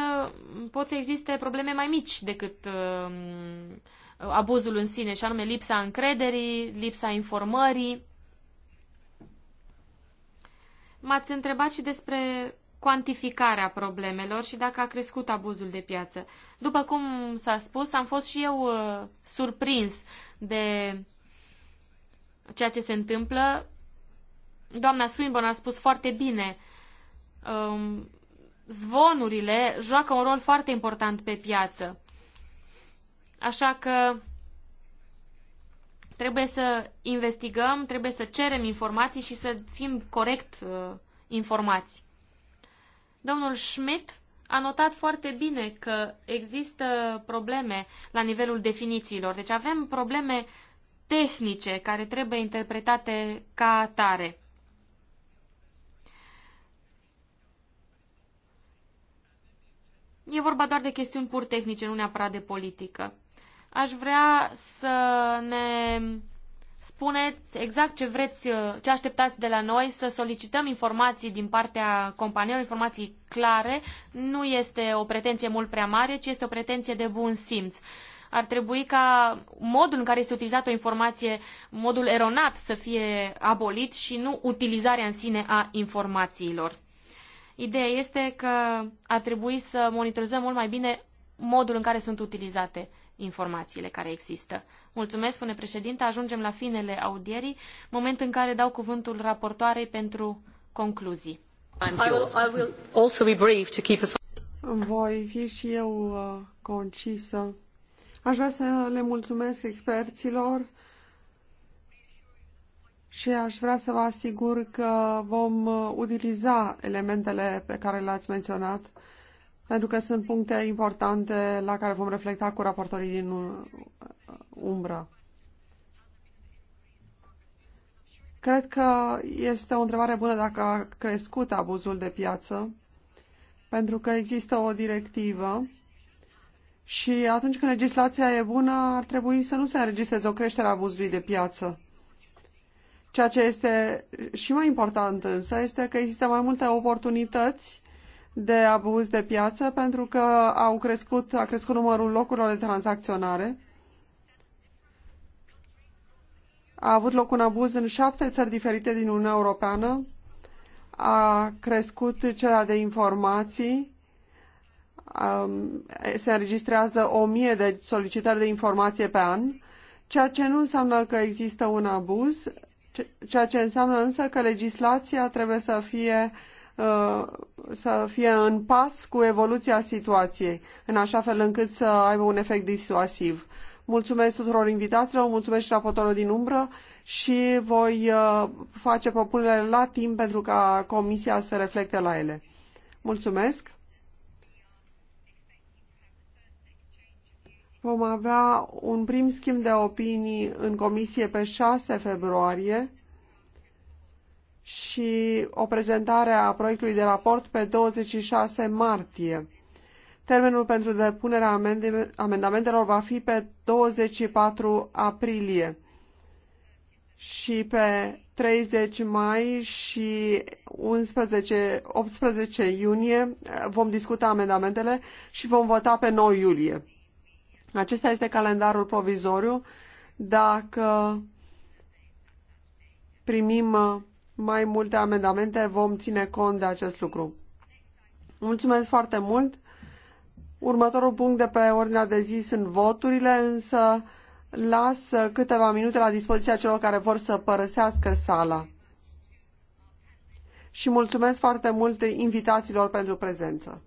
pot să existe probleme mai mici decât uh, abuzul în sine, și anume lipsa încrederii, lipsa informării. M-ați întrebat și despre cuantificarea problemelor și dacă a crescut abuzul de piață. După cum s-a spus, am fost și eu uh, surprins de ceea ce se întâmplă. Doamna Swinburne a spus foarte bine, um, zvonurile joacă un rol foarte important pe piață. Așa că trebuie să investigăm, trebuie să cerem informații și să fim corect uh, informați. Domnul Schmidt a notat foarte bine că există probleme la nivelul definițiilor. Deci avem probleme tehnice care trebuie interpretate ca atare. E vorba doar de chestiuni pur tehnice, nu neapărat de politică. Aș vrea să ne spuneți exact ce vreți, uh, ce așteptați de la noi, să solicităm informații din partea companiei, informații clare. Nu este o pretenție mult prea mare, ci este o pretenție de bun simț. Ar trebui ca modul în care este utilizată o informație, modul eronat să fie abolit și nu utilizarea în sine a informațiilor. Ideea este că ar trebui să monitorizăm mult mai bine modul în care sunt utilizate informațiile care există. Mulțumesc, spune președinte. Ajungem la finele audierii, moment în care dau cuvântul
raportoarei pentru
concluzii.
Voi fi și eu uh, concisă. Aș vrea să le mulțumesc experților și aș vrea să vă asigur că vom uh, utiliza elementele pe care le-ați menționat pentru că sunt puncte importante la care vom reflecta cu raportorii din umbră. Cred că este o întrebare bună dacă a crescut abuzul de piață, pentru că există o directivă și atunci când legislația e bună, ar trebui să nu se înregistreze o creștere a abuzului de piață. Ceea ce este și mai important însă este că există mai multe oportunități de abuz de piață pentru că au crescut, a crescut numărul locurilor de tranzacționare. A avut loc un abuz în șapte țări diferite din Uniunea Europeană. A crescut cererea de informații. Se înregistrează o mie de solicitări de informație pe an, ceea ce nu înseamnă că există un abuz, ceea ce înseamnă însă că legislația trebuie să fie uh, Uh, să fie în pas cu evoluția situației, în așa fel încât să aibă un efect disuasiv. Mulțumesc tuturor invitaților, mulțumesc și raportorul din umbră și voi uh, face propunerile la timp pentru ca comisia să reflecte la ele. Mulțumesc! Vom avea un prim schimb de opinii în comisie pe 6 februarie și o prezentare a proiectului de raport pe 26 martie. Termenul pentru depunerea amendamentelor va fi pe 24 aprilie și pe 30 mai și 11, 18 iunie vom discuta amendamentele și vom vota pe 9 iulie. Acesta este calendarul provizoriu. Dacă primim mai multe amendamente, vom ține cont de acest lucru. Mulțumesc foarte mult! Următorul punct de pe ordinea de zi sunt voturile, însă las câteva minute la dispoziția celor care vor să părăsească sala. Și mulțumesc foarte mult invitațiilor pentru prezență.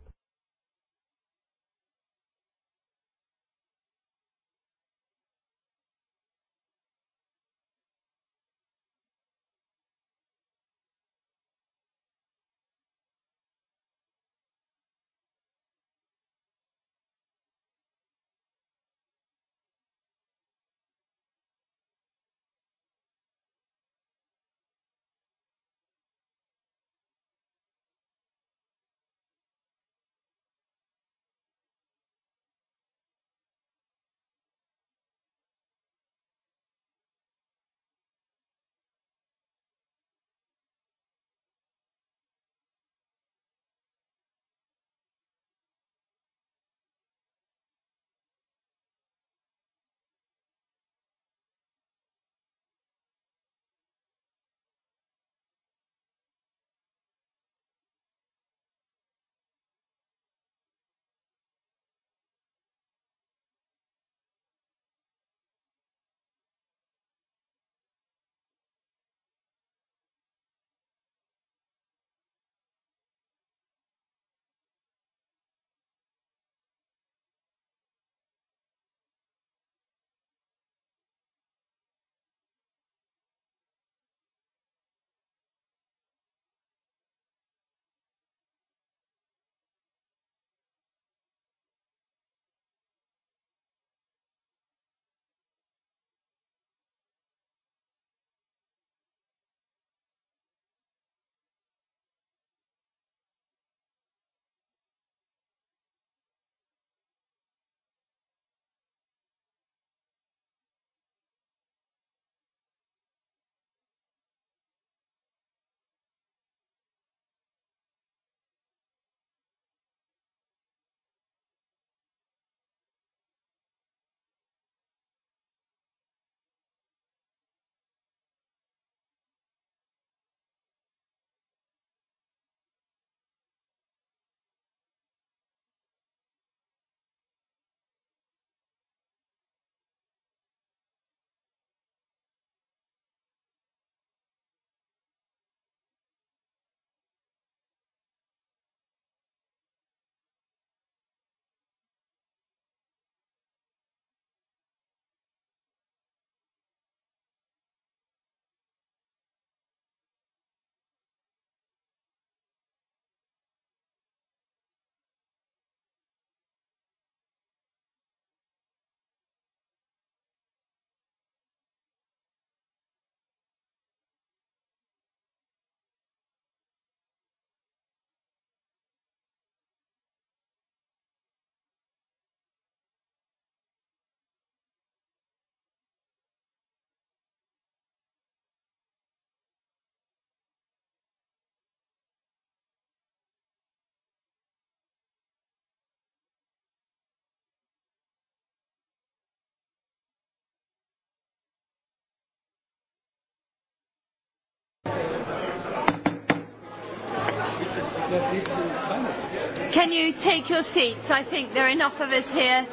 Can you
take your seats? I think there are enough of us here.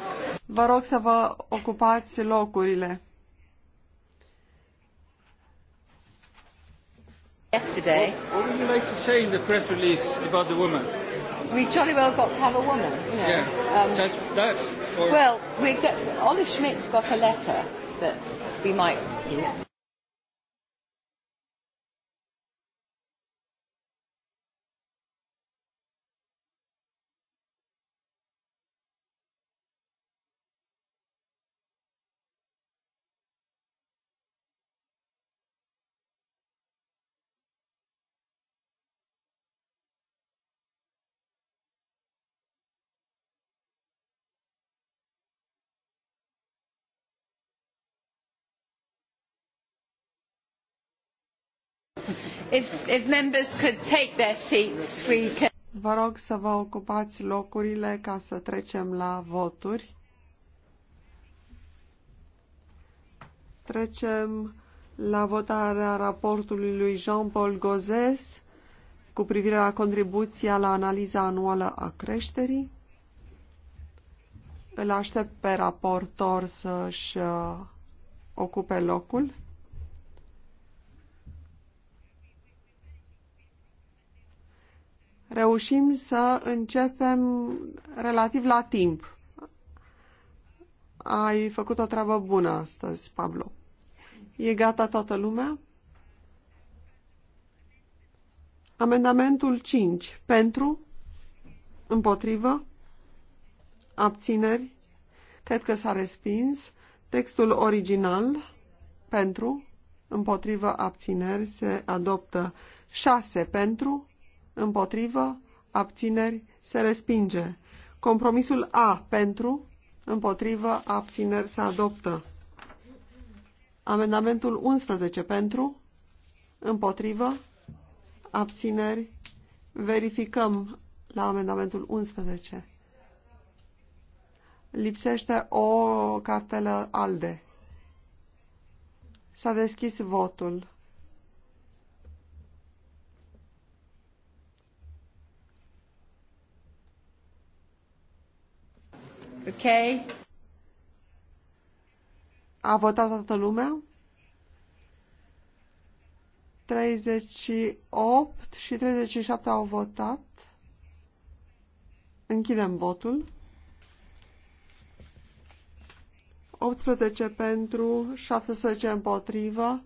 Vă rog să vă ocupați locurile.
Yesterday.
What,
what would you like to say in the press release about the woman?
We jolly well got to have a woman.
You know. Yeah. Um, Just that. Or... Well, we got, Ollie Schmidt's got a letter that we might. Yeah
If, if members could take their seats, we can...
Vă rog să vă ocupați locurile ca să trecem la voturi. Trecem la votarea raportului lui Jean-Paul Gozes cu privire la contribuția la analiza anuală a creșterii. Îl aștept pe raportor să-și uh, ocupe locul. reușim să începem relativ la timp. Ai făcut o treabă bună astăzi, Pablo. E gata toată lumea? Amendamentul 5. Pentru? Împotrivă? Abțineri? Cred că s-a respins. Textul original? Pentru? Împotrivă abțineri se adoptă 6 pentru, împotrivă, abțineri, se respinge. Compromisul A pentru, împotrivă, abțineri, se adoptă. Amendamentul 11 pentru, împotrivă, abțineri, verificăm la amendamentul 11. Lipsește o cartelă ALDE. S-a deschis votul. Ok. A votat toată lumea? 38 și 37 au votat. Închidem votul. 18 pentru, 17 împotrivă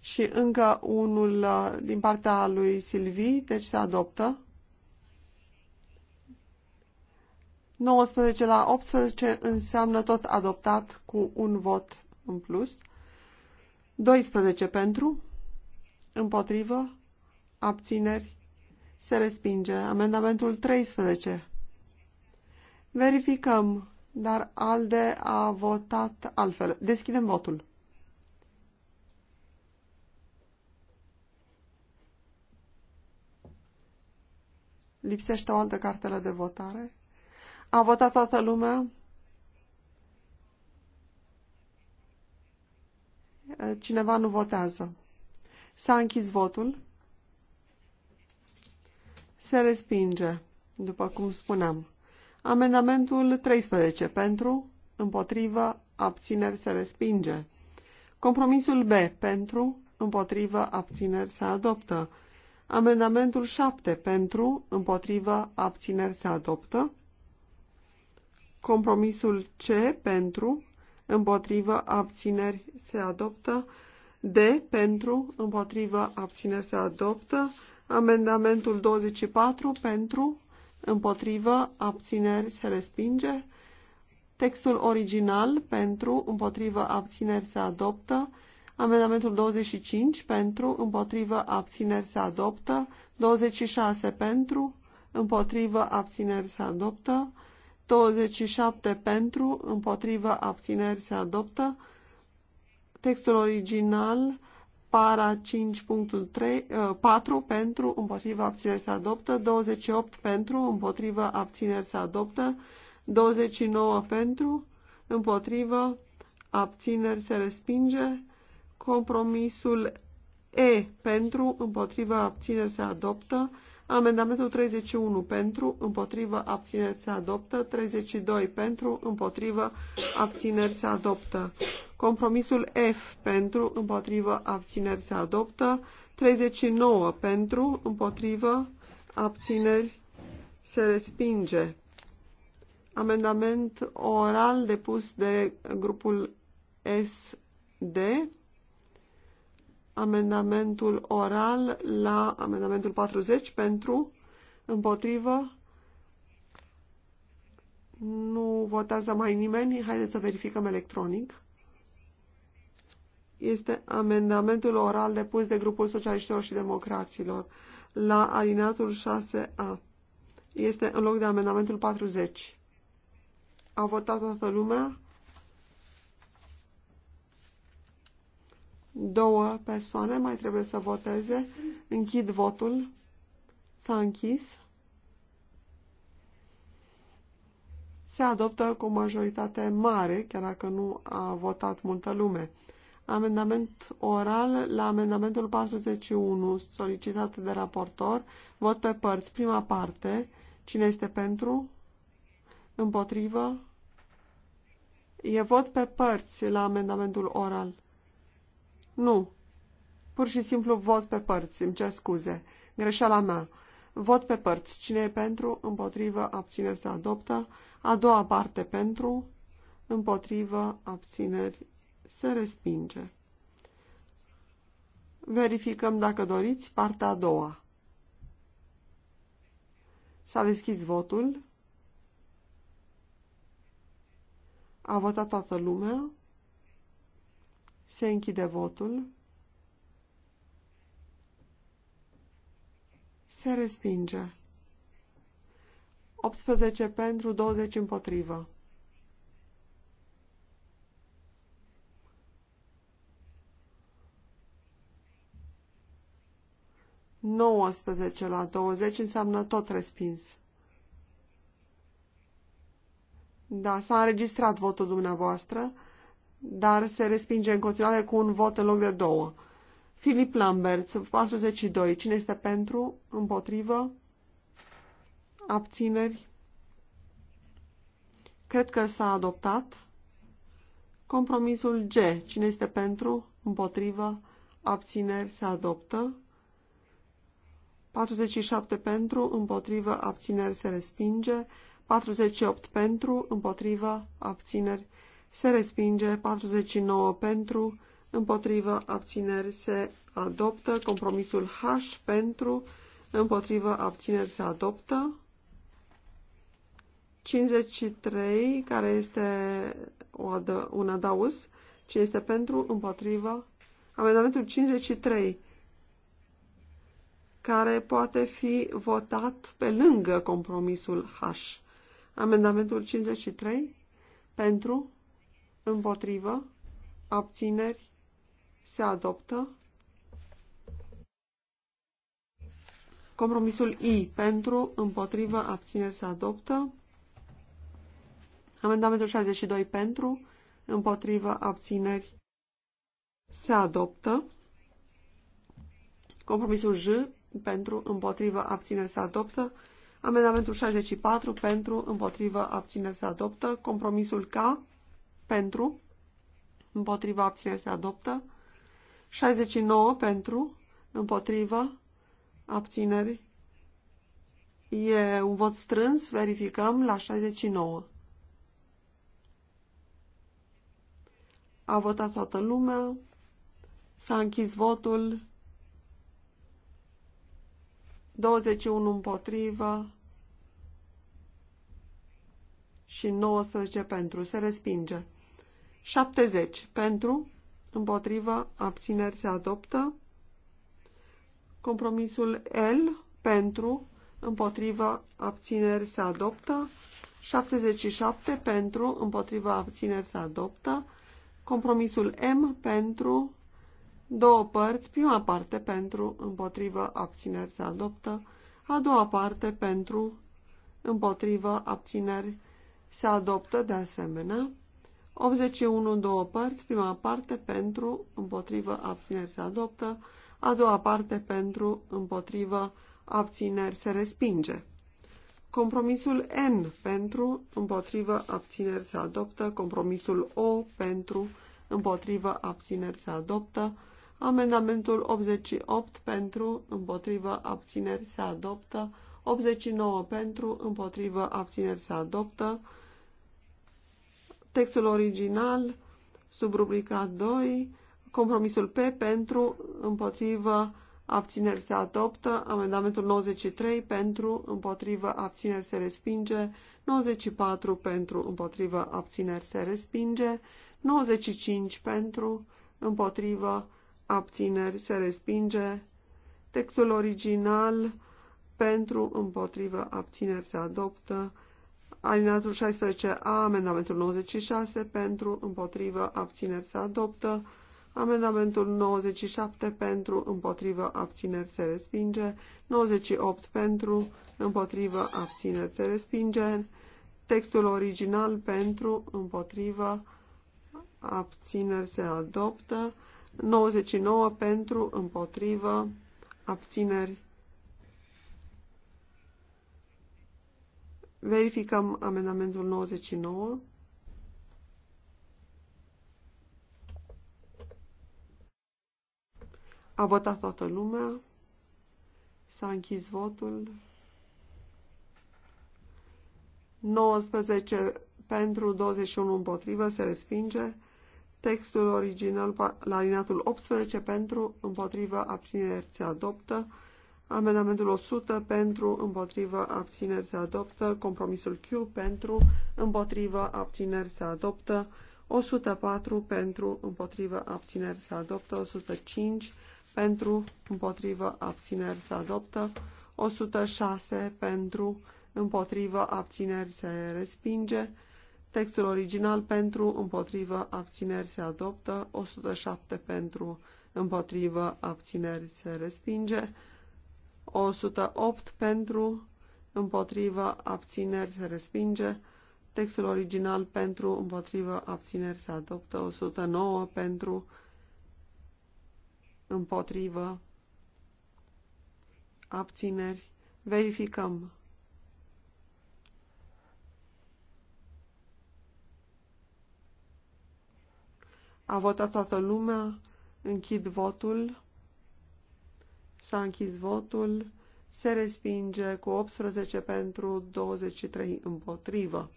și încă unul uh, din partea lui Silvi, deci se adoptă. 19 la 18 înseamnă tot adoptat cu un vot în plus. 12 pentru, împotrivă, abțineri, se respinge. Amendamentul 13. Verificăm, dar ALDE a votat altfel. Deschidem votul. Lipsește o altă cartelă de votare. A votat toată lumea? Cineva nu votează. S-a închis votul. Se respinge, după cum spuneam. Amendamentul 13 pentru, împotrivă, abțineri se respinge. Compromisul B pentru, împotrivă, abțineri se adoptă. Amendamentul 7 pentru, împotrivă, abțineri se adoptă. Compromisul C pentru, împotrivă, abțineri se adoptă. D pentru, împotrivă, abțineri se adoptă. Amendamentul 24 pentru, împotrivă, abțineri se respinge. Textul original pentru, împotrivă, abțineri se adoptă. Amendamentul 25 pentru, împotrivă, abțineri se adoptă. 26 pentru, împotrivă, abțineri se adoptă. 27 pentru, împotrivă, abțineri se adoptă. Textul original, para 5.4 ă, pentru, împotrivă, abțineri se adoptă. 28 pentru, împotrivă, abțineri se adoptă. 29 pentru, împotrivă, abțineri se respinge. Compromisul E pentru, împotrivă, abțineri se adoptă. Amendamentul 31 pentru, împotrivă, abțineri se adoptă. 32 pentru, împotrivă, abțineri se adoptă. Compromisul F pentru, împotrivă, abțineri se adoptă. 39 pentru, împotrivă, abțineri se respinge. Amendament oral depus de grupul SD amendamentul oral la amendamentul 40 pentru, împotrivă, nu votează mai nimeni, haideți să verificăm electronic. Este amendamentul oral depus de grupul socialiștilor și democraților la alineatul 6A. Este în loc de amendamentul 40. A votat toată lumea? Două persoane mai trebuie să voteze. Închid votul. S-a închis. Se adoptă cu o majoritate mare, chiar dacă nu a votat multă lume. Amendament oral la amendamentul 41 solicitat de raportor. Vot pe părți. Prima parte. Cine este pentru? Împotrivă? E vot pe părți la amendamentul oral. Nu. Pur și simplu vot pe părți. Îmi cer scuze. Greșeala mea. Vot pe părți. Cine e pentru? Împotrivă. Abțineri se adoptă. A doua parte pentru. Împotrivă. Abțineri se respinge. Verificăm dacă doriți partea a doua. S-a deschis votul. A votat toată lumea. Se închide votul. Se respinge. 18 pentru, 20 împotrivă. Nouăsprezece la douăzeci înseamnă tot respins. Da, s-a înregistrat votul dumneavoastră dar se respinge în continuare cu un vot în loc de două. Filip Lambert, 42. Cine este pentru? Împotrivă? Abțineri? Cred că s-a adoptat. Compromisul G. Cine este pentru? Împotrivă? Abțineri? Se adoptă. 47 pentru, împotrivă, abțineri se respinge. 48 pentru, împotrivă, abțineri se respinge, 49 pentru, împotrivă, abțineri, se adoptă, compromisul H pentru, împotrivă, abțineri, se adoptă, 53, care este o adă, un adaus, ce este pentru, împotriva, amendamentul 53, care poate fi votat pe lângă compromisul H. Amendamentul 53, pentru, împotrivă, abțineri, se adoptă. Compromisul I pentru, împotrivă, abțineri, se adoptă. Amendamentul 62 pentru, împotrivă, abțineri, se adoptă. Compromisul J pentru, împotrivă, abțineri, se adoptă. Amendamentul 64 pentru, împotrivă, abțineri, se adoptă. Compromisul K pentru, împotriva abțineri se adoptă, 69 pentru, împotriva abțineri. E un vot strâns, verificăm la 69. A votat toată lumea, s-a închis votul, 21 împotriva și 19 pentru. Se respinge. 70 pentru, împotrivă, abțineri se adoptă. Compromisul L pentru, împotrivă, abțineri se adoptă. 77 pentru, împotrivă, abțineri se adoptă. Compromisul M pentru, două părți, prima parte pentru, împotrivă, abțineri se adoptă. A doua parte pentru, împotrivă, abțineri se adoptă de asemenea. 81 în două părți, prima parte pentru, împotrivă, abțineri se adoptă, a doua parte pentru, împotrivă, abțineri se respinge. Compromisul N pentru, împotrivă, abțineri se adoptă, compromisul O pentru, împotrivă, abțineri se adoptă, amendamentul 88 pentru, împotrivă, abțineri se adoptă, 89 pentru, împotrivă, abțineri se adoptă, textul original, sub rubrica 2, compromisul P pentru, împotrivă, abțineri se adoptă, amendamentul 93 pentru, împotrivă, abțineri se respinge, 94 pentru, împotrivă, abțineri se respinge, 95 pentru, împotrivă, abțineri se respinge, textul original pentru, împotrivă, abțineri se adoptă, Alinatul 16A, amendamentul 96 pentru, împotrivă, abțineri se adoptă. Amendamentul 97 pentru, împotrivă, abțineri se respinge. 98 pentru, împotrivă, abțineri se respinge. Textul original pentru, împotrivă, abțineri se adoptă. 99 pentru, împotrivă, abțineri Verificăm amendamentul 99. A votat toată lumea. S-a închis votul. 19 pentru, 21 împotrivă, se respinge. Textul original la alineatul 18 pentru, împotrivă, abținere, se adoptă. Amendamentul 100 pentru, împotrivă, abțineri se adoptă. Compromisul Q pentru, împotrivă, abțineri se adoptă. 104 pentru, împotrivă, abțineri se adoptă. 105 pentru, împotrivă, abțineri se adoptă. 106 pentru, împotrivă, abțineri se respinge. Textul original pentru, împotrivă, abțineri se adoptă. 107 pentru, împotrivă, abțineri se respinge. 108 pentru, împotrivă, abțineri, se respinge. Textul original pentru, împotrivă, abțineri, se adoptă. 109 pentru, împotrivă, abțineri. Verificăm. A votat toată lumea. Închid votul. S-a închis votul. Se respinge cu 18 pentru 23 împotrivă.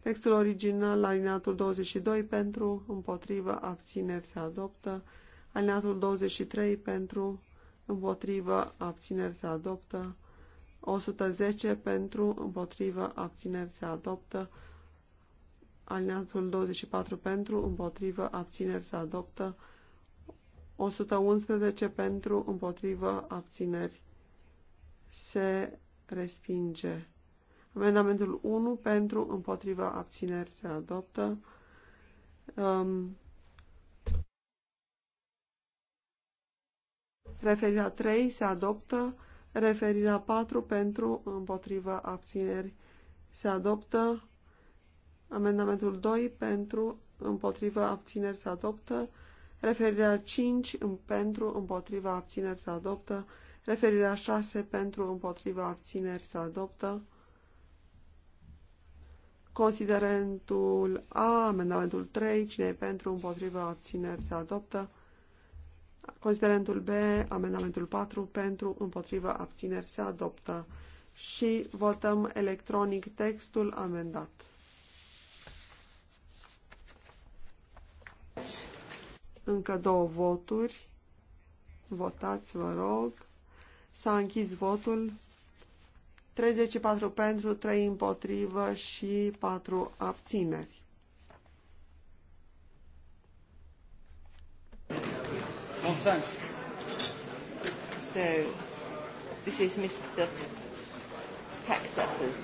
Textul original, alineatul 22 pentru, împotrivă, abțineri se adoptă. Alineatul 23 pentru, împotrivă, abțineri se adoptă. 110 pentru, împotrivă, abțineri se adoptă. Alineatul 24 pentru, împotrivă, abțineri se adoptă. 111 pentru, împotrivă, abțineri. Se respinge. Amendamentul 1 pentru, împotrivă, abțineri se adoptă. Um, referirea 3 se adoptă. Referirea 4 pentru, împotrivă, abțineri se adoptă. Amendamentul 2 pentru, împotrivă, abțineri se adoptă. Referirea 5 pentru, împotriva, abțineri se adoptă. Referirea 6 pentru, împotriva, abțineri se adoptă. Considerentul A, amendamentul 3, cine e pentru, împotriva, abțineri se adoptă. Considerentul B, amendamentul 4, pentru, împotriva, abțineri se adoptă. Și votăm electronic textul amendat. Yes. Încă două voturi. Votați, vă rog. S-a închis votul. 34 pentru, 3 împotrivă și 4 abțineri. Consent. So,
this is Mr. Texas's.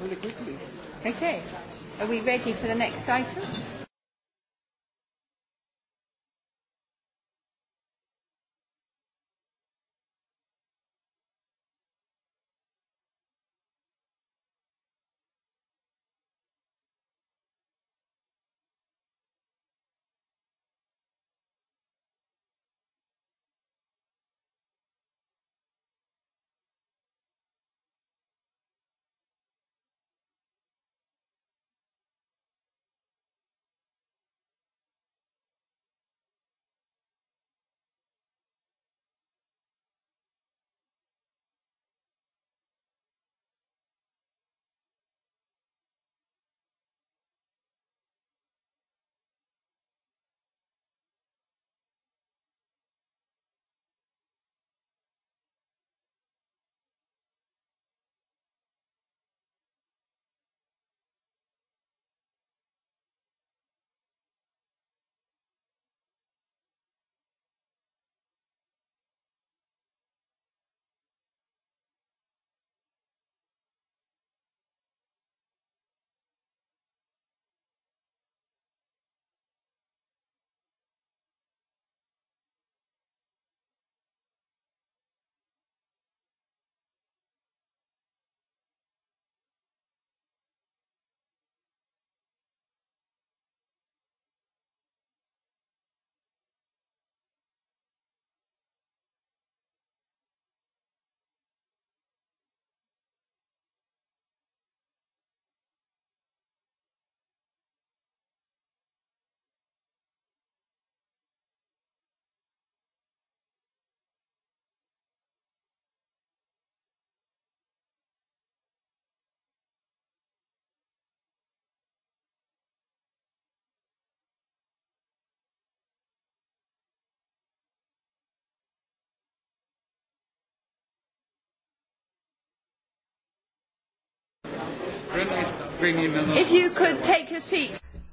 Really quickly.
Okay. Are we ready for the next item?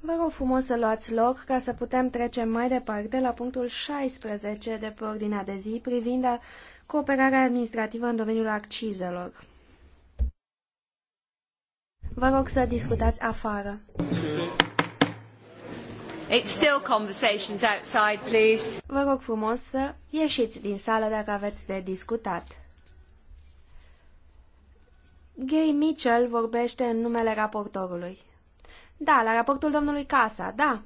Vă rog frumos să luați loc ca să putem trece mai departe la punctul 16 de pe ordinea de zi privind cooperarea administrativă în domeniul accizelor. Vă rog să discutați afară. It's still conversations outside, please. Vă rog frumos să ieșiți din sală dacă aveți de discutat. Gay Mitchell vorbește în numele raportorului. Da, la raportul domnului Casa, da.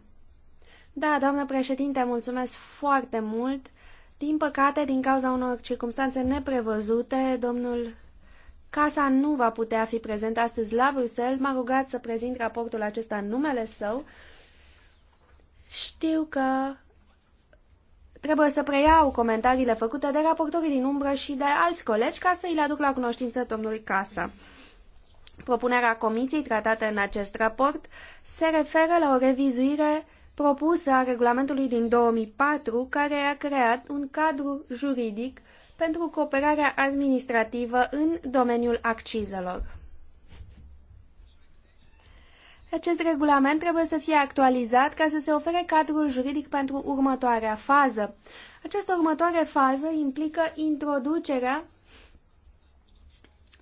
Da, doamnă președinte, mulțumesc foarte mult. Din păcate, din cauza unor circunstanțe neprevăzute, domnul Casa nu va putea fi prezent astăzi la Bruxelles. M-a rugat să prezint raportul acesta în numele său. Știu că Trebuie să preiau comentariile făcute de raportorii din umbră și de alți colegi ca să îi le aduc la cunoștință domnului Casa. Propunerea comisiei tratată în acest raport se referă la o revizuire propusă a regulamentului din 2004 care a creat un cadru juridic pentru cooperarea administrativă în domeniul accizelor. Acest regulament trebuie să fie actualizat ca să se ofere cadrul juridic pentru următoarea fază. Această următoare fază implică introducerea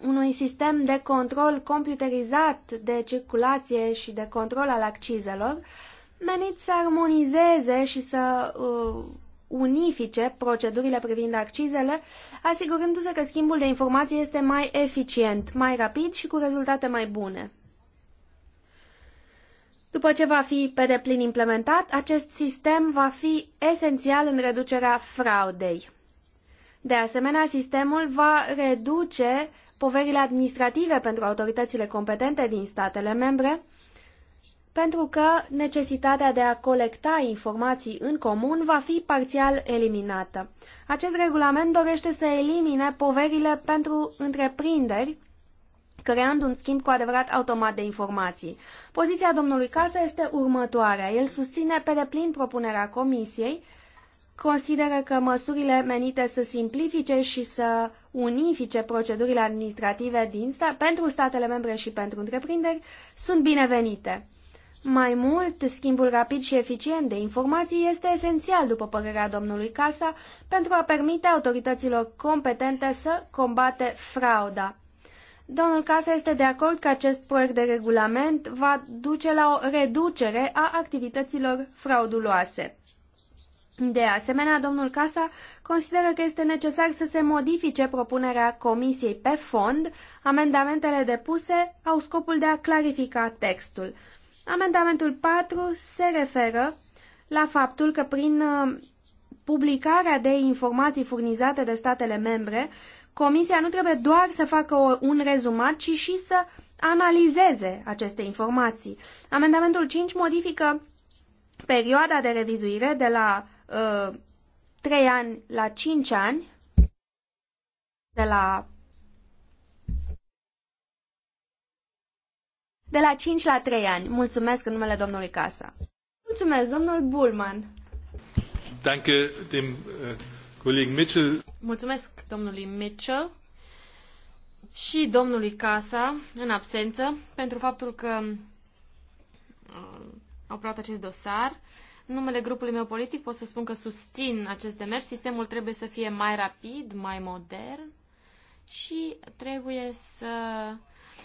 unui sistem de control computerizat de circulație și de control al accizelor, menit să armonizeze și să uh, unifice procedurile privind accizele, asigurându-se că schimbul de informații este mai eficient, mai rapid și cu rezultate mai bune. După ce va fi pe deplin implementat, acest sistem va fi esențial în reducerea fraudei. De asemenea, sistemul va reduce poverile administrative pentru autoritățile competente din statele membre, pentru că necesitatea de a colecta informații în comun va fi parțial eliminată. Acest regulament dorește să elimine poverile pentru întreprinderi creând un schimb cu adevărat automat de informații. Poziția domnului Casa este următoarea. El susține pe deplin propunerea Comisiei, consideră că măsurile menite să simplifice și să unifice procedurile administrative din sta- pentru statele membre și pentru întreprinderi sunt binevenite. Mai mult, schimbul rapid și eficient de informații este esențial, după părerea domnului Casa, pentru a permite autorităților competente să combate frauda. Domnul Casa este de acord că acest proiect de regulament va duce la o reducere a activităților frauduloase. De asemenea, domnul Casa consideră că este necesar să se modifice propunerea Comisiei pe fond. Amendamentele depuse au scopul de a clarifica textul. Amendamentul 4 se referă la faptul că prin uh, publicarea de informații furnizate de statele membre, Comisia nu trebuie doar să facă un rezumat, ci și să analizeze aceste informații. Amendamentul 5 modifică perioada de revizuire de la uh, 3 ani la 5 ani, de la de la 5 la 3 ani. Mulțumesc în numele domnului Casa. Mulțumesc,
domnul Bulman.
Danke dem uh... Kollegen Mitchell.
Mulțumesc domnului Mitchell și domnului Casa, în absență, pentru faptul că uh, au preluat acest dosar. În numele grupului meu politic pot să spun că susțin acest demers. Sistemul trebuie să fie mai rapid, mai modern și trebuie să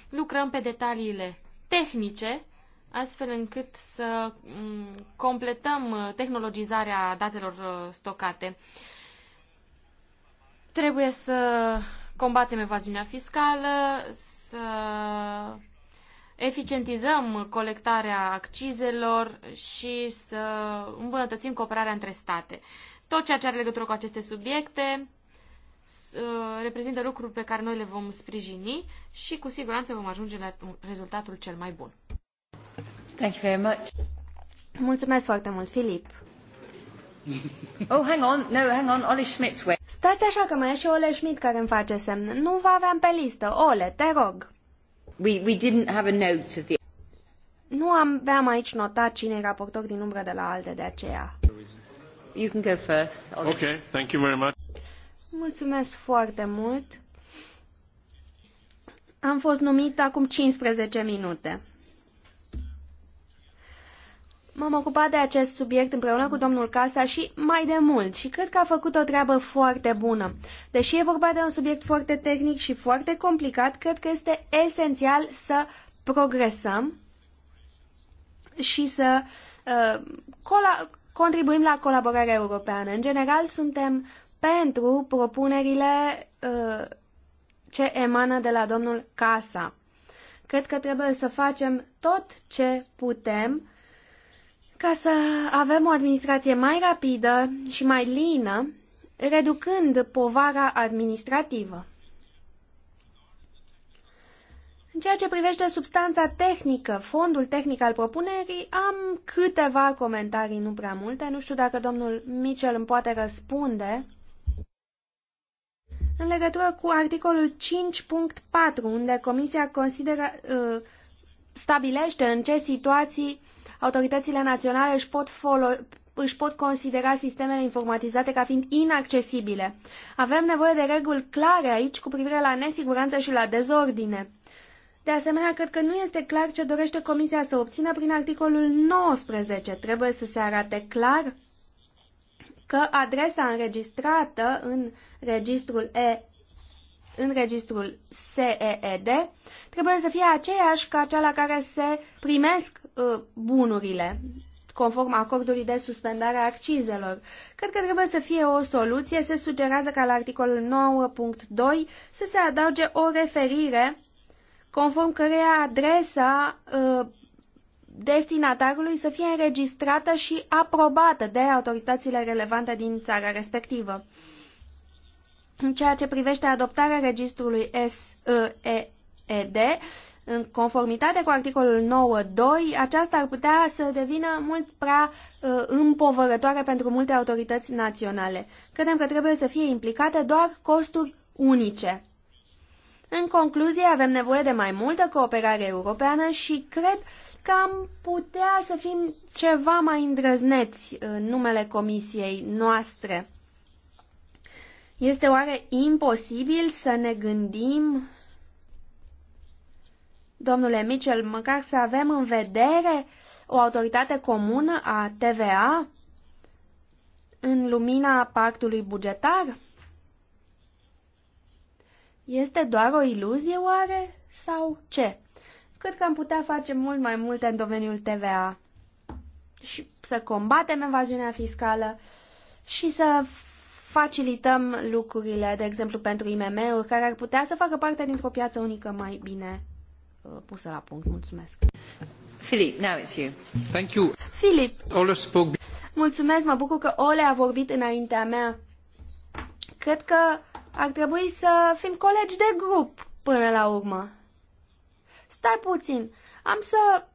lucrăm pe detaliile tehnice, astfel încât să mm, completăm uh, tehnologizarea datelor uh, stocate. Trebuie să combatem evaziunea fiscală, să eficientizăm colectarea accizelor și să îmbunătățim cooperarea între state. Tot ceea ce are legătură cu aceste subiecte uh, reprezintă lucruri pe care noi le vom sprijini și cu siguranță vom ajunge la rezultatul cel mai bun.
Thank you very much. Mulțumesc foarte mult, Filip. Oh, hang on, no, hang on, Ole Schmidt's way. Stați așa că mai e și Ole Schmidt care îmi face semn. Nu vă aveam pe listă. Ole, te rog. We, we didn't have a note of the... Nu am, aveam aici notat cine e raportor din umbră de la alte, de aceea. You can go first.
Okay, thank you very much.
Mulțumesc foarte mult. Am fost numit acum 15 minute. M-am ocupat de acest subiect împreună cu domnul Casa și mai de mult și cred că a făcut o treabă foarte bună. Deși e vorba de un subiect foarte tehnic și foarte complicat, cred că este esențial să progresăm și să uh, contribuim la colaborarea europeană. În general, suntem pentru propunerile uh, ce emană de la domnul Casa. Cred că trebuie să facem tot ce putem ca să avem o administrație mai rapidă și mai lină, reducând povara administrativă. În ceea ce privește substanța tehnică, fondul tehnic al propunerii, am câteva comentarii, nu prea multe. Nu știu dacă domnul Mitchell îmi poate răspunde. În legătură cu articolul 5.4, unde Comisia consideră, uh, stabilește în ce situații autoritățile naționale își pot, își pot considera sistemele informatizate ca fiind inaccesibile. Avem nevoie de reguli clare aici cu privire la nesiguranță și la dezordine. De asemenea, cred că nu este clar ce dorește Comisia să obțină prin articolul 19. Trebuie să se arate clar că adresa înregistrată în registrul E în registrul SEED trebuie să fie aceeași ca cea la care se primesc Uh, bunurile, conform acordului de suspendare a accizelor. Cred că trebuie să fie o soluție. Se sugerează ca la articolul 9.2 să se adauge o referire conform căreia adresa uh, destinatarului să fie înregistrată și aprobată de autoritățile relevante din țara respectivă. În ceea ce privește adoptarea registrului SED, în conformitate cu articolul 9.2, aceasta ar putea să devină mult prea uh, împovărătoare pentru multe autorități naționale. Credem că trebuie să fie implicate doar costuri unice. În concluzie, avem nevoie de mai multă cooperare europeană și cred că am putea să fim ceva mai îndrăzneți în numele comisiei noastre. Este oare imposibil să ne gândim Domnule Mitchell, măcar să avem în vedere o autoritate comună a TVA în lumina pactului bugetar? Este doar o iluzie oare? Sau ce? Cât că am putea face mult mai multe în domeniul TVA și să combatem evaziunea fiscală și să facilităm lucrurile, de exemplu pentru IMM-uri, care ar putea să facă parte dintr-o piață unică mai bine Uh, pusă la punct. Mulțumesc.
Filip, now it's you.
Thank you. Filip. Ole spoke...
Mulțumesc, mă bucur că Ole a vorbit înaintea mea. Cred că ar trebui să fim colegi de grup până la urmă. Stai puțin, am să...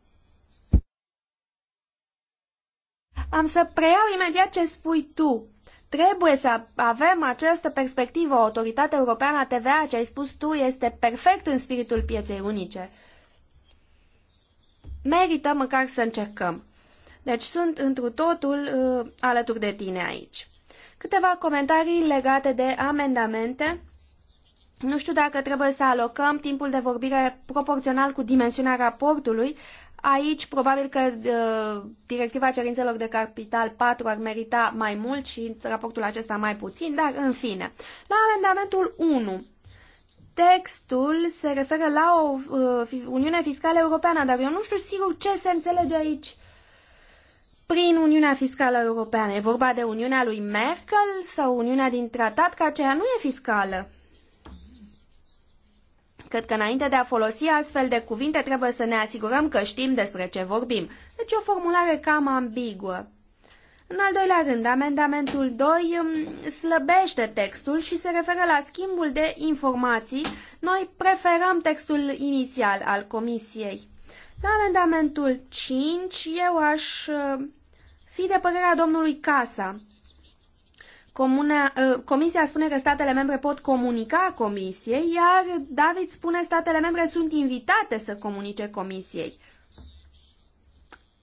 Am să preiau imediat ce spui tu. Trebuie să avem această perspectivă. O autoritate europeană a TVA, ce ai spus tu, este perfect în spiritul pieței unice. Merită măcar să încercăm. Deci sunt întru totul uh, alături de tine aici. Câteva comentarii legate de amendamente. Nu știu dacă trebuie să alocăm timpul de vorbire proporțional cu dimensiunea raportului, Aici, probabil că uh, directiva cerințelor de capital 4 ar merita mai mult și raportul acesta mai puțin, dar în fine. La amendamentul 1, textul se referă la o uh, Uniune Fiscală Europeană, dar eu nu știu sigur ce se înțelege aici prin Uniunea Fiscală Europeană. E vorba de Uniunea lui Merkel sau Uniunea din tratat, că aceea nu e fiscală. Cred că înainte de a folosi astfel de cuvinte trebuie să ne asigurăm că știm despre ce vorbim. Deci o formulare cam ambiguă. În al doilea rând, amendamentul 2 um, slăbește textul și se referă la schimbul de informații. Noi preferăm textul inițial al comisiei. La amendamentul 5 eu aș uh, fi de părerea domnului Casa. Ă, comisia spune că statele membre pot comunica comisiei, iar David spune statele membre sunt invitate să comunice comisiei.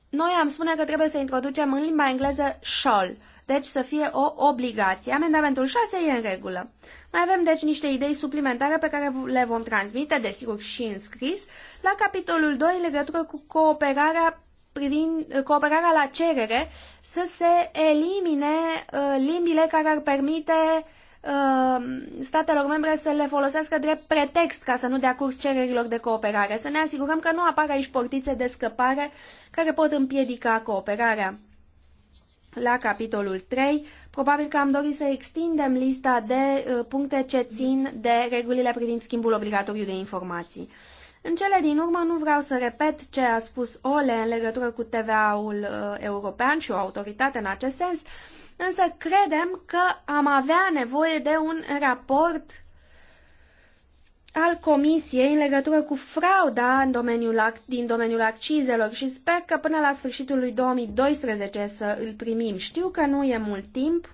Noi am spune că trebuie să introducem în limba engleză shall, deci să fie o obligație. Amendamentul 6 e în regulă. Mai avem deci niște idei suplimentare pe care le vom transmite, desigur, și în scris, la capitolul 2 legătură cu cooperarea privind uh, cooperarea la cerere, să se elimine uh, limbile care ar permite uh, statelor membre să le folosească drept pretext ca să nu dea curs cererilor de cooperare. Să ne asigurăm că nu apar aici portițe de scăpare care pot împiedica cooperarea. La capitolul 3, probabil că am dorit să extindem lista de puncte ce țin de regulile privind schimbul obligatoriu de informații. În cele din urmă nu vreau să repet ce a spus Ole în legătură cu TVA-ul uh, european și o autoritate în acest sens, însă credem că am avea nevoie de un raport al Comisiei în legătură cu frauda în domeniul, din domeniul accizelor și sper că până la sfârșitul lui 2012 să îl primim. Știu că nu e mult timp,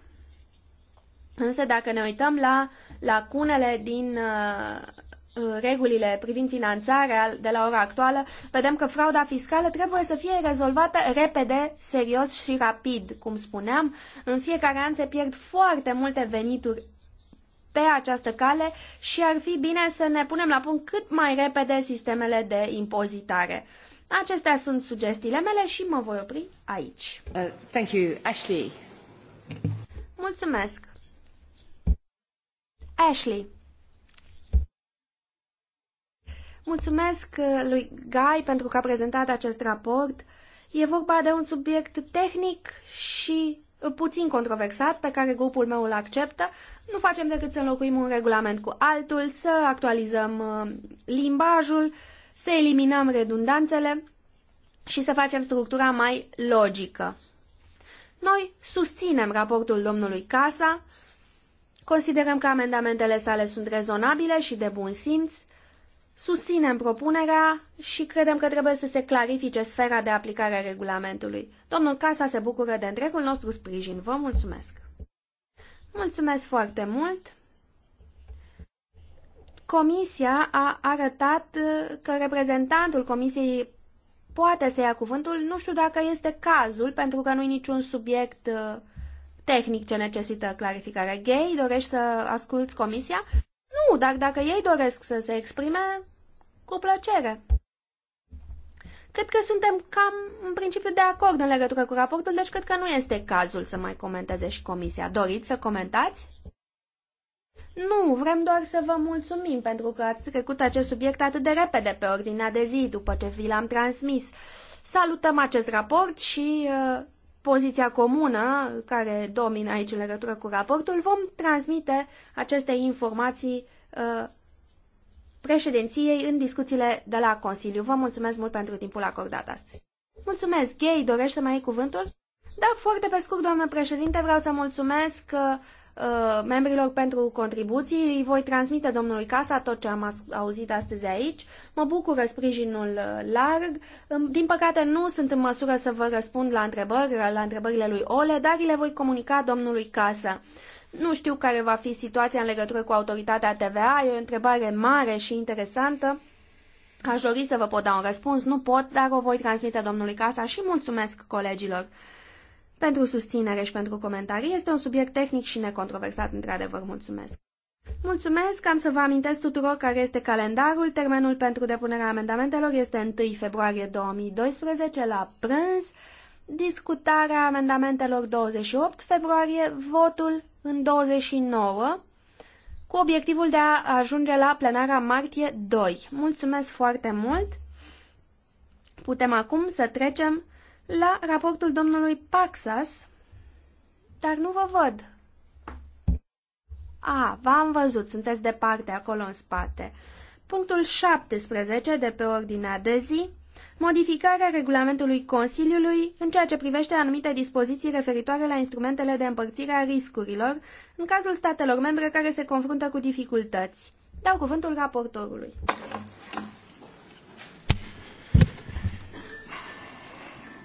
însă dacă ne uităm la lacunele din uh, Uh, regulile privind finanțarea de la ora actuală, vedem că frauda fiscală trebuie să fie rezolvată repede, serios și rapid, cum spuneam. În fiecare an se pierd foarte multe venituri pe această cale și ar fi bine să ne punem la punct cât mai repede sistemele de impozitare. Acestea sunt sugestiile mele și mă voi opri aici. Uh, thank you, Ashley. Mulțumesc. Ashley. Mulțumesc uh, lui Gai pentru că a prezentat acest raport. E vorba de un subiect tehnic și uh, puțin controversat, pe care grupul meu îl acceptă. Nu facem decât să înlocuim un regulament cu altul, să actualizăm uh, limbajul, să eliminăm redundanțele și să facem structura mai logică. Noi susținem raportul domnului Casa, considerăm că amendamentele sale sunt rezonabile și de bun simț, Susținem propunerea și credem că trebuie să se clarifice sfera de aplicare a regulamentului. Domnul Casa se bucură de întregul nostru sprijin. Vă mulțumesc! Mulțumesc foarte mult! Comisia a arătat că reprezentantul Comisiei poate să ia cuvântul. Nu știu dacă este cazul, pentru că nu e niciun subiect uh, tehnic ce necesită clarificare. Gay, dorești să asculți Comisia? Nu, dar dacă ei doresc să se exprime, cu plăcere. Cred că suntem cam în principiu de acord în legătură cu raportul, deci cred că nu este cazul să mai comenteze și comisia. Doriți să comentați? Nu, vrem doar să vă mulțumim pentru că ați trecut acest subiect atât de repede pe ordinea de zi după ce vi l-am transmis. Salutăm acest raport și uh, poziția comună care domină aici în legătură cu raportul, vom transmite aceste informații uh, președinției în discuțiile de la Consiliu. Vă mulțumesc mult pentru timpul acordat astăzi. Mulțumesc, Gay, dorești să mai ai cuvântul? Da, foarte pe scurt, doamnă președinte, vreau să mulțumesc uh, Uh, membrilor pentru contribuții. Îi voi transmite domnului Casa tot ce am auzit astăzi aici. Mă bucură sprijinul uh, larg. Din păcate nu sunt în măsură să vă răspund la întrebări, la întrebările lui Ole, dar le voi comunica domnului Casa. Nu știu care va fi situația în legătură cu autoritatea TVA, e o întrebare mare și interesantă. Aș dori să vă pot da un răspuns, nu pot, dar o voi transmite domnului Casa și mulțumesc colegilor pentru susținere și pentru comentarii. Este un subiect tehnic și necontroversat, într-adevăr, mulțumesc. Mulțumesc, am să vă amintesc tuturor care este calendarul. Termenul pentru depunerea amendamentelor este 1 februarie 2012 la prânz, discutarea amendamentelor 28 februarie, votul în 29, cu obiectivul de a ajunge la plenara martie 2. Mulțumesc foarte mult! Putem acum să trecem la raportul domnului Paxas, dar nu vă văd. A, v-am văzut, sunteți departe, acolo în spate. Punctul 17 de pe ordinea de zi, modificarea regulamentului Consiliului în ceea ce privește anumite dispoziții referitoare la instrumentele de împărțire a riscurilor în cazul statelor membre care se confruntă cu dificultăți. Dau cuvântul raportorului.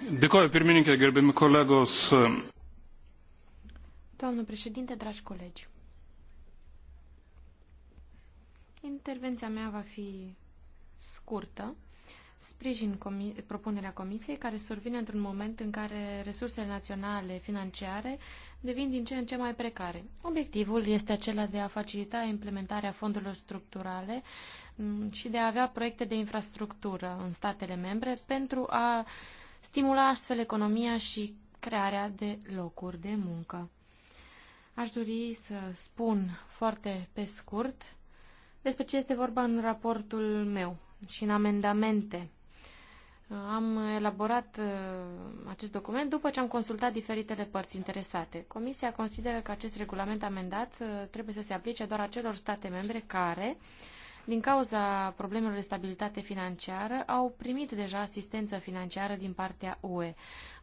Dėkoju pirmininkė, gerbiami kolegos.
Doamnă președinte, dragi colegi. Intervenția mea va fi scurtă. Sprijin comi propunerea Comisiei, care survine într-un moment în care resursele naționale financiare devin din ce în ce mai precare. Obiectivul este acela de a facilita implementarea fondurilor structurale mm, și de a avea proiecte de infrastructură în statele membre pentru a stimula astfel economia și crearea de locuri de muncă. Aș dori să spun foarte pe scurt despre ce este vorba în raportul meu și în amendamente. Am elaborat uh, acest document după ce am consultat diferitele părți interesate. Comisia consideră că acest regulament amendat uh, trebuie să se aplice doar acelor state membre care din cauza problemelor de stabilitate financiară, au primit deja asistență financiară din partea UE.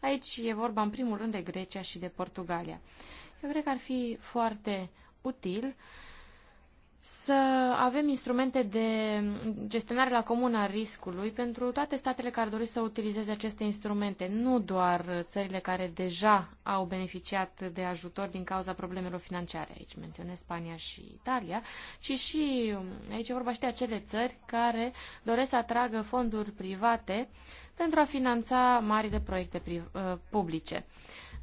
Aici e vorba în primul rând de Grecia și de Portugalia. Eu cred că ar fi foarte util uh, să avem instrumente de gestionare la comun a riscului pentru toate statele care doresc să utilizeze aceste instrumente, nu doar țările care deja au beneficiat de ajutor din cauza problemelor financiare, aici menționez Spania și Italia, ci și aici e vorba și de acele țări care doresc să atragă fonduri private pentru a finanța mari de proiecte uh, publice.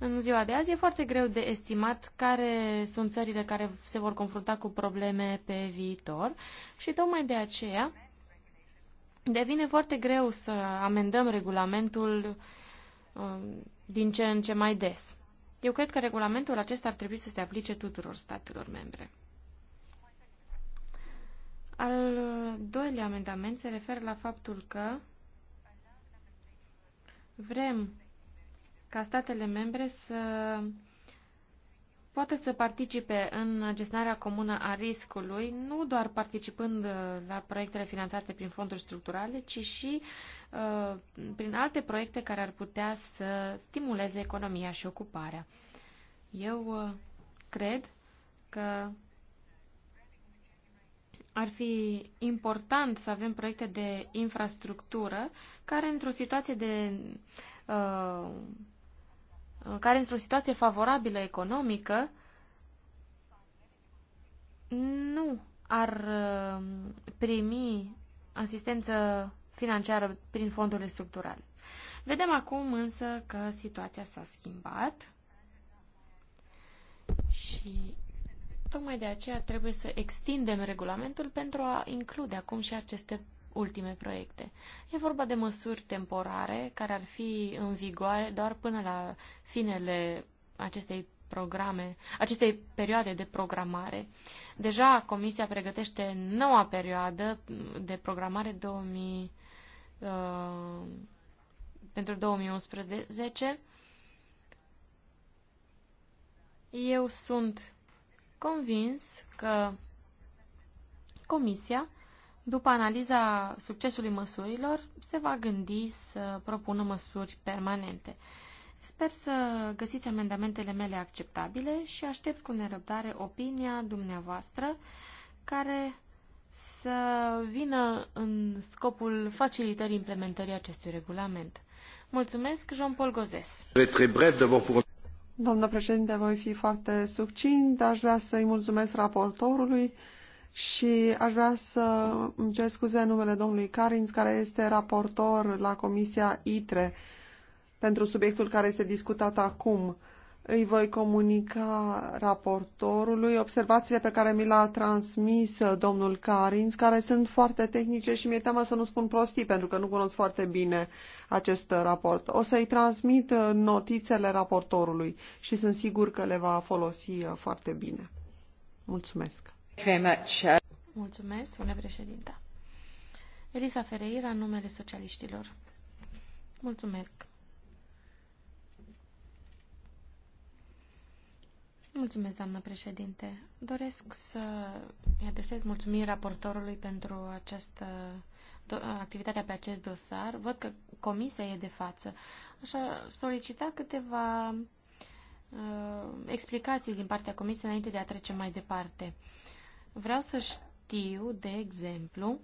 În ziua de azi e foarte greu de estimat care sunt țările care se vor confrunta cu probleme pe viitor și tocmai de aceea devine foarte greu să amendăm regulamentul um, din ce în ce mai des. Eu cred că regulamentul acesta ar trebui să se aplice tuturor statelor membre. Al doilea amendament se referă la faptul că vrem ca statele membre să poată să participe în gestionarea comună a riscului, nu doar participând uh, la proiectele finanțate prin fonduri structurale, ci și uh, prin alte proiecte care ar putea să stimuleze economia și ocuparea. Eu uh, cred că ar fi important să avem proiecte de infrastructură care, într-o situație de uh, Uh, care într-o situație favorabilă economică nu ar uh, primi asistență financiară prin fondurile structurale. Vedem acum însă că situația s-a schimbat și tocmai de aceea trebuie să extindem regulamentul pentru a include acum și aceste ultime proiecte. E vorba de măsuri temporare care ar fi în vigoare doar până la finele acestei programe, acestei perioade de programare. Deja Comisia pregătește noua perioadă de programare 2000, uh, pentru 2011. Eu sunt convins că Comisia după analiza succesului măsurilor, se va gândi să propună măsuri permanente. Sper să găsiți amendamentele mele acceptabile și aștept cu nerăbdare opinia dumneavoastră care să vină în scopul facilitării implementării
acestui regulament. Mulțumesc, Jean-Paul Gozes. Domnul președinte, voi fi foarte succint. Aș vrea să-i mulțumesc raportorului și aș vrea să îmi cer scuze în numele domnului Carinț, care este raportor la Comisia ITRE pentru subiectul care este discutat acum. Îi voi comunica raportorului observațiile pe care mi le-a transmis domnul Carinț, care sunt foarte tehnice și mi-e teamă să nu spun prostii, pentru că nu cunosc foarte bine acest raport. O să-i transmit notițele raportorului și sunt sigur că le va folosi foarte bine. Mulțumesc! Mulțumesc, domnule președinte.
Elisa Ferreira, numele
socialiștilor.
Mulțumesc. Mulțumesc, doamnă președinte. Doresc să i adresez mulțumiri raportorului pentru această activitatea pe acest dosar. Văd că comisia e de față. Așa solicita câteva uh, explicații din partea comisiei înainte de a trece mai departe. Uh, Vreau să știu, de exemplu,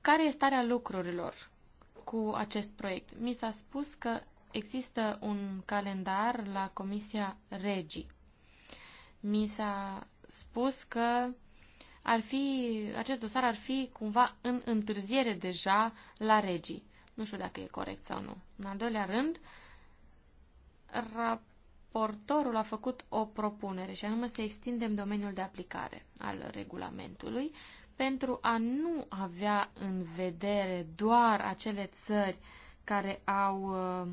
care e starea lucrurilor cu acest proiect. Mi s-a spus că există un calendar la Comisia Regii. Mi s-a spus că ar fi, acest dosar ar fi cumva în întârziere deja la regii. Nu știu dacă e corect sau nu. În al doilea rând, rap raportorul a făcut o propunere și anume să extindem domeniul de aplicare al regulamentului pentru a nu avea în vedere doar acele țări care au uh,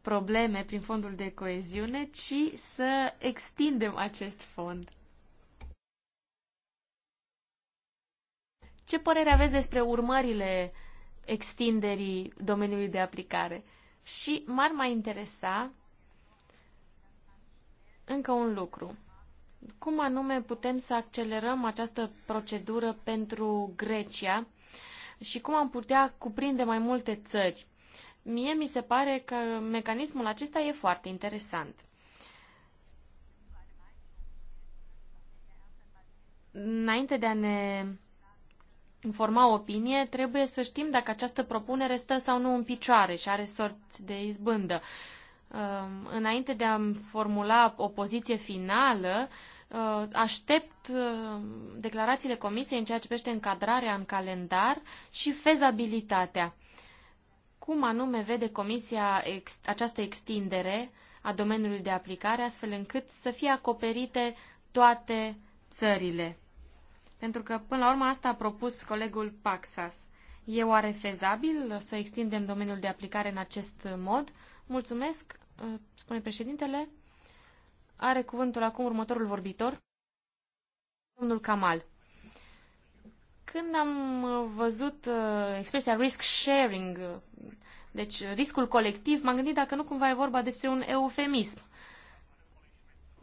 probleme prin fondul de coeziune, ci să extindem acest fond. Ce părere aveți despre urmările extinderii domeniului de aplicare? Și m-ar mai interesa încă un lucru. Cum anume putem să accelerăm această procedură pentru Grecia și cum am putea cuprinde mai multe țări? Mie mi se pare că mecanismul acesta e foarte interesant. Înainte de a ne o opinie, trebuie să știm dacă această propunere stă sau nu în picioare și are sorți de izbândă. Uh, Um, înainte de a-mi formula o poziție finală, uh, aștept uh, declarațiile comisiei în ceea ce privește încadrarea în calendar și fezabilitatea. Cum anume vede comisia ex- această extindere a domeniului de aplicare, astfel încât să fie acoperite toate țările? Pentru că, până la urmă, asta a propus colegul Paxas. E oare fezabil să extindem domeniul de aplicare în acest mod? Mulțumesc. Uh, spune președintele. Are cuvântul acum următorul vorbitor, domnul Kamal. Când am uh, văzut uh, expresia risk sharing, deci riscul colectiv, m-am gândit dacă nu cumva e vorba despre un eufemism.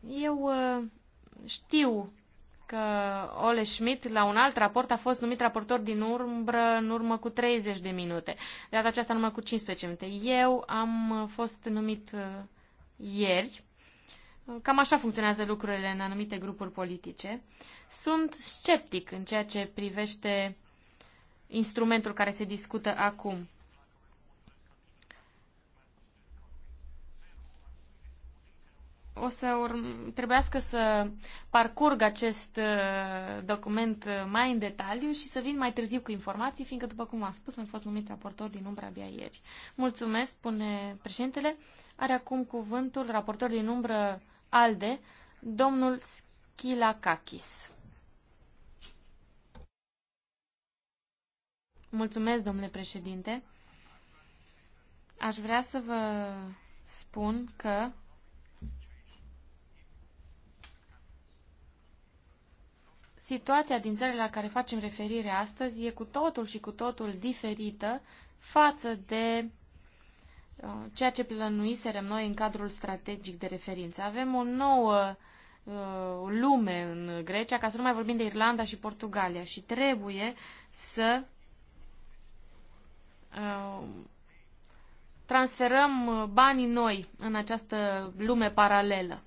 Eu știu că Ole Schmidt, la un alt raport, a fost numit raportor din urmă, în urmă cu 30 de minute. De data aceasta, numai cu 15 minute. Eu am fost numit uh, ieri. Cam așa funcționează lucrurile în anumite grupuri politice. Sunt sceptic în ceea ce privește instrumentul care se discută acum. o să urm- trebuiască să parcurg acest uh, document uh, mai în detaliu și să vin mai târziu cu informații, fiindcă, după cum am spus, am fost numit raportor din umbră abia ieri. Mulțumesc, spune președintele. Are acum cuvântul raportor din umbră ALDE, domnul Schilakakis. Mulțumesc, domnule președinte. Aș vrea să vă spun că situația din țările la care facem referire astăzi e cu totul și cu totul diferită față de uh, ceea ce plănuiserem noi în cadrul strategic de referință. Avem o nouă uh, lume în Grecia, ca să nu mai vorbim de Irlanda și Portugalia și trebuie să uh, transferăm uh, banii noi în această lume paralelă.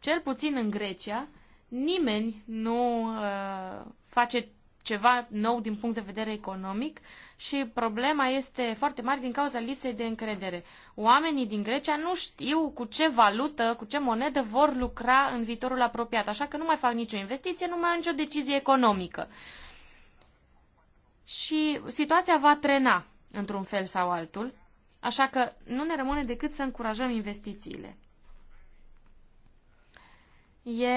Cel puțin în Grecia, nimeni nu uh, face ceva nou din punct de vedere economic și problema este foarte mare din cauza lipsei de încredere. Oamenii din Grecia nu știu cu ce valută, cu ce monedă vor lucra în viitorul apropiat, așa că nu mai fac nicio investiție, nu mai au nicio decizie economică. Și situația va trena într-un fel sau altul, așa că nu ne rămâne decât să încurajăm investițiile e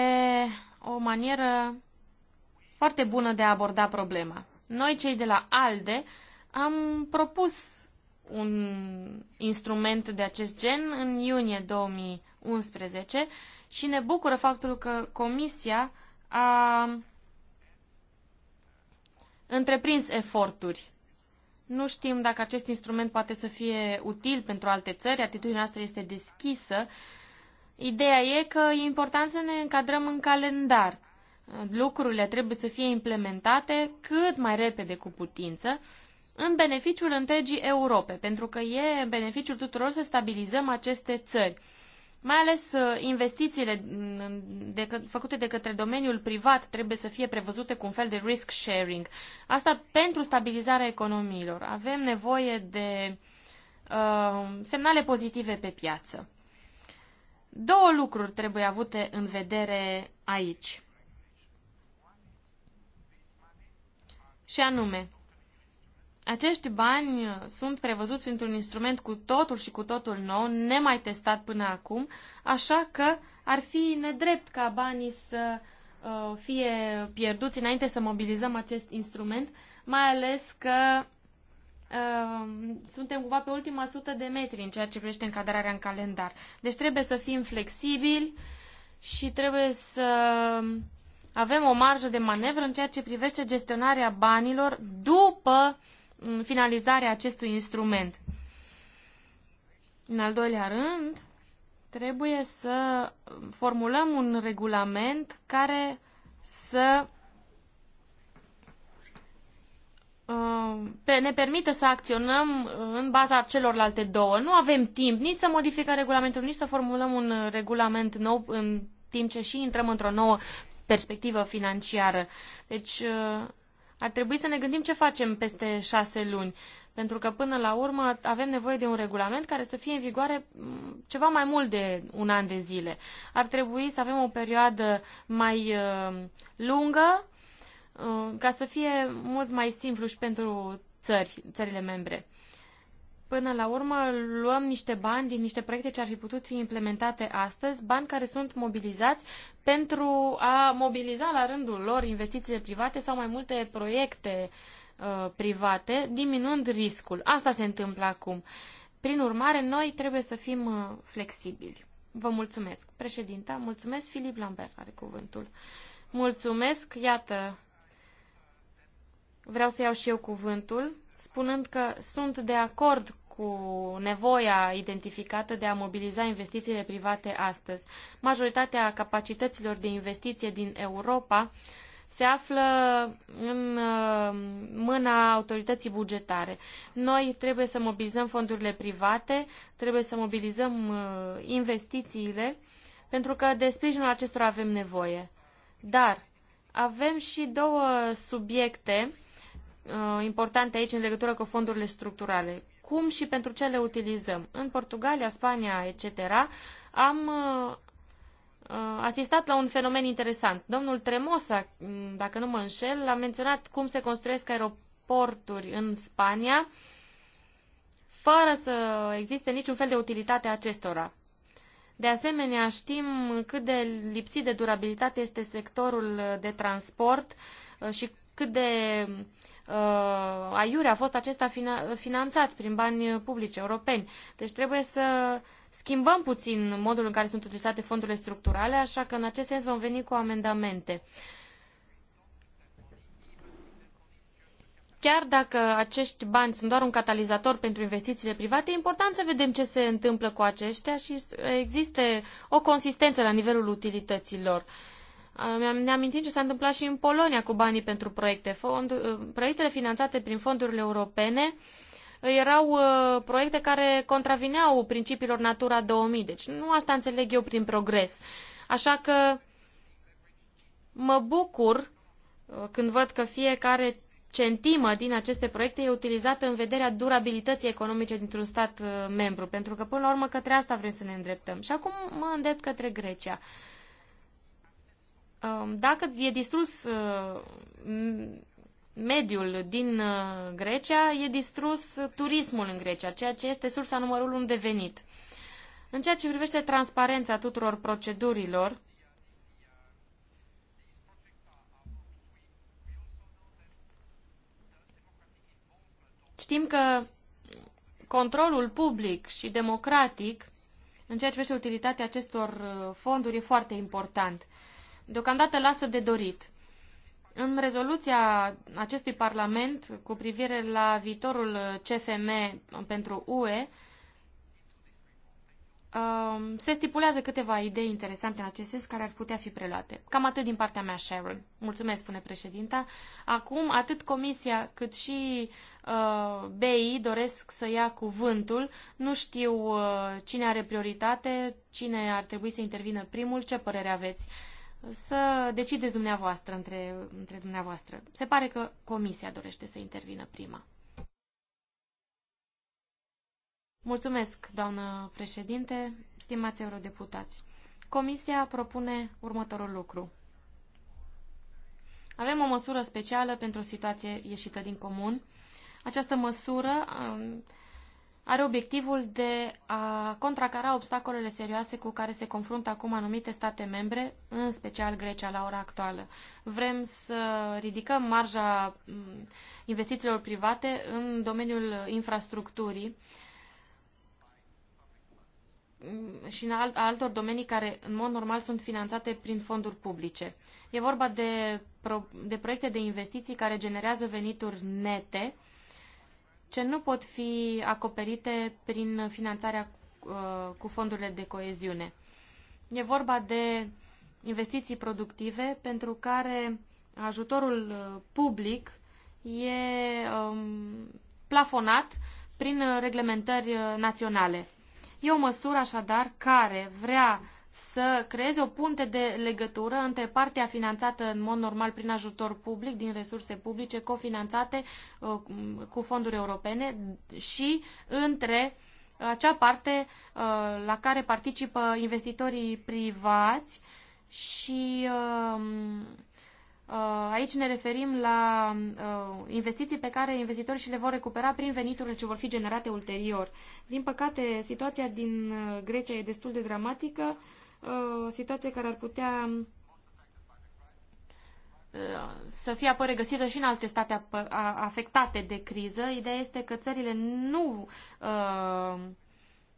o manieră foarte bună de a aborda problema. Noi, cei de la ALDE, am propus un instrument de acest gen în iunie 2011 și ne bucură faptul că Comisia a întreprins eforturi. Nu știm dacă acest instrument poate să fie util pentru alte țări, atitudinea noastră este deschisă Ideea e că e important să ne încadrăm în calendar. Lucrurile trebuie să fie implementate cât mai repede cu putință, în beneficiul întregii Europe, pentru că e în beneficiul tuturor să stabilizăm aceste țări. Mai ales uh, investițiile mm, de, făcute de către domeniul privat trebuie să fie prevăzute cu un fel de risk sharing. Asta pentru stabilizarea economiilor. Avem nevoie de uh, semnale pozitive pe piață. Două lucruri trebuie avute în vedere aici. Și anume, acești bani sunt prevăzuți printr-un instrument cu totul și cu totul nou, nemai testat până acum, așa că ar fi nedrept ca banii să uh, fie pierduți înainte să mobilizăm acest instrument, mai ales că Ehm, suntem cumva pe ultima sută de metri în ceea ce privește încadrarea în calendar. Deci trebuie să fim flexibili și trebuie să avem o marjă de manevră în ceea ce privește gestionarea banilor după mm, finalizarea acestui instrument. În al doilea rând, trebuie să formulăm un regulament care să Uh, ne permite să acționăm în baza celorlalte două. Nu avem timp nici să modificăm regulamentul, nici să formulăm un regulament nou în timp ce și intrăm într-o nouă perspectivă financiară. Deci uh, ar trebui să ne gândim ce facem peste șase luni, pentru că până la urmă avem nevoie de un regulament care să fie în vigoare mm, ceva mai mult de un an de zile. Ar trebui să avem o perioadă mai uh, lungă Uh, ca să fie mult mai simplu și pentru țări, țările membre. Până la urmă, luăm niște bani din niște proiecte ce ar fi putut fi implementate astăzi, bani care sunt mobilizați pentru a mobiliza la rândul lor investițiile private sau mai multe proiecte uh, private, diminuând riscul. Asta se întâmplă acum. Prin urmare, noi trebuie să fim uh, flexibili. Vă mulțumesc, președinta. Mulțumesc, Filip Lambert are cuvântul. Mulțumesc, iată, vreau să iau și eu cuvântul, spunând că sunt de acord cu nevoia identificată de a mobiliza investițiile private astăzi. Majoritatea capacităților de investiție din Europa se află în uh, mâna autorității bugetare. Noi trebuie să mobilizăm fondurile private, trebuie să mobilizăm uh, investițiile, pentru că de sprijinul acestor avem nevoie. Dar avem și două subiecte uh, importante aici în legătură cu fondurile structurale. Cum și pentru ce le utilizăm? În Portugalia, Spania, etc., am uh, uh, asistat la un fenomen interesant. Domnul Tremosa, mm, dacă nu mă înșel, a menționat cum se construiesc aeroporturi în Spania fără să existe niciun fel de utilitate a acestora. De asemenea, știm cât de lipsit de durabilitate este sectorul de transport uh, și cât de uh, aiure a fost acesta fina- finanțat prin bani publici europeni. Deci trebuie să schimbăm puțin modul în care sunt utilizate fondurile structurale, așa că în acest sens vom veni cu amendamente. Chiar dacă acești bani sunt doar un catalizator pentru investițiile private, e important să vedem ce se întâmplă cu aceștia și există o consistență la nivelul utilităților. Uh, ne amintim ce s-a întâmplat și în Polonia cu banii pentru proiecte. Fond, uh, proiectele finanțate prin fondurile europene uh, erau uh, proiecte care contravineau principiilor Natura 2000. Deci nu asta înțeleg eu prin progres. Așa că mă bucur când văd că fiecare centimă din aceste proiecte e utilizată în vederea durabilității economice dintr-un stat membru, pentru că până la urmă către asta vrem să ne îndreptăm. Și acum mă îndrept către Grecia. Uh, Um, dacă e distrus uh, mediul din uh, Grecia, e distrus turismul în Grecia, ceea ce este sursa numărul un de venit. În ceea ce privește transparența tuturor procedurilor, știm că controlul public și democratic în ceea ce privește utilitatea acestor uh, fonduri e foarte important deocamdată lasă de dorit. În rezoluția acestui Parlament cu privire la viitorul CFM pentru UE, um, se stipulează câteva idei interesante în acest sens care ar putea fi preluate. Cam atât din partea mea, Sharon. Mulțumesc, spune președinta. Acum, atât Comisia cât și uh, BI doresc să ia cuvântul. Nu știu uh, cine are prioritate, cine ar trebui să intervină primul, ce părere aveți. Uh, să decideți dumneavoastră între, între dumneavoastră. Se pare că comisia dorește să intervină prima. Mulțumesc, doamnă președinte, stimați eurodeputați. Comisia propune următorul lucru. Avem o măsură specială pentru o situație ieșită din comun. Această măsură um, are obiectivul de a contracara obstacolele serioase cu care se confruntă acum anumite state membre, în special Grecia la ora actuală. Vrem să ridicăm marja mm, investițiilor private în domeniul infrastructurii mm, și în alt, altor domenii care în mod normal sunt finanțate prin fonduri publice. E vorba de, pro, de proiecte de investiții care generează venituri nete, ce nu pot fi acoperite prin finanțarea uh, cu fondurile de coeziune. E vorba de investiții productive pentru care ajutorul uh, public e um, plafonat prin uh, reglementări naționale. E o măsură așadar care vrea să creeze o punte de legătură între partea finanțată în mod normal prin ajutor public, din resurse publice, cofinanțate uh, cu fonduri europene și între uh, acea parte uh, la care participă investitorii privați și um, aici ne referim la investiții pe care investitorii și le vor recupera prin veniturile ce vor fi generate ulterior. Din păcate, situația din Grecia e destul de dramatică o situație care ar putea uh, să fie apoi regăsită și în alte state afectate de criză. Ideea este că țările nu uh,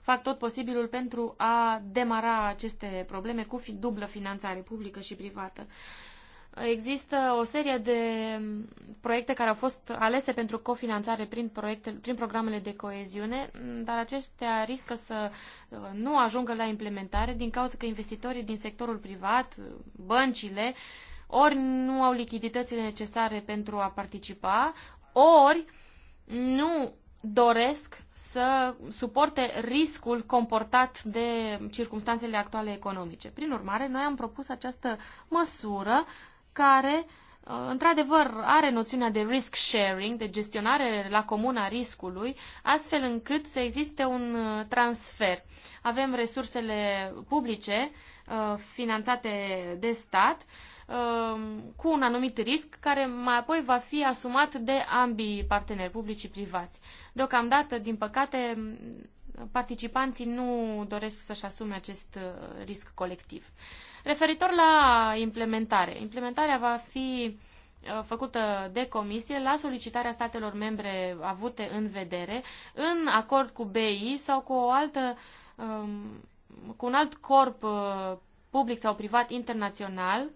fac tot posibilul pentru a demara aceste probleme cu dublă finanțare publică și privată. Uh, Există o serie de proiecte care au fost alese pentru cofinanțare prin, proiecte, prin programele de coeziune, dar acestea riscă să uh, nu ajungă la implementare din cauza că investitorii din sectorul privat, băncile, ori nu au lichiditățile necesare pentru a participa, ori nu doresc să suporte riscul comportat de circumstanțele actuale economice. Prin urmare, noi am propus această măsură care, uh, într-adevăr, are noțiunea de risk sharing, de gestionare la comun a riscului, astfel încât să existe un uh, transfer. Avem resursele publice uh, finanțate de stat cu un anumit risc care mai apoi va fi asumat de ambii parteneri publici și privați. Deocamdată, din păcate, participanții nu doresc să-și asume acest risc colectiv. Referitor la implementare, implementarea va fi uh, făcută de comisie la solicitarea statelor membre avute în vedere, în acord cu BI sau cu o altă um, cu un alt corp uh, public sau privat internațional,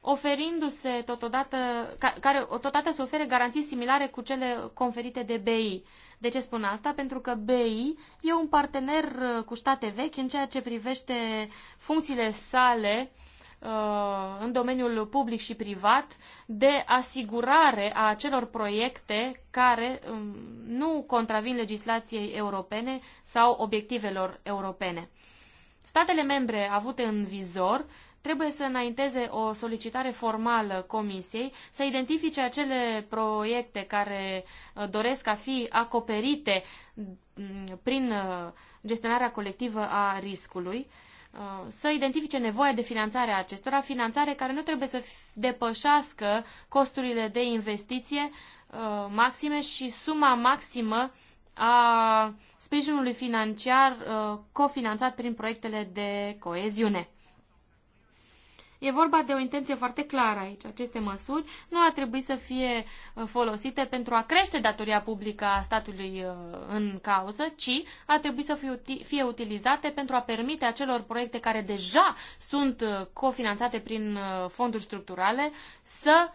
oferindu-se totodată, care totodată se ofere garanții similare cu cele conferite de BI. De ce spun asta? Pentru că BI e un partener uh, cu state vechi în ceea ce privește funcțiile sale uh, în domeniul public și privat de asigurare a acelor proiecte care um, nu contravin legislației europene sau obiectivelor europene. Statele membre avute în vizor trebuie să înainteze o solicitare formală comisiei, să identifice acele proiecte care uh, doresc a fi acoperite mm, prin uh, gestionarea colectivă a riscului, uh, să identifice nevoia de finanțare a acestora, finanțare care nu trebuie să depășească costurile de investiție maxime și suma maximă a sprijinului financiar cofinanțat prin proiectele de coeziune. E vorba de o intenție foarte clară aici. Aceste măsuri nu ar trebui să fie uh, folosite pentru a crește datoria publică a statului uh, în cauză, ci ar trebui să fie utilizate pentru a permite acelor proiecte care deja sunt uh, cofinanțate prin fonduri structurale să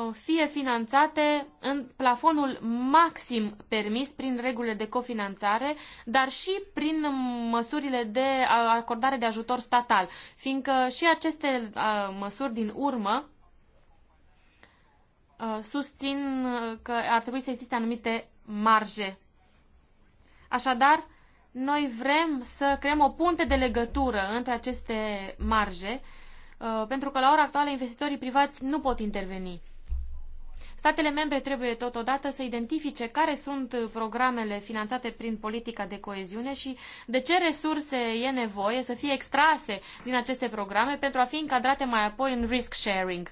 Uh, fie finanțate în plafonul maxim permis prin regulile de cofinanțare, dar și prin măsurile de acordare de ajutor statal, fiindcă și aceste uh, măsuri din urmă uh, susțin că ar trebui să existe anumite marje. Așadar, noi vrem să creăm o punte de legătură între aceste marje, pentru că la ora actuală investitorii privați nu pot interveni. Statele membre trebuie totodată să identifice care sunt programele finanțate prin politica de coeziune și de ce resurse e nevoie să fie extrase din aceste programe pentru a fi încadrate mai apoi în risk sharing.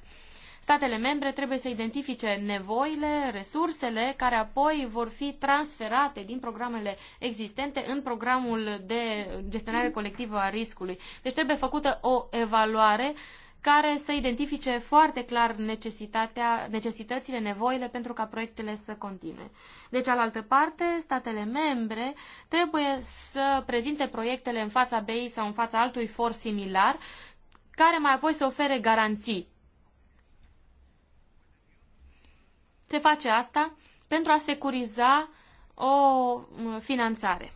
Statele membre trebuie să identifice nevoile, resursele care apoi vor fi transferate din programele existente în programul de gestionare colectivă a riscului. Deci trebuie făcută o evaluare uh, care să identifice foarte clar necesitatea, necesitățile, nevoile pentru ca proiectele să continue. De deci, cealaltă parte, statele membre trebuie să prezinte proiectele în fața BEI sau în fața altui for similar, care mai apoi să ofere garanții. Se face asta pentru a securiza o finanțare.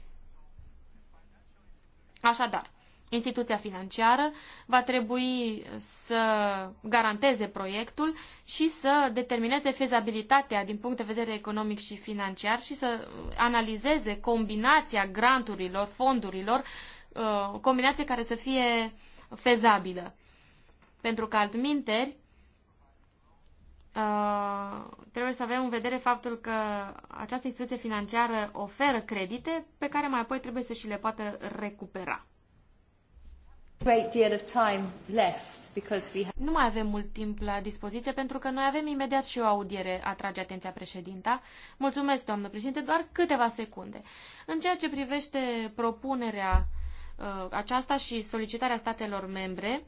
Așadar, instituția financiară va trebui să garanteze proiectul și să determineze fezabilitatea din punct de vedere economic și financiar și să analizeze combinația granturilor, fondurilor, uh, o combinație care să fie fezabilă. Pentru că altminteri uh, trebuie să avem în vedere faptul că această instituție financiară oferă credite pe care mai apoi trebuie să și le poată recupera. Nu mai avem mult timp la dispoziție pentru că noi avem imediat și o audiere, atrage atenția președinta. Mulțumesc, doamnă președinte, doar câteva secunde. În ceea ce privește propunerea uh, aceasta și solicitarea statelor membre,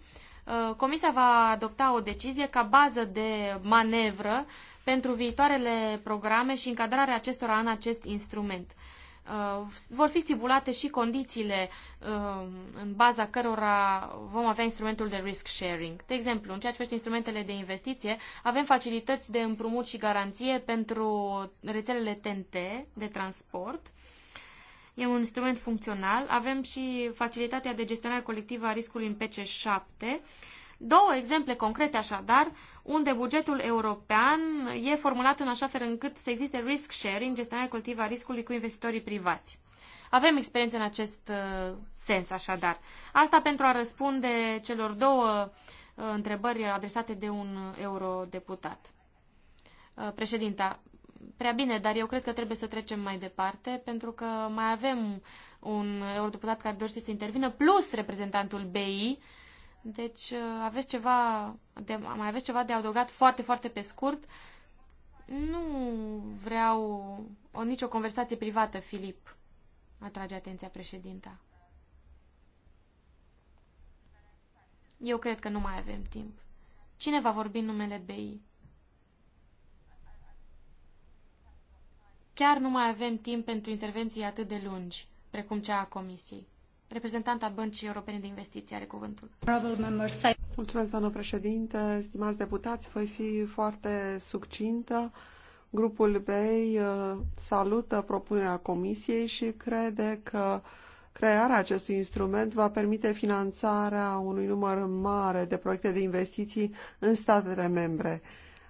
uh, Comisia va adopta o decizie ca bază de manevră pentru viitoarele programe și încadrarea acestora în acest instrument. Uh, vor fi stipulate și condițiile uh, în baza cărora vom avea instrumentul de risk sharing. De exemplu, în ceea ce privește instrumentele de investiție, avem facilități de împrumut și garanție pentru rețelele TNT de transport. E un instrument funcțional. Avem și facilitatea de gestionare colectivă a riscului în PC7 Două exemple concrete așadar, unde bugetul european e formulat în așa fel încât să existe risk sharing, gestionarea colectivă a riscului cu investitorii privați. Avem experiență în acest uh, sens așadar. Asta pentru a răspunde celor două uh, întrebări adresate de un eurodeputat. Uh, președinta, prea bine, dar eu cred că trebuie să trecem mai departe, pentru că mai avem un eurodeputat care dorește să intervină, plus reprezentantul BI, deci uh, aveți ceva de, mai aveți ceva de adăugat foarte, foarte pe scurt. Nu vreau o, nicio conversație privată, Filip, atrage atenția președinta. Eu cred că nu mai avem timp. Cine va vorbi în numele BI? Chiar nu mai avem timp pentru intervenții atât de lungi, precum cea a comisiei. Reprezentanta Băncii Europene de Investiții are cuvântul.
Mulțumesc, doamnă președinte, stimați deputați, voi fi foarte succintă. Grupul BEI uh, salută propunerea Comisiei și crede că crearea acestui instrument va permite finanțarea unui număr mare de proiecte de investiții în statele membre.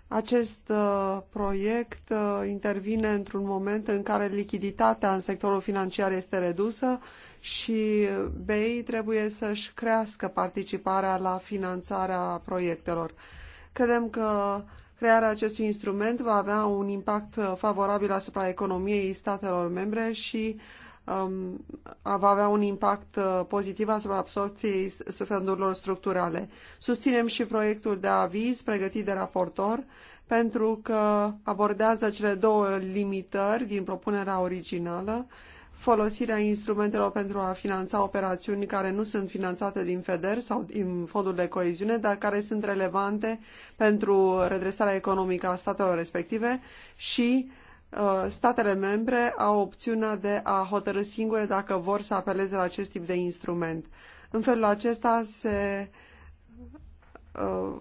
Acest uh, proiect uh, intervine într-un moment în care lichiditatea în sectorul financiar este redusă și BEI trebuie să-și crească participarea la finanțarea proiectelor. Credem că crearea acestui instrument va avea un impact uh, favorabil asupra economiei statelor membre și uh, um, va avea un impact uh, pozitiv asupra absorpției fondurilor structurale. Susținem și proiectul de aviz pregătit de raportor pentru că abordează cele două limitări din propunerea originală, folosirea instrumentelor pentru a finanța operațiuni care nu sunt finanțate din FEDER sau din fondul de coeziune, dar care sunt relevante pentru redresarea economică a statelor respective și uh, Uh, statele membre au opțiunea de a hotărâ singure dacă vor să apeleze la acest tip de instrument. În felul acesta se uh,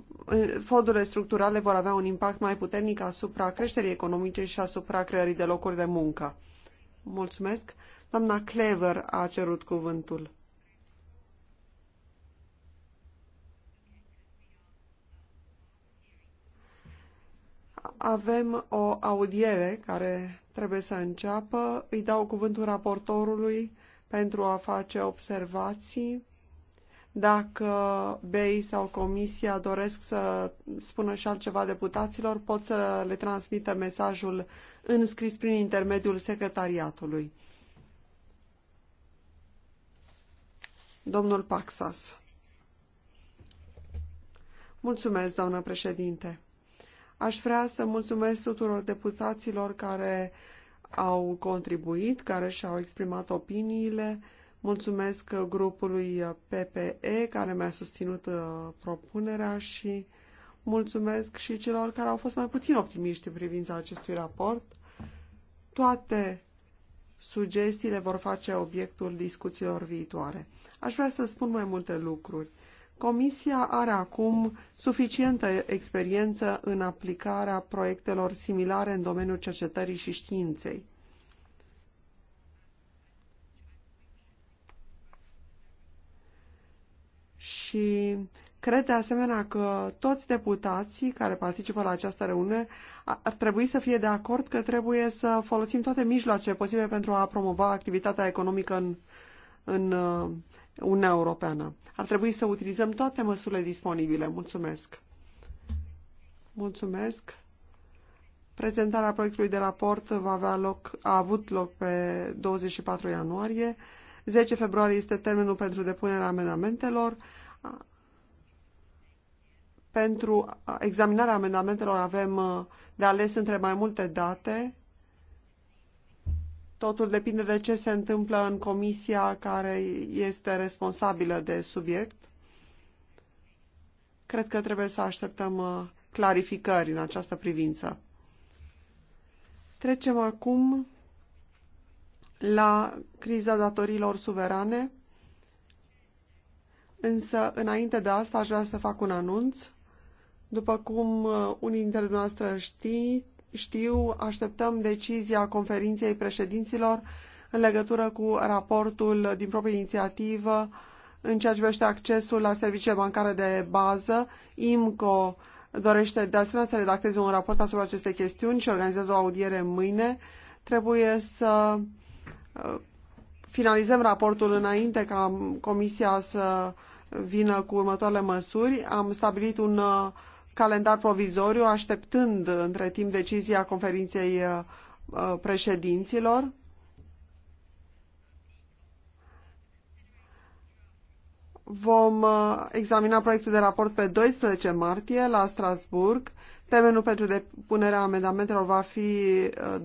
fondurile structurale vor avea un impact mai puternic asupra creșterii economice și asupra creării de locuri de muncă. Mulțumesc. Doamna Clever a cerut cuvântul. avem o audiere care trebuie să înceapă. Îi dau cuvântul raportorului pentru a face observații. Dacă BEI sau Comisia doresc să spună și altceva deputaților, pot să le transmită mesajul înscris prin intermediul secretariatului. Domnul Paxas. Mulțumesc, doamnă președinte. Aș vrea să mulțumesc tuturor deputaților care au contribuit, care și-au exprimat opiniile. Mulțumesc grupului PPE care mi-a susținut uh, propunerea și mulțumesc și celor care au fost mai puțin optimiști în privința acestui raport. Toate sugestiile vor face obiectul discuțiilor viitoare. Aș vrea să spun mai multe lucruri. Comisia are acum suficientă experiență în aplicarea proiectelor similare în domeniul cercetării și științei. Și cred de asemenea că toți deputații care participă la această reuniune ar trebui să fie de acord că trebuie să folosim toate mijloace posibile pentru a promova activitatea economică în, în uh, Uniunea Europeană. Ar trebui să utilizăm toate măsurile disponibile. Mulțumesc! Mulțumesc! Prezentarea proiectului de raport va avea loc, a avut loc pe 24 ianuarie. 10 februarie este termenul pentru depunerea amendamentelor. Pentru examinarea amendamentelor avem de ales între mai multe date, Totul depinde de ce se întâmplă în comisia care este responsabilă de subiect. Cred că trebuie să așteptăm uh, clarificări în această privință. Trecem acum la criza datorilor suverane. Însă, înainte de asta, aș vrea să fac un anunț. După cum uh, unii dintre noastre știți, știu, așteptăm decizia conferinței președinților în legătură cu raportul din proprie inițiativă în ceea ce privește accesul la serviciile bancare de bază. IMCO dorește de asemenea să redacteze un raport asupra acestei chestiuni și organizează o audiere mâine. Trebuie să uh, finalizăm raportul înainte ca Comisia să vină cu următoarele măsuri. Am stabilit un uh, calendar provizoriu, așteptând între timp decizia conferinței uh, uh, președinților. Vom uh, examina proiectul de raport pe 12 martie la Strasburg. Termenul pentru depunerea amendamentelor va fi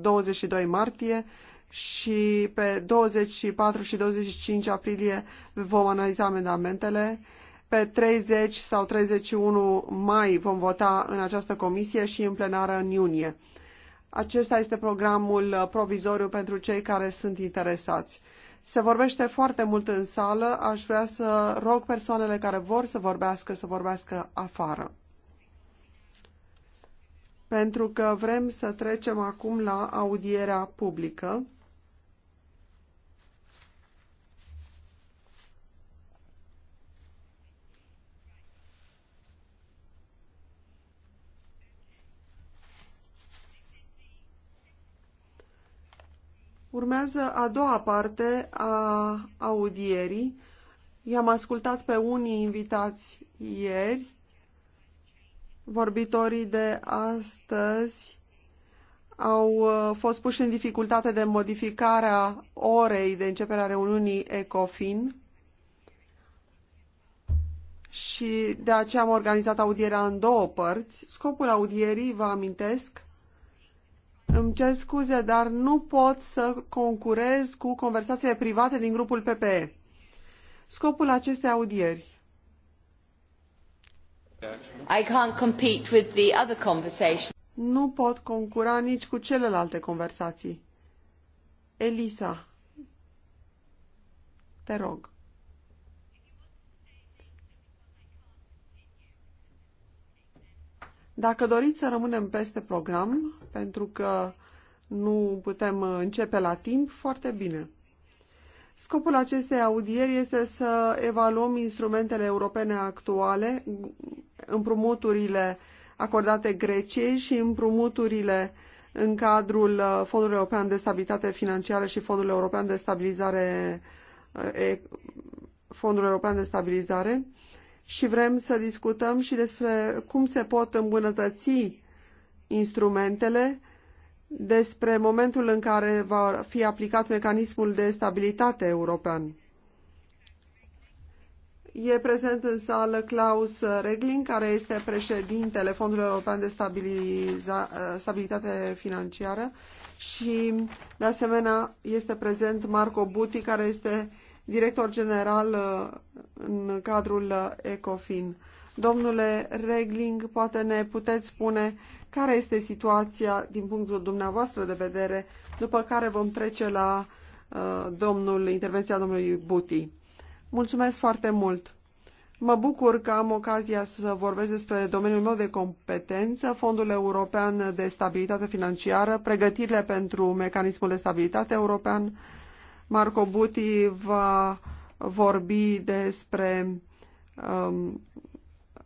22 martie și pe 24 și 25 aprilie vom analiza amendamentele pe 30 sau 31 mai vom vota în această comisie și în plenară în iunie. Acesta este programul provizoriu pentru cei care sunt interesați. Se vorbește foarte mult în sală, aș vrea să rog persoanele care vor să vorbească, să vorbească afară. Pentru că vrem să trecem acum la audierea publică. Urmează a doua parte a audierii. I-am ascultat pe unii invitați ieri. Vorbitorii de astăzi au uh, fost puși în dificultate de modificarea orei de începerea reuniunii ECOFIN și de aceea am organizat audierea în două părți. Scopul audierii, vă amintesc, îmi cer scuze, dar nu pot să concurez cu conversațiile private din grupul PPE. Scopul acestei audieri. I can't compete with the other conversation. Nu pot concura nici cu celelalte conversații. Elisa, te rog. Dacă doriți să rămânem peste program, pentru că nu putem începe la timp, foarte bine. Scopul acestei audieri este să evaluăm instrumentele europene actuale, împrumuturile acordate Greciei și împrumuturile în cadrul Fondului European de Stabilitate Financiară și Fondului European de Stabilizare Fondul European de Stabilizare și vrem să discutăm și despre cum se pot îmbunătăți instrumentele despre momentul în care va fi aplicat mecanismul de stabilitate european. E prezent în sală Klaus Regling, care este președintele Fondului European de Stabiliza Stabilitate Financiară și, de asemenea, este prezent Marco Buti, care este director general uh, în cadrul uh, ECOFIN. Domnule Regling, poate ne puteți spune care este situația din punctul dumneavoastră de vedere, după care vom trece la uh, domnul, intervenția domnului Buti. Mulțumesc foarte mult! Mă bucur că am ocazia să vorbesc despre domeniul meu de competență, Fondul European de Stabilitate Financiară, pregătirile pentru Mecanismul de Stabilitate European. Marco Buti va vorbi despre um,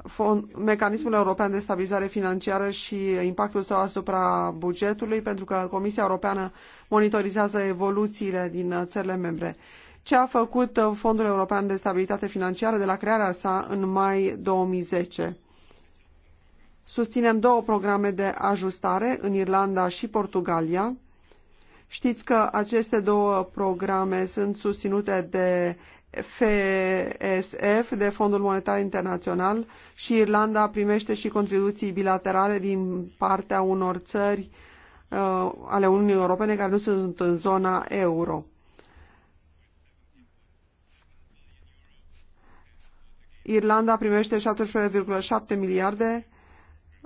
fond, mecanismul european de stabilizare financiară și impactul său asupra bugetului, pentru că Comisia Europeană monitorizează evoluțiile din țările membre. Ce a făcut Fondul European de Stabilitate Financiară de la crearea sa în mai 2010? Susținem două programe de ajustare în Irlanda și Portugalia. Știți că aceste două programe sunt susținute de FSF de Fondul Monetar Internațional și Irlanda primește și contribuții bilaterale din partea unor țări uh, ale Uniunii Europene care nu sunt în zona euro. Irlanda primește 17,7 miliarde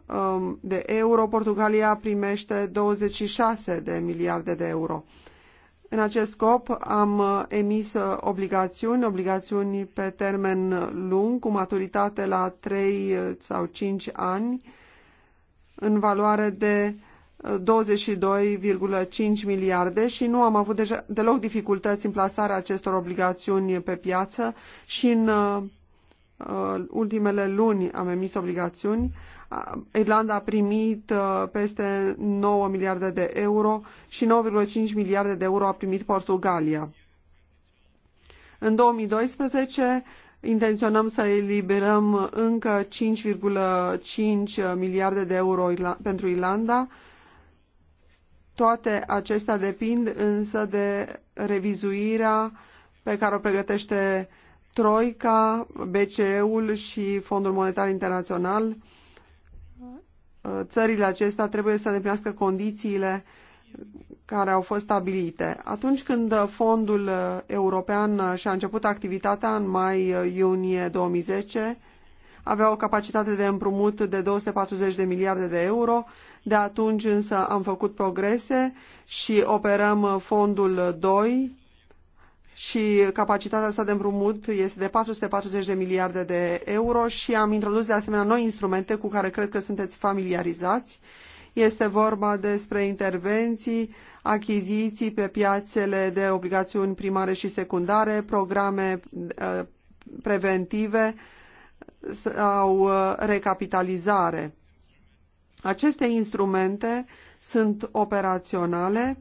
um, de euro, Portugalia primește 26 de miliarde de euro. În acest scop am uh, emis uh, obligațiuni, obligațiuni pe termen lung, cu maturitate la 3 uh, sau 5 ani, în valoare de 22,5 miliarde și nu am avut deja, deloc dificultăți în plasarea acestor obligațiuni pe piață și în uh, ultimele luni am emis obligațiuni. Irlanda a primit uh, peste 9 miliarde de euro și 9,5 miliarde de euro a primit Portugalia. În 2012 intenționăm să eliberăm încă 5,5 miliarde de euro pentru Irlanda. Toate acestea depind însă de revizuirea pe care o pregătește Troica, BCE-ul și Fondul Monetar Internațional Uh, țările acestea trebuie să deplinească condițiile care au fost stabilite. Atunci când Fondul uh, European uh, și-a început activitatea în mai-iunie 2010, avea o capacitate de împrumut de 240 de miliarde de euro. De atunci însă am făcut progrese și operăm fondul 2 și capacitatea sa de împrumut este de 440 de miliarde de euro și am introdus de asemenea noi instrumente cu care cred că sunteți familiarizați. Este vorba despre intervenții, achiziții pe piațele de obligațiuni primare și secundare, programe uh, preventive sau uh, recapitalizare. Aceste instrumente sunt operaționale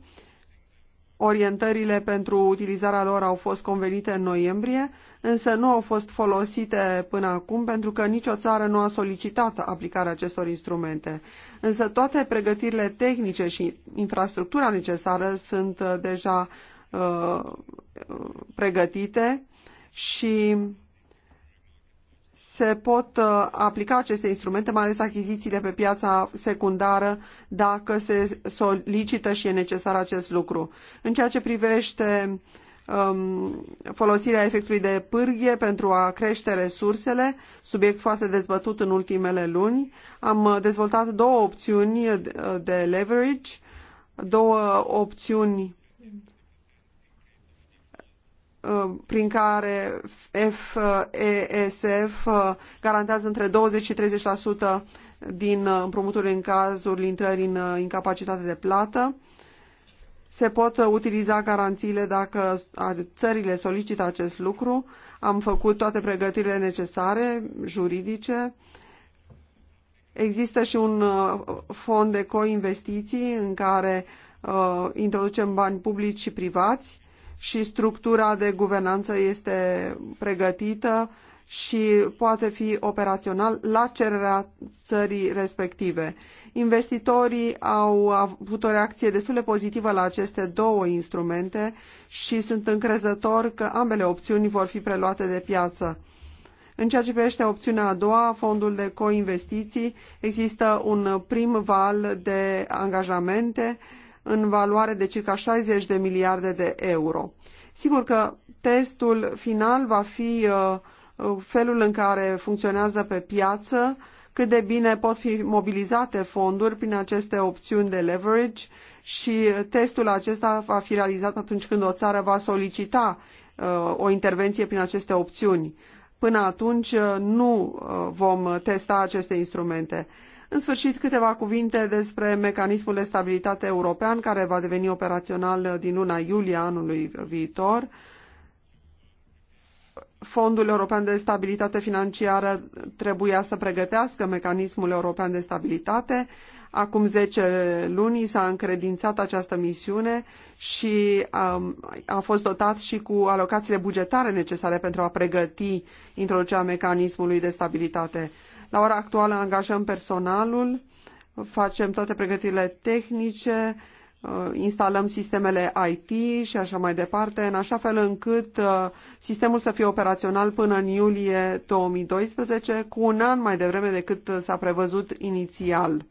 Orientările pentru utilizarea lor au fost convenite în noiembrie, însă nu au fost folosite până acum pentru că nicio țară nu a solicitat aplicarea acestor instrumente. Însă toate pregătirile tehnice și infrastructura necesară sunt uh, deja uh, pregătite și se pot uh, aplica aceste instrumente, mai ales achizițiile pe piața secundară, dacă se solicită și e necesar acest lucru. În ceea ce privește um, folosirea efectului de pârghie pentru a crește resursele, subiect foarte dezbătut în ultimele luni, am dezvoltat două opțiuni de uh, leverage, două opțiuni Uh, prin care FESF uh, garantează între 20 și 30% din uh, împrumuturile în cazul intrării în incapacitate de plată. Se pot utiliza garanțiile dacă țările solicită acest lucru. Am făcut toate pregătirile necesare, juridice. Există și un fond de coinvestiții în care uh, introducem bani publici și privați și structura de guvernanță este pregătită și poate fi operațional la cererea țării respective. Investitorii au avut o reacție destul de pozitivă la aceste două instrumente și sunt încrezător că ambele opțiuni vor fi preluate de piață. În ceea ce privește opțiunea a doua, fondul de coinvestiții, există un prim val de angajamente uh, în valoare de circa 60 de miliarde de euro. Sigur că testul final va fi uh, uh, felul în care funcționează pe piață, cât de bine pot fi mobilizate fonduri prin aceste opțiuni de leverage și testul acesta va fi realizat atunci când o țară va solicita uh, o intervenție prin aceste opțiuni. Până atunci nu vom testa aceste instrumente. În sfârșit, câteva cuvinte despre mecanismul de stabilitate european care va deveni operațional din luna iulie anului viitor. Fondul European de Stabilitate Financiară trebuia să pregătească mecanismul european de stabilitate. Acum 10 luni s-a încredințat această misiune și a, um, a fost dotat și cu alocațiile bugetare necesare pentru a pregăti introducerea mecanismului de stabilitate. La ora actuală angajăm personalul, facem toate pregătirile tehnice, uh, instalăm sistemele IT și așa mai departe, în așa fel încât uh, sistemul să fie operațional până în iulie 2012, cu un an mai devreme decât s-a prevăzut inițial.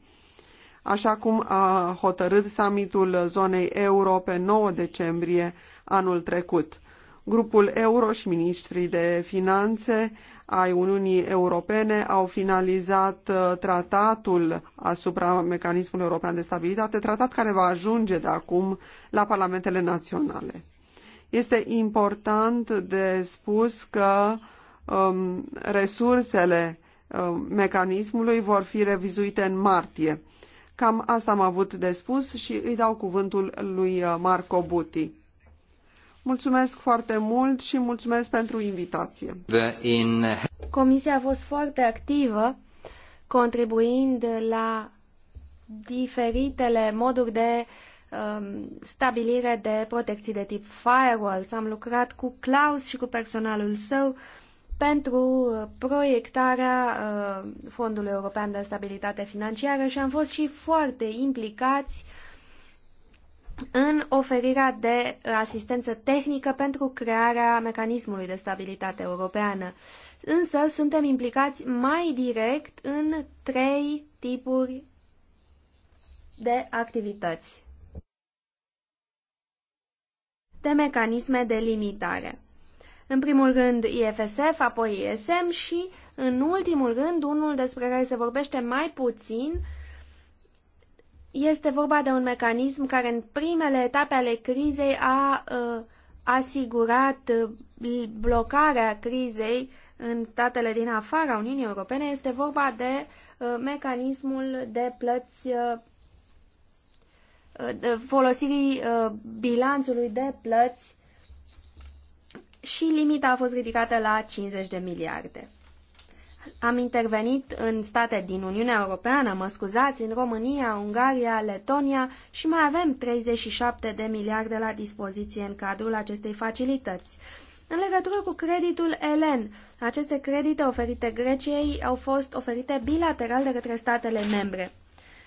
Așa cum a hotărât summitul zonei euro pe 9 decembrie anul trecut. Grupul Euro și ministrii de finanțe ai Uniunii Europene au finalizat uh, tratatul asupra mecanismului european de stabilitate, tratat care va ajunge de acum la parlamentele naționale. Este important de spus că um, resursele um, mecanismului vor fi revizuite în martie. Cam asta am avut de spus și îi dau cuvântul lui uh, Marco Buti. Mulțumesc foarte mult și mulțumesc pentru invitație.
Comisia a fost foarte activă, contribuind la diferitele moduri de um, stabilire de protecții de tip firewalls. Am lucrat cu Klaus și cu personalul său pentru uh, proiectarea uh, Fondului European de Stabilitate Financiară și am fost și foarte implicați uh, în oferirea de asistență tehnică pentru crearea mecanismului de stabilitate europeană. Însă suntem implicați mai direct în trei tipuri de activități. De mecanisme de limitare. În primul rând IFSF, apoi ISM și, în ultimul rând, unul despre care se vorbește mai puțin, este vorba de un mecanism care în primele etape ale crizei a uh, asigurat uh, blocarea crizei în statele din afara Uniunii Europene. Este vorba de uh, mecanismul de plăți uh, uh folosirii uh, bilanțului de plăți și limita a fost ridicată la 50 de miliarde. Am intervenit în state din Uniunea Europeană, mă scuzați, în România, Ungaria, Letonia și mai avem 37 de miliarde la dispoziție în cadrul acestei facilități. În legătură cu creditul ELEN, aceste credite oferite Greciei au fost oferite bilateral de către statele membre.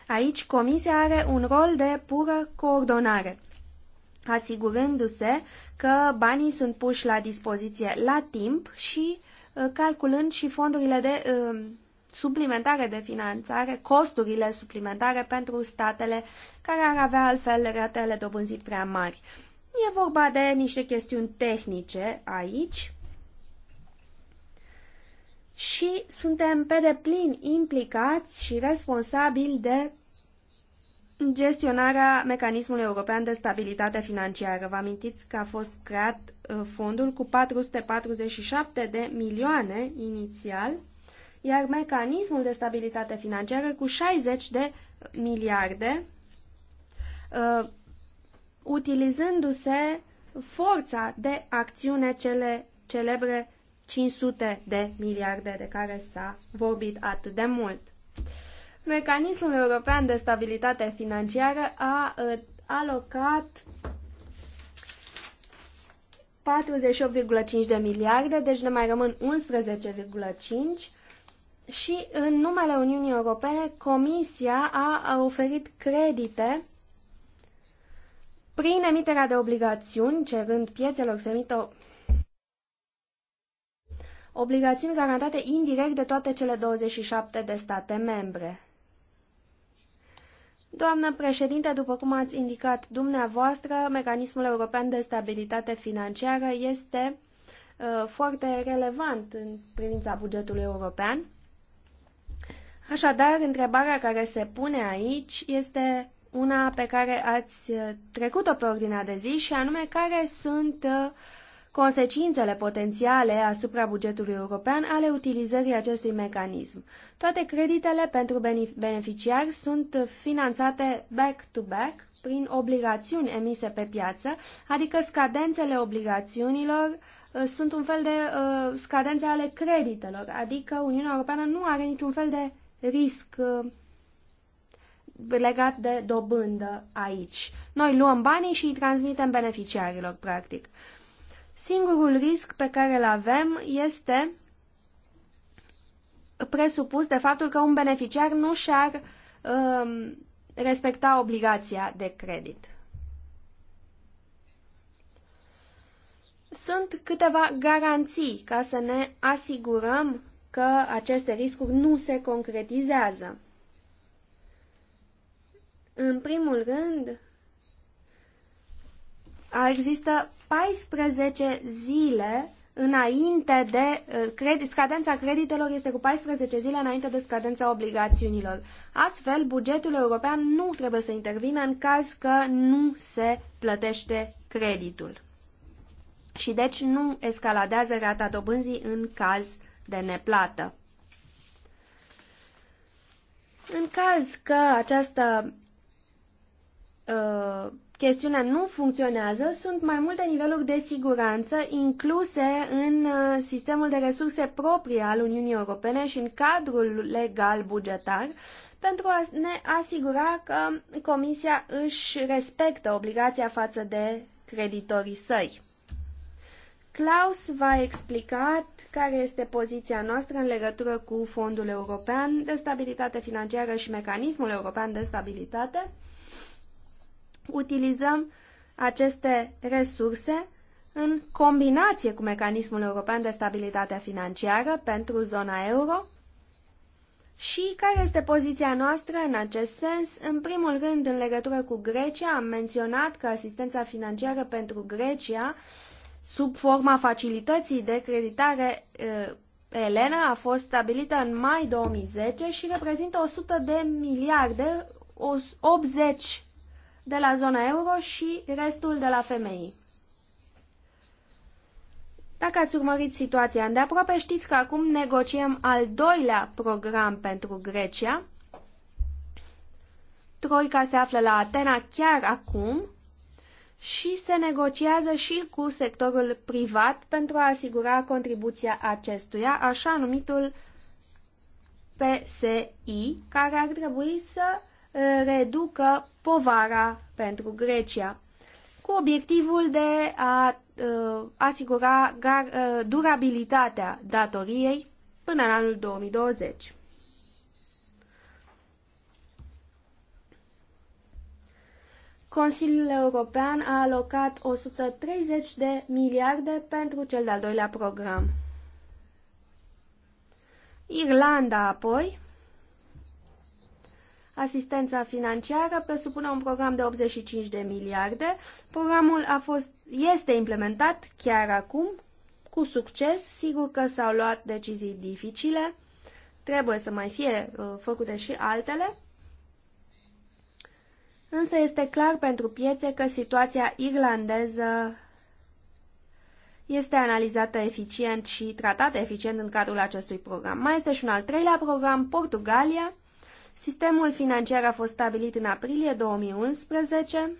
Aici Comisia are un rol de pură coordonare, asigurându-se că banii sunt puși la dispoziție la timp și Uh, calculând și fondurile de uh, suplimentare de finanțare, costurile suplimentare pentru statele care ar avea altfel ratele dobânzii prea mari. E vorba de niște chestiuni tehnice aici și suntem pe deplin implicați și responsabili de Gestionarea mecanismului european de stabilitate financiară. Vă amintiți că a fost creat uh, fondul cu 447 de milioane inițial, iar mecanismul de stabilitate financiară cu 60 de miliarde, uh, utilizându-se forța de acțiune cele celebre 500 de miliarde de care s-a vorbit atât de mult. Mecanismul European de Stabilitate Financiară a uh, alocat 48,5 de miliarde, deci ne mai rămân 11,5 și în numele Uniunii Europene Comisia a oferit credite prin emiterea de obligațiuni, cerând piețelor să emită obligațiuni garantate indirect de toate cele 27 de state membre. Doamnă președinte, după cum ați indicat dumneavoastră, mecanismul european de stabilitate financiară este uh, foarte relevant în privința bugetului european. Așadar, întrebarea care se pune aici este una pe care ați uh, trecut-o pe ordinea de zi și anume care sunt uh, consecințele potențiale asupra bugetului european ale utilizării acestui mecanism. Toate creditele pentru beneficiari sunt finanțate back-to-back prin obligațiuni emise pe piață, adică scadențele obligațiunilor uh, sunt un fel de uh, scadențe ale creditelor, adică Uniunea Europeană nu are niciun fel de risc uh, legat de dobândă aici. Noi luăm banii și îi transmitem beneficiarilor, practic. Singurul risc pe care îl avem este presupus de faptul că un beneficiar nu și-ar um, respecta obligația de credit. Sunt câteva garanții ca să ne asigurăm că aceste riscuri nu se concretizează. În primul rând, există 14 zile înainte de uh, cred, scadența creditelor este cu 14 zile înainte de scadența obligațiunilor. Astfel, bugetul european nu trebuie să intervină în caz că nu se plătește creditul. Și deci nu escaladează rata dobânzii în caz de neplată. În caz că această uh, chestiunea nu funcționează, sunt mai multe niveluri de siguranță incluse în uh, sistemul de resurse proprii al Uniunii Europene și în cadrul legal bugetar pentru a ne asigura că Comisia își respectă obligația față de creditorii săi. Klaus v-a explicat care este poziția noastră în legătură cu Fondul European de Stabilitate Financiară și Mecanismul European de Stabilitate utilizăm aceste resurse în combinație cu mecanismul european de stabilitate financiară pentru zona euro și care este poziția noastră în acest sens? În primul rând, în legătură cu Grecia, am menționat că asistența financiară pentru Grecia, sub forma facilității de creditare eh, Elena, a fost stabilită în mai 2010 și reprezintă 100 de miliarde, 80 de la zona euro și restul de la femei. Dacă ați urmărit situația îndeaproape, știți că acum negociem al doilea program pentru Grecia. Troica se află la Atena chiar acum și se negociază și cu sectorul privat pentru a asigura contribuția acestuia, așa numitul PSI, care ar trebui să reducă povara pentru Grecia, cu obiectivul de a uh, asigura uh, durabilitatea datoriei până în anul 2020. Consiliul European a alocat 130 de miliarde pentru cel de-al doilea program. Irlanda apoi Asistența financiară presupune un program de 85 de miliarde. Programul a fost, este implementat chiar acum, cu succes. Sigur că s-au luat decizii dificile, trebuie să mai fie uh, făcute și altele. Însă este clar pentru piețe că situația irlandeză este analizată eficient și tratată eficient în cadrul acestui program. Mai este și un al treilea program, Portugalia, Sistemul financiar a fost stabilit în aprilie 2011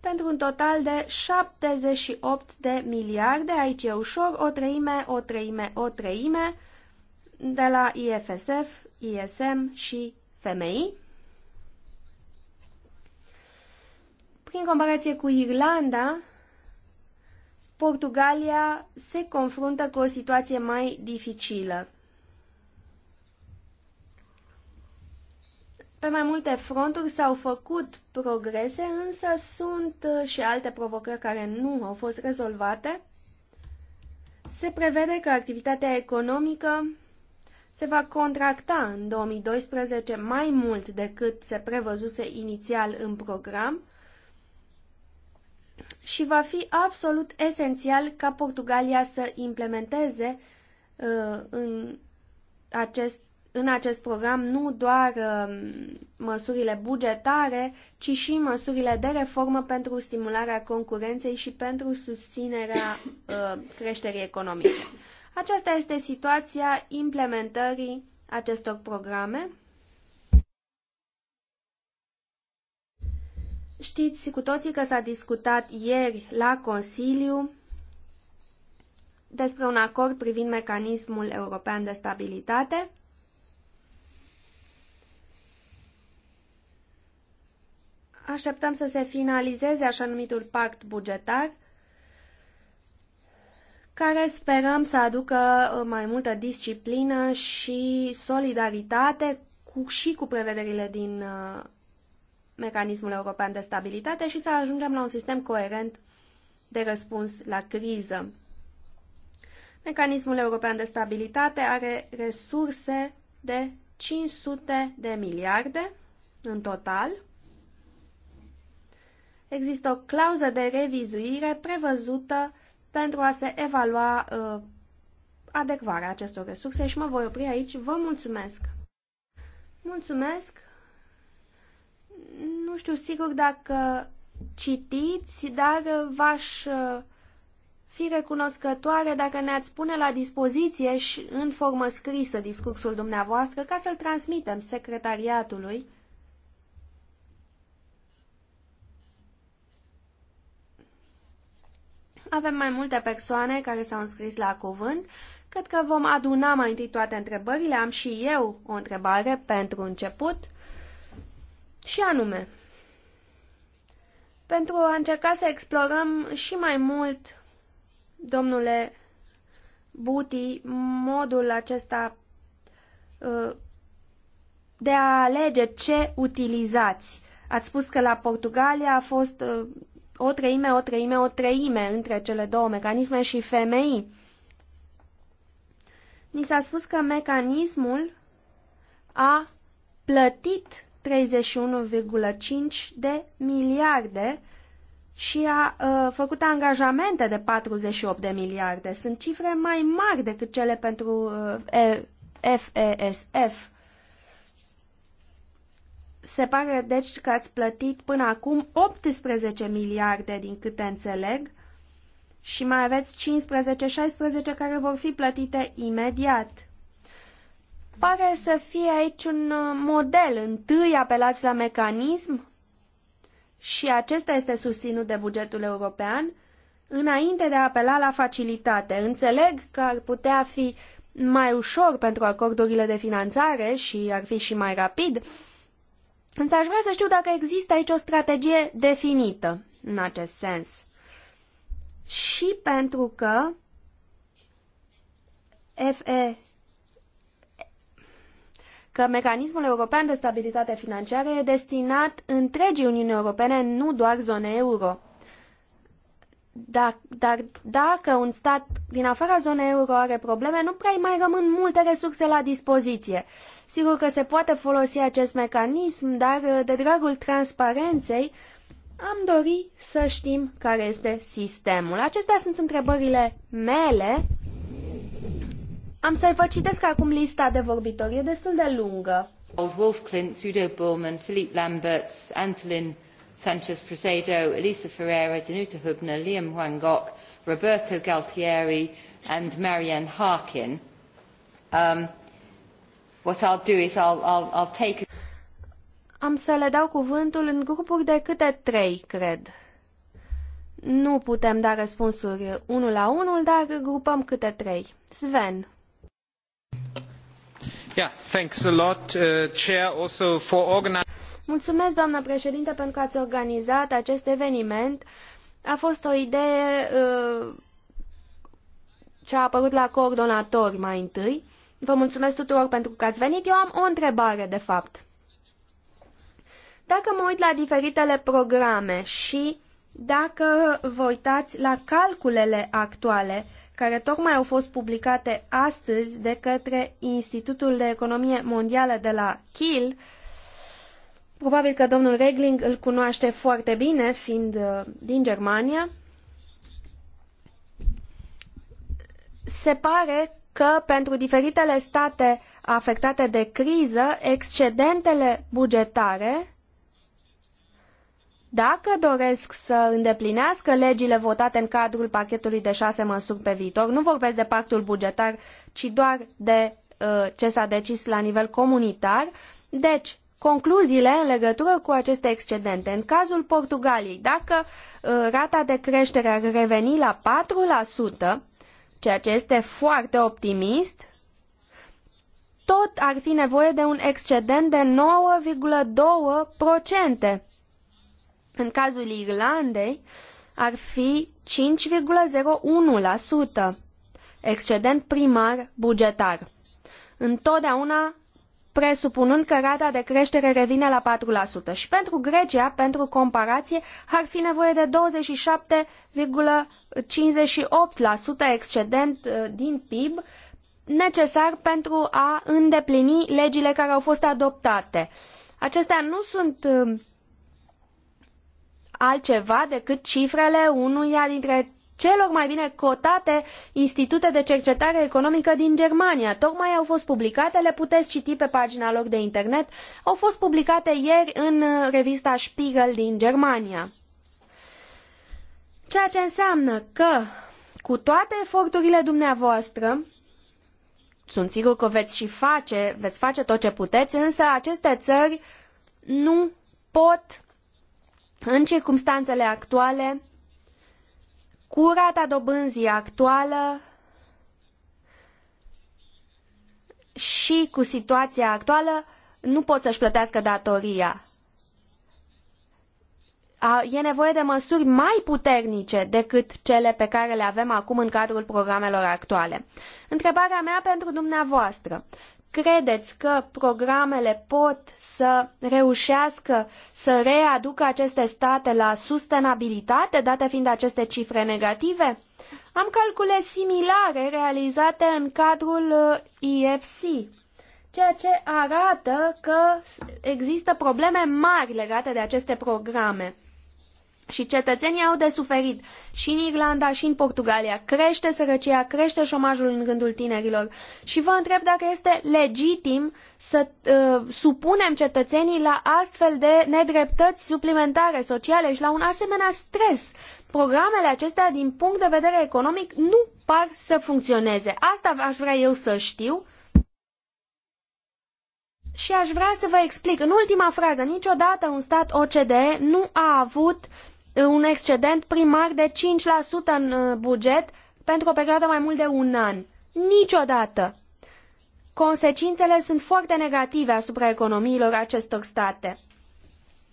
pentru un total de 78 de miliarde, aici e ușor, o treime, o treime, o treime, de la IFSF, ISM și FMI. Prin comparație cu Irlanda, Portugalia se confruntă cu o situație mai dificilă. Pe mai multe fronturi s-au făcut progrese, însă sunt uh, și alte provocări care nu au fost rezolvate. Se prevede că activitatea economică se va contracta în 2012 mai mult decât se prevăzuse inițial în program și va fi absolut esențial ca Portugalia să implementeze uh, în acest în acest program nu doar um, măsurile bugetare, ci și măsurile de reformă pentru stimularea concurenței și pentru susținerea uh, creșterii economice. Aceasta este situația implementării acestor programe. Știți cu toții că s-a discutat ieri la Consiliu despre un acord privind mecanismul european de stabilitate Așteptăm să se finalizeze așa numitul pact bugetar, care sperăm să aducă mai multă disciplină și solidaritate cu, și cu prevederile din uh, mecanismul european de stabilitate și să ajungem la un sistem coerent de răspuns la criză. Mecanismul european de stabilitate are resurse de 500 de miliarde în total există o clauză de revizuire prevăzută pentru a se evalua uh, adecvarea acestor resurse și mă voi opri aici. Vă mulțumesc! Mulțumesc! Nu știu sigur dacă citiți, dar uh, v-aș uh, fi recunoscătoare dacă ne-ați pune la dispoziție și în formă scrisă discursul dumneavoastră ca să-l transmitem secretariatului Avem mai multe persoane care s-au înscris la cuvânt. Cred că vom aduna mai întâi toate întrebările. Am și eu o întrebare pentru început. Și anume, pentru a încerca să explorăm și mai mult, domnule Buti, modul acesta uh, de a alege ce utilizați. Ați spus că la Portugalia a fost uh, o treime, o treime, o treime între cele două mecanisme și femei. Ni s-a spus că mecanismul a plătit 31,5 de miliarde și a uh, făcut angajamente de 48 de miliarde. Sunt cifre mai mari decât cele pentru uh, ă, FESF. Se pare, deci, că ați plătit până acum 18 miliarde, din câte înțeleg, și mai aveți 15-16 care vor fi plătite imediat. Pare să fie aici un uh, model. Întâi apelați la mecanism și acesta este susținut de bugetul european, înainte de a apela la facilitate. Înțeleg că ar putea fi mai ușor pentru acordurile de finanțare și ar fi și mai rapid, Însă aș vrea să știu dacă există aici o strategie definită în acest sens. Și pentru că FE că mecanismul european de stabilitate financiară e destinat întregii Uniuni Europene, nu doar zonei euro. Dar, dar dacă un stat din afara zonei euro are probleme, nu prea mai rămân multe resurse la dispoziție. Sigur că se poate folosi acest mecanism, dar uh, de dragul transparenței am dori să știm care este sistemul. Acestea sunt întrebările mele. Am să i vă citesc acum lista de vorbitori, e destul de lungă.
Wolf Clint, Udo Bullman, Philippe Lamberts, Antolin Sanchez Presedo, Elisa Ferreira,
Danuta Hubner, Liam Wangok, Roberto Galtieri and Marianne Harkin. Um, am să le dau cuvântul în grupuri de câte trei, cred. Nu putem da răspunsuri unul la unul, dar grupăm câte trei. Sven.
Yeah, thanks a lot, uh, Chair, also for
Mulțumesc, doamnă președinte, pentru că ați organizat acest eveniment. A fost o idee uh, ce a apărut la coordonatori mai întâi Vă mulțumesc tuturor pentru că ați venit. Eu am o întrebare, de fapt. Dacă mă uit la diferitele programe și dacă vă uitați la calculele actuale, care tocmai au fost publicate astăzi de către Institutul de Economie Mondială de la Kiel, probabil că domnul Regling îl cunoaște foarte bine, fiind uh, din Germania, se pare că pentru diferitele state afectate de criză, excedentele bugetare, dacă doresc să îndeplinească legile votate în cadrul pachetului de șase măsuri pe viitor, nu vorbesc de pactul bugetar, ci doar de uh, ce s-a decis la nivel comunitar, deci concluziile în legătură cu aceste excedente. În cazul Portugaliei, dacă uh, rata de creștere ar reveni la 4%, ceea ce este foarte optimist, tot ar fi nevoie de un excedent de 9,2%. În cazul Irlandei ar fi 5,01%, excedent primar bugetar. Întotdeauna presupunând că rata de creștere revine la 4%. Și pentru Grecia, pentru comparație, ar fi nevoie de 27, 58% excedent uh, din PIB necesar pentru a îndeplini legile care au fost adoptate. Acestea nu sunt um, altceva decât cifrele unuia dintre celor mai bine cotate institute de cercetare economică din Germania. Tocmai au fost publicate, le puteți citi pe pagina lor de internet, au fost publicate ieri în uh, revista Spiegel din Germania. Ceea ce înseamnă că, cu toate eforturile dumneavoastră, sunt sigur că veți și face, veți face tot ce puteți, însă aceste țări nu pot, în circumstanțele actuale, cu rata dobânzii actuală și cu situația actuală, nu pot să-și plătească datoria e nevoie de măsuri mai puternice decât cele pe care le avem acum în cadrul programelor actuale. Întrebarea mea pentru dumneavoastră. Credeți că programele pot să reușească să readucă aceste state la sustenabilitate, date fiind aceste cifre negative? Am calcule similare realizate în cadrul EFC, uh, ceea ce arată că există probleme mari legate de aceste programe. Și cetățenii au de suferit. Și în Irlanda, și în Portugalia crește sărăcia, crește șomajul în rândul tinerilor. Și vă întreb dacă este legitim să uh, supunem cetățenii la astfel de nedreptăți suplimentare sociale și la un asemenea stres. Programele acestea, din punct de vedere economic, nu par să funcționeze. Asta aș vrea eu să știu. Și aș vrea să vă explic, în ultima frază, niciodată un stat OCDE nu a avut un excedent primar de 5% în uh, buget pentru o perioadă mai mult de un an. Niciodată! Consecințele sunt foarte negative asupra economiilor acestor state.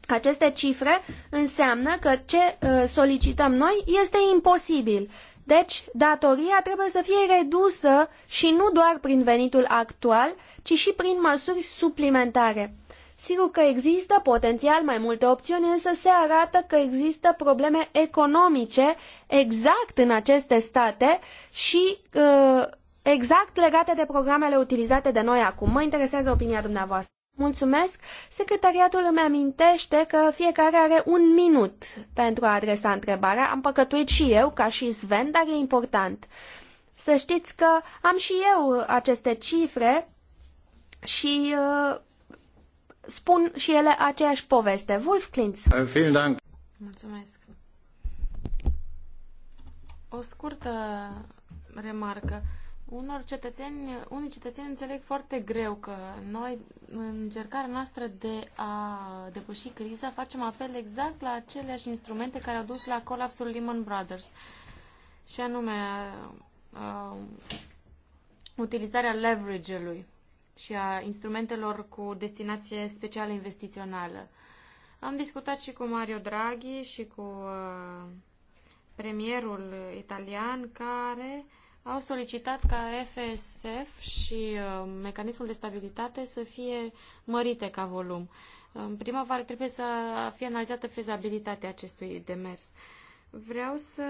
Aceste cifre înseamnă că ce uh, solicităm noi este imposibil. Deci, datoria trebuie să fie redusă și nu doar prin venitul actual, ci și prin măsuri suplimentare. Sigur că există potențial mai multe opțiuni, însă se arată că există probleme economice exact în aceste state și uh, exact legate de programele utilizate de noi acum. Mă interesează opinia dumneavoastră. Mulțumesc. Secretariatul îmi amintește că fiecare are un minut pentru a adresa întrebarea. Am păcătuit și eu, ca și Sven, dar e important. Să știți că am și eu aceste cifre și uh, spun și ele aceeași poveste. Wolf Klintz.
Eh, Mulțumesc. O scurtă remarcă. Unor cetățeni, unii cetățeni înțeleg foarte greu că noi, în încercarea noastră de a depăși criza, facem apel exact la aceleași instrumente care au dus la colapsul Lehman Brothers. Și anume, uh, utilizarea leverage-ului și a instrumentelor cu destinație specială investițională. Am discutat și cu Mario Draghi și cu uh, premierul italian care au solicitat ca FSF și uh, mecanismul de stabilitate să fie mărite ca volum. În prima vară trebuie să fie analizată fezabilitatea acestui demers. Vreau să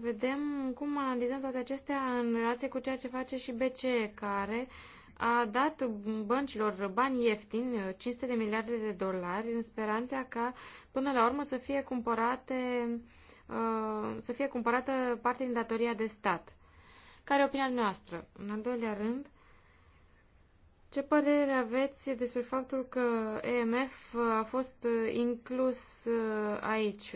vedem cum analizăm toate acestea în relație cu ceea ce face și BCE, care uh, a dat băncilor bani ieftini, 500 uh, de miliarde de dolari, în speranța ca până la urmă să fie cumpărate uh, să fie cumpărată parte din datoria de stat. Care e opinia noastră? În al doilea rând, ce părere aveți despre faptul că EMF uh, a fost inclus aici?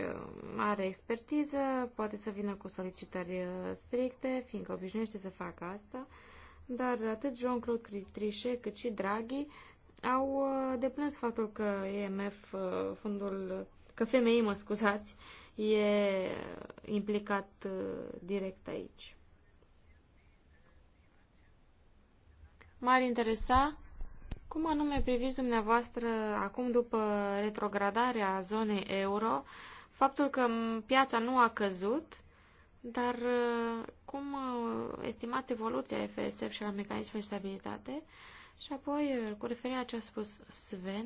Are expertiză, poate să vină cu solicitări stricte, fiindcă obișnuiește să facă asta dar atât Jean-Claude Trichet cât și Draghi au uh, deplâns faptul că EMF, uh, fondul, că FMI, mă scuzați, e implicat uh, direct aici. M-ar interesa cum anume priviți dumneavoastră acum după retrogradarea zonei euro, faptul că piața nu a căzut, dar uh, cum uh, estimați evoluția FSF și la mecanismul de stabilitate? Și apoi, uh, cu referire la ce a spus Sven,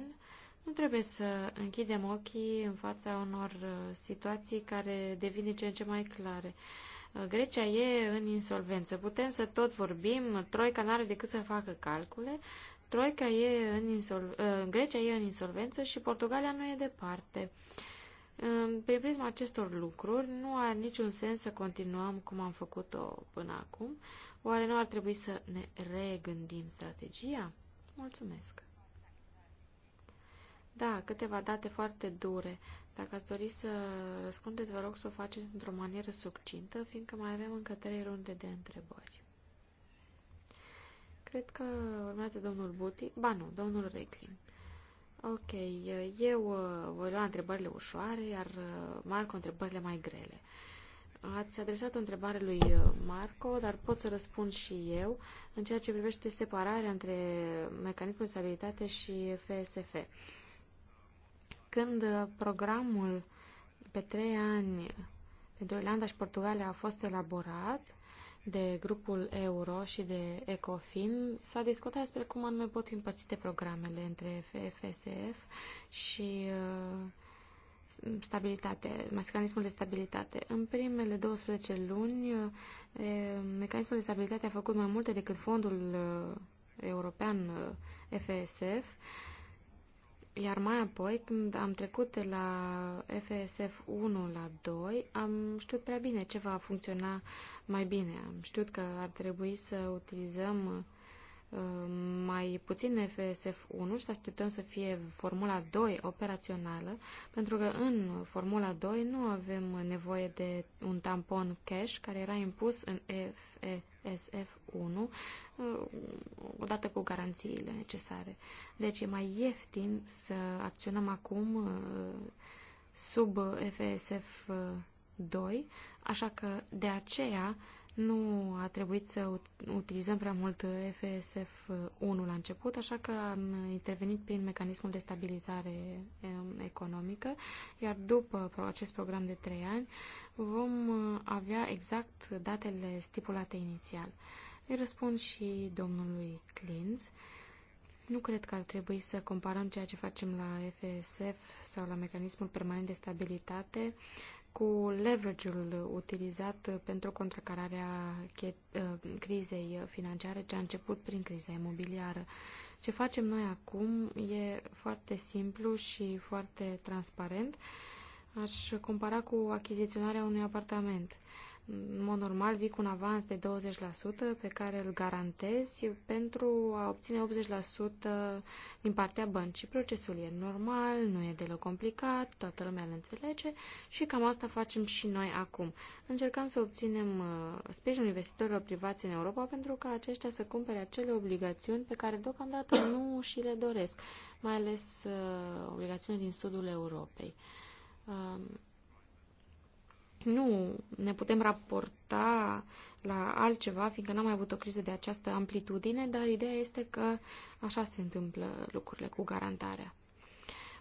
nu trebuie să închidem ochii în fața unor situații care devin ce în ce mai clare. Grecia e în insolvență. Putem să tot vorbim, Troica n-are decât să facă calcule. Troica e în insol... Grecia e în insolvență și Portugalia nu e departe. Prin prisma acestor lucruri, nu are niciun sens să continuăm cum am făcut-o până acum. Oare nu ar trebui să ne regândim strategia? Mulțumesc! Da, câteva date foarte dure. Dacă ați dori să răspundeți, vă rog să o faceți într-o manieră succintă, fiindcă mai avem încă trei runde de întrebări. Cred că urmează domnul Buti. Ba nu, domnul Reclin. Ok, eu uh, voi lua întrebările ușoare, iar uh, Marco întrebările mai grele. Ați adresat o întrebare lui uh, Marco, dar pot să răspund și eu în ceea ce privește separarea între mecanismul de stabilitate și FSF. Când programul pe trei ani pentru Irlanda și Portugalia a fost elaborat, de grupul euro și de ECOFIN s-a discutat despre cum anume pot fi împărțite programele între FSF și uh, stabilitate, mecanismul de stabilitate. În primele 12 luni, uh, mecanismul de stabilitate a făcut mai multe decât fondul uh, european FSF iar mai apoi, când am trecut de la FSF 1 la 2, am știut prea bine ce va funcționa mai bine. Am știut că ar trebui să utilizăm Uh, mai puțin FSF1 și să așteptăm să fie Formula 2 operațională, pentru că în Formula 2 nu avem nevoie de un tampon cash care era impus în fsf 1 uh, odată cu garanțiile necesare. Deci e mai ieftin să acționăm acum uh, sub FSF2, așa că de aceea nu a trebuit să utilizăm prea mult FSF 1 la început, așa că am intervenit prin mecanismul de stabilizare um, economică, iar după acest program de 3 ani vom uh, avea exact datele stipulate inițial. Îi răspund și domnului Clins. Nu cred că ar trebui să comparăm ceea ce facem la FSF sau la mecanismul permanent de stabilitate cu leverage-ul utilizat pentru contracararea uh, crizei financiare ce a început prin criza imobiliară. Ce facem noi acum e foarte simplu și foarte transparent. Aș compara cu achiziționarea unui apartament. În mod normal vii cu un avans de 20% pe care îl garantezi pentru a obține 80% din partea băncii. Procesul e normal, nu e deloc complicat, toată lumea îl înțelege și cam asta facem și noi acum. Încercăm să obținem uh, sprijinul investitorilor privați în Europa pentru ca aceștia să cumpere acele obligațiuni pe care deocamdată nu și le doresc, mai ales uh, obligațiunile din sudul Europei. Um, nu ne putem raporta la altceva, fiindcă n-am mai avut o criză de această amplitudine, dar ideea este că așa se întâmplă lucrurile cu garantarea.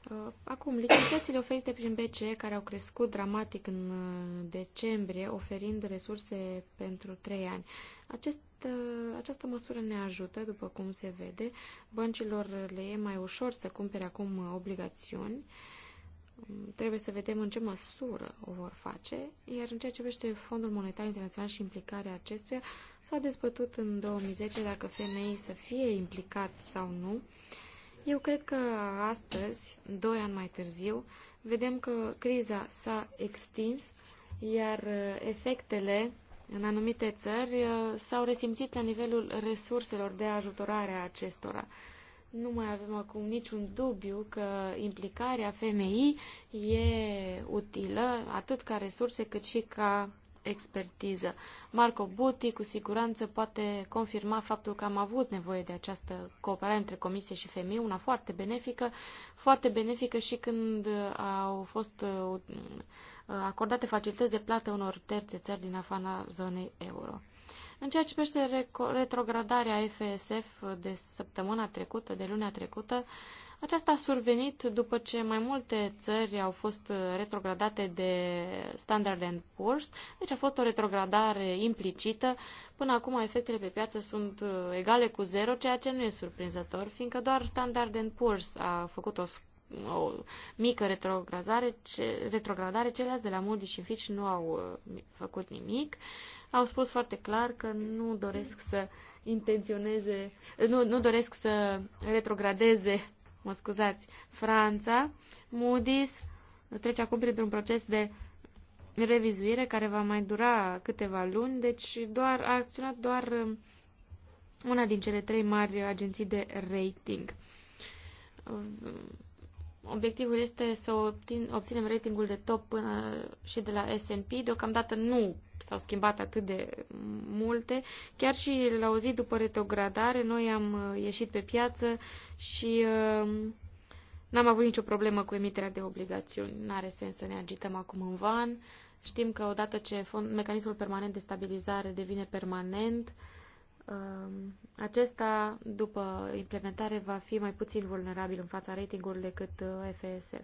Uh, acum, lichiditățile oferite prin BCE, care au crescut dramatic în uh, decembrie, oferind resurse pentru 3 ani. Acest, uh, această măsură ne ajută, după cum se vede. Băncilor le e mai ușor să cumpere acum obligațiuni uh, Trebuie să vedem în ce măsură o vor face, iar în ceea ce privește Fondul Monetar Internațional și implicarea acestuia, s-a dezbătut în 2010 dacă femeii să fie implicați sau nu. Eu cred că astăzi, doi ani mai târziu, vedem că criza s-a extins, iar uh, efectele în anumite țări uh, s-au resimțit la nivelul resurselor de ajutorare a acestora. Nu mai avem acum niciun dubiu că implicarea femeii e utilă atât ca resurse cât și ca expertiză. Marco Buti cu siguranță poate confirma faptul că am avut nevoie de această cooperare între comisie și femei, una foarte benefică, foarte benefică și când au fost uh, acordate facilități de plată unor terțe țări din afara zonei euro. În ceea ce privește retrogradarea FSF de săptămâna trecută, de luna trecută, aceasta a survenit după ce mai multe țări au fost retrogradate de Standard Poor's, deci a fost o retrogradare implicită. Până acum efectele pe piață sunt uh, egale cu zero, ceea ce nu e surprinzător, fiindcă doar Standard Poor's a făcut o, o mică retrogradare, ce, retrogradare, ceilalți de la Moody și Fitch nu au uh, făcut nimic. Uh, au spus foarte clar că nu doresc să intenționeze, nu, nu doresc să retrogradeze, mă scuzați, Franța. Moody's trece acum printr-un proces de revizuire care va mai dura câteva luni, deci doar, a acționat doar um, una din cele trei mari agenții de rating. Obiectivul este să obțin, obținem ratingul de top până și de la S&P. Deocamdată nu s-au schimbat atât de multe. Chiar și la o zi după retrogradare, noi am uh, ieșit pe piață și uh, n-am avut nicio problemă cu emiterea de obligațiuni. N-are sens să ne agităm acum în van. Știm că odată ce fond, mecanismul permanent de stabilizare devine permanent, uh, Um, acesta, după implementare, va fi mai puțin vulnerabil în fața ratingurilor decât FSF. Uh,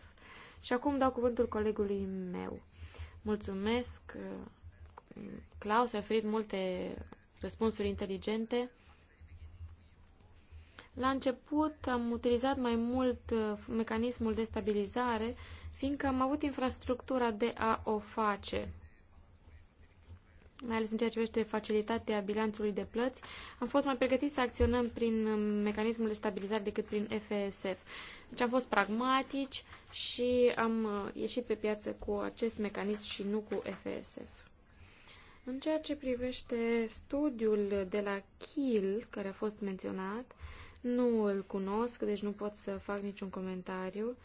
Și acum dau cuvântul colegului meu. Mulțumesc. Uh, Claus a oferit multe răspunsuri inteligente. La început am utilizat mai mult uh, mecanismul de stabilizare, fiindcă am avut infrastructura de a o face mai ales în ceea ce privește facilitatea bilanțului de plăți, am fost mai pregătiți să acționăm prin mecanismul de stabilizare decât prin FSF. Deci am fost pragmatici și am uh, ieșit pe piață cu acest mecanism și nu cu FSF. În ceea ce privește studiul de la Kiel, care a fost menționat, nu îl cunosc, deci nu pot să fac niciun comentariu.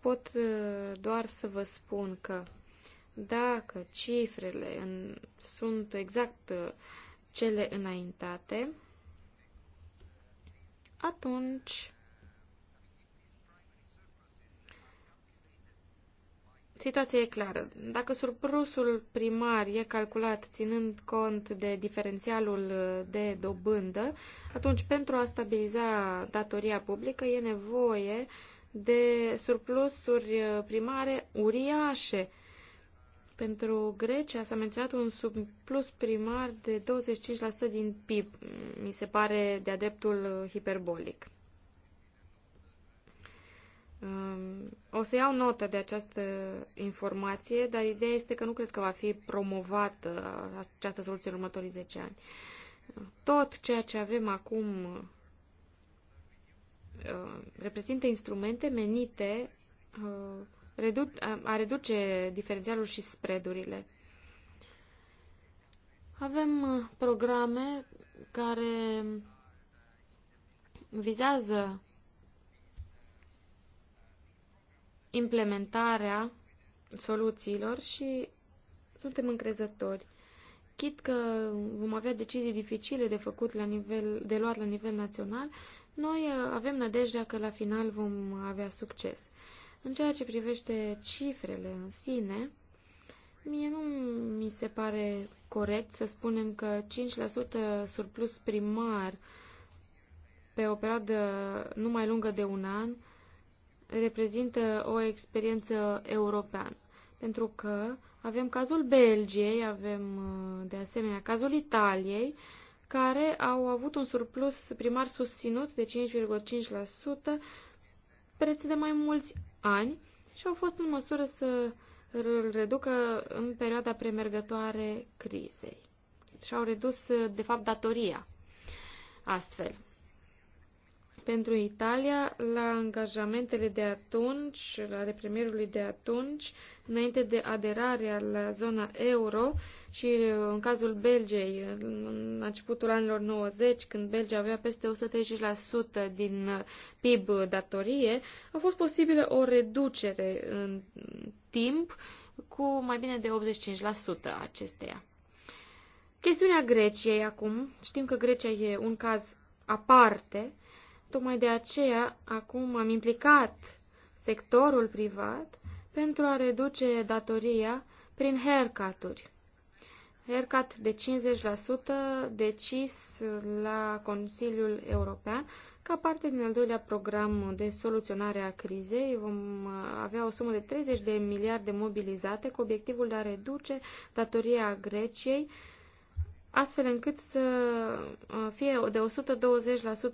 Pot uh, doar să vă spun că dacă cifrele în, sunt exact uh, cele înaintate, atunci Situația e clară. Dacă surplusul primar e calculat ținând cont de diferențialul uh, de dobândă, atunci pentru a stabiliza datoria publică e nevoie de surplusuri uh, primare uriașe. Pentru Grecia s-a menționat un subplus primar de 25% din PIB. Mi se pare de-a dreptul hiperbolic. Um, o să iau notă de această informație, dar ideea este că nu cred că va fi promovată această soluție în următorii 10 ani. Tot ceea ce avem acum uh, reprezintă instrumente menite uh, a reduce diferențialul și spreadurile. Avem programe care vizează implementarea soluțiilor și suntem încrezători. Chit că vom avea decizii dificile de făcut la nivel, de luat la nivel național, noi avem nădejdea că la final vom avea succes. În ceea ce privește cifrele în sine, mie nu mi se pare corect să spunem că 5% surplus primar pe o perioadă nu mai lungă de un an reprezintă o experiență europeană. Pentru că avem cazul Belgiei, avem uh, de asemenea cazul Italiei, care au avut un surplus primar susținut de 5,5% preț de mai mulți ani și au fost în măsură să îl reducă în perioada premergătoare crizei. Și au redus, de fapt, datoria astfel pentru Italia la angajamentele de atunci, la reprimirului de atunci, înainte de aderarea la zona euro și uh, în cazul Belgiei, în începutul anilor 90, când Belgia avea peste 130% din uh, PIB datorie, a fost posibilă o reducere în timp cu mai bine de 85% acesteia. Chestiunea Greciei acum, știm că Grecia e un caz aparte, Tocmai de aceea, acum am implicat sectorul privat pentru a reduce datoria prin haircut-uri. Haircut de 50% decis la Consiliul European ca parte din al doilea program de soluționare a crizei, vom avea o sumă de 30 de miliarde mobilizate cu obiectivul de a reduce datoria Greciei astfel încât să uh, fie de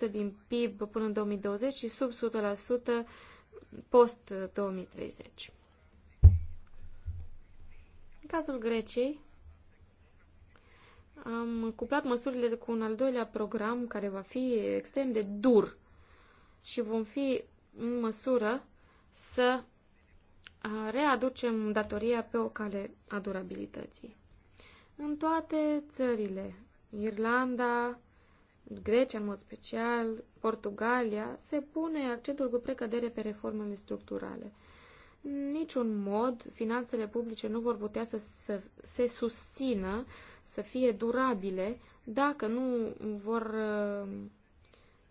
120% din PIB până în 2020 și sub 100% post-2030. În cazul Greciei, am cuplat măsurile cu un al doilea program care va fi extrem de dur și vom fi în măsură să uh, readucem datoria pe o cale a durabilității în toate țările. Irlanda, Grecia în mod special, Portugalia, se pune accentul cu precădere pe reformele structurale. Niciun mod finanțele publice nu vor putea să, să se susțină, să fie durabile, dacă nu vor uh,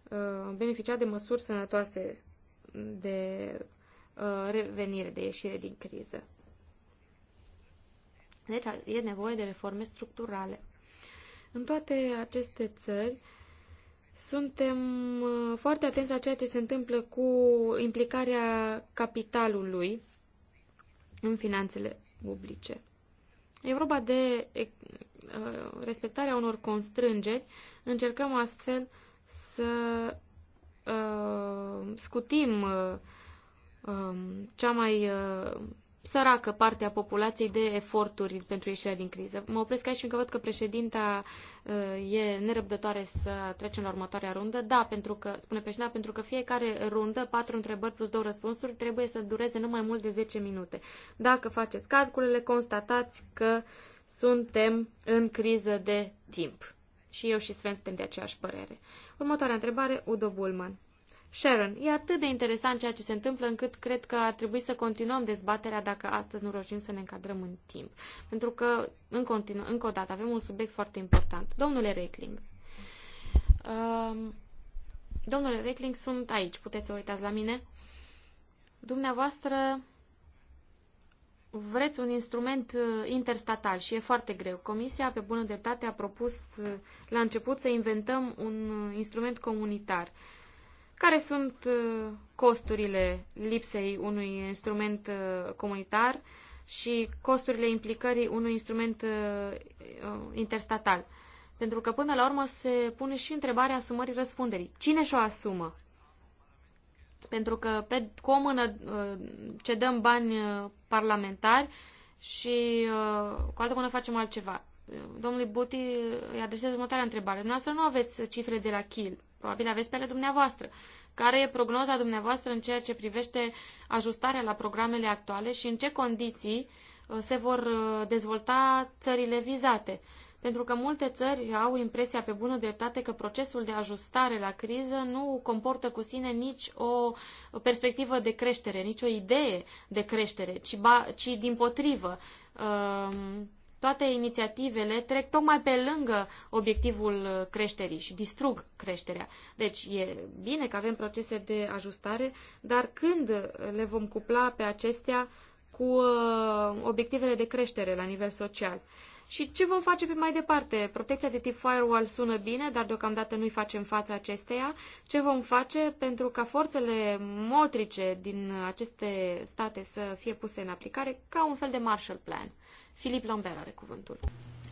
uh, beneficia de măsuri sănătoase de uh, revenire, de ieșire din criză. Deci e nevoie de reforme structurale. În toate aceste țări suntem uh, foarte atenți la ceea ce se întâmplă cu implicarea capitalului în finanțele publice. E vorba de uh, respectarea unor constrângeri. Încercăm astfel să uh, scutim um, cea mai săracă parte a populației de eforturi pentru ieșirea din criză. Mă opresc aici fiindcă văd că președinta uh, e nerăbdătoare să trecem la următoarea rundă. Da, pentru că, spune președinta, pentru că fiecare rundă, patru întrebări plus două răspunsuri, trebuie să dureze nu mai mult de 10 minute. Dacă faceți calculele, constatați că suntem în criză de timp. Și eu și Sven suntem de aceeași părere. Următoarea întrebare, Udo Bulman. Sharon, e atât de interesant ceea ce se întâmplă încât cred că ar trebui să continuăm dezbaterea dacă astăzi nu reușim să ne încadrăm în timp. Pentru că, în continu- încă o dată, avem un subiect foarte important. Domnule Reckling, uh, um, domnule Reckling, sunt aici, puteți să uitați la mine. Dumneavoastră vreți un instrument uh, interstatal și e foarte greu. Comisia, pe bună dreptate, a propus uh, la început să inventăm un uh, instrument comunitar. Uh, care sunt uh, costurile lipsei unui instrument uh, comunitar și costurile implicării unui instrument uh, interstatal? Pentru că până la urmă se pune și întrebarea asumării răspunderii. Cine și-o asumă? Pentru că pe, cu o mână cedăm bani parlamentari și cu altă mână facem altceva. Domnului Buti îi adresez următoarea întrebare. Noastră nu aveți cifre de la Kiel probabil aveți pe ale dumneavoastră. Care e prognoza dumneavoastră în ceea ce privește ajustarea la programele actuale și în ce condiții uh, se vor uh, dezvolta țările vizate? Pentru că multe țări au impresia pe bună dreptate că procesul de ajustare la criză nu comportă cu sine nici o perspectivă de creștere, nici o idee de creștere, ci, ba, ci din potrivă. Um, toate inițiativele trec tocmai pe lângă obiectivul creșterii și distrug creșterea. Deci e bine că avem procese de ajustare, dar când le vom cupla pe acestea cu uh, obiectivele de creștere la nivel social? Și ce vom face pe mai departe? Protecția de tip firewall sună bine, dar deocamdată nu-i facem fața acesteia. Ce vom face pentru ca forțele motrice din aceste state să fie puse în aplicare ca un fel de Marshall Plan? Filip Lambert are cuvântul.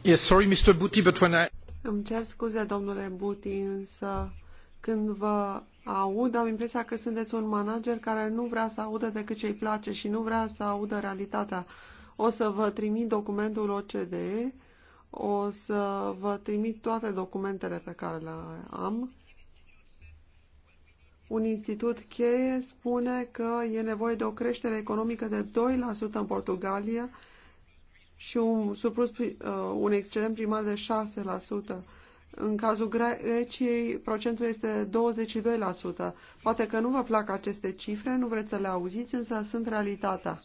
Yes, sorry, Mr. Buti, but when I...
Îmi cer scuze, domnule Buti, însă când vă aud, am impresia că sunteți un manager care nu vrea să audă decât ce îi place și nu vrea să audă realitatea. O să vă trimit documentul OCDE, o să vă trimit toate documentele pe care le am. Un institut cheie spune că e nevoie de o creștere economică de 2% în Portugalia și un surplus, uh, un excedent primar de 6%. În cazul Greciei, procentul este 22%. Poate că nu vă plac aceste cifre, nu vreți să le auziți, însă sunt realitatea.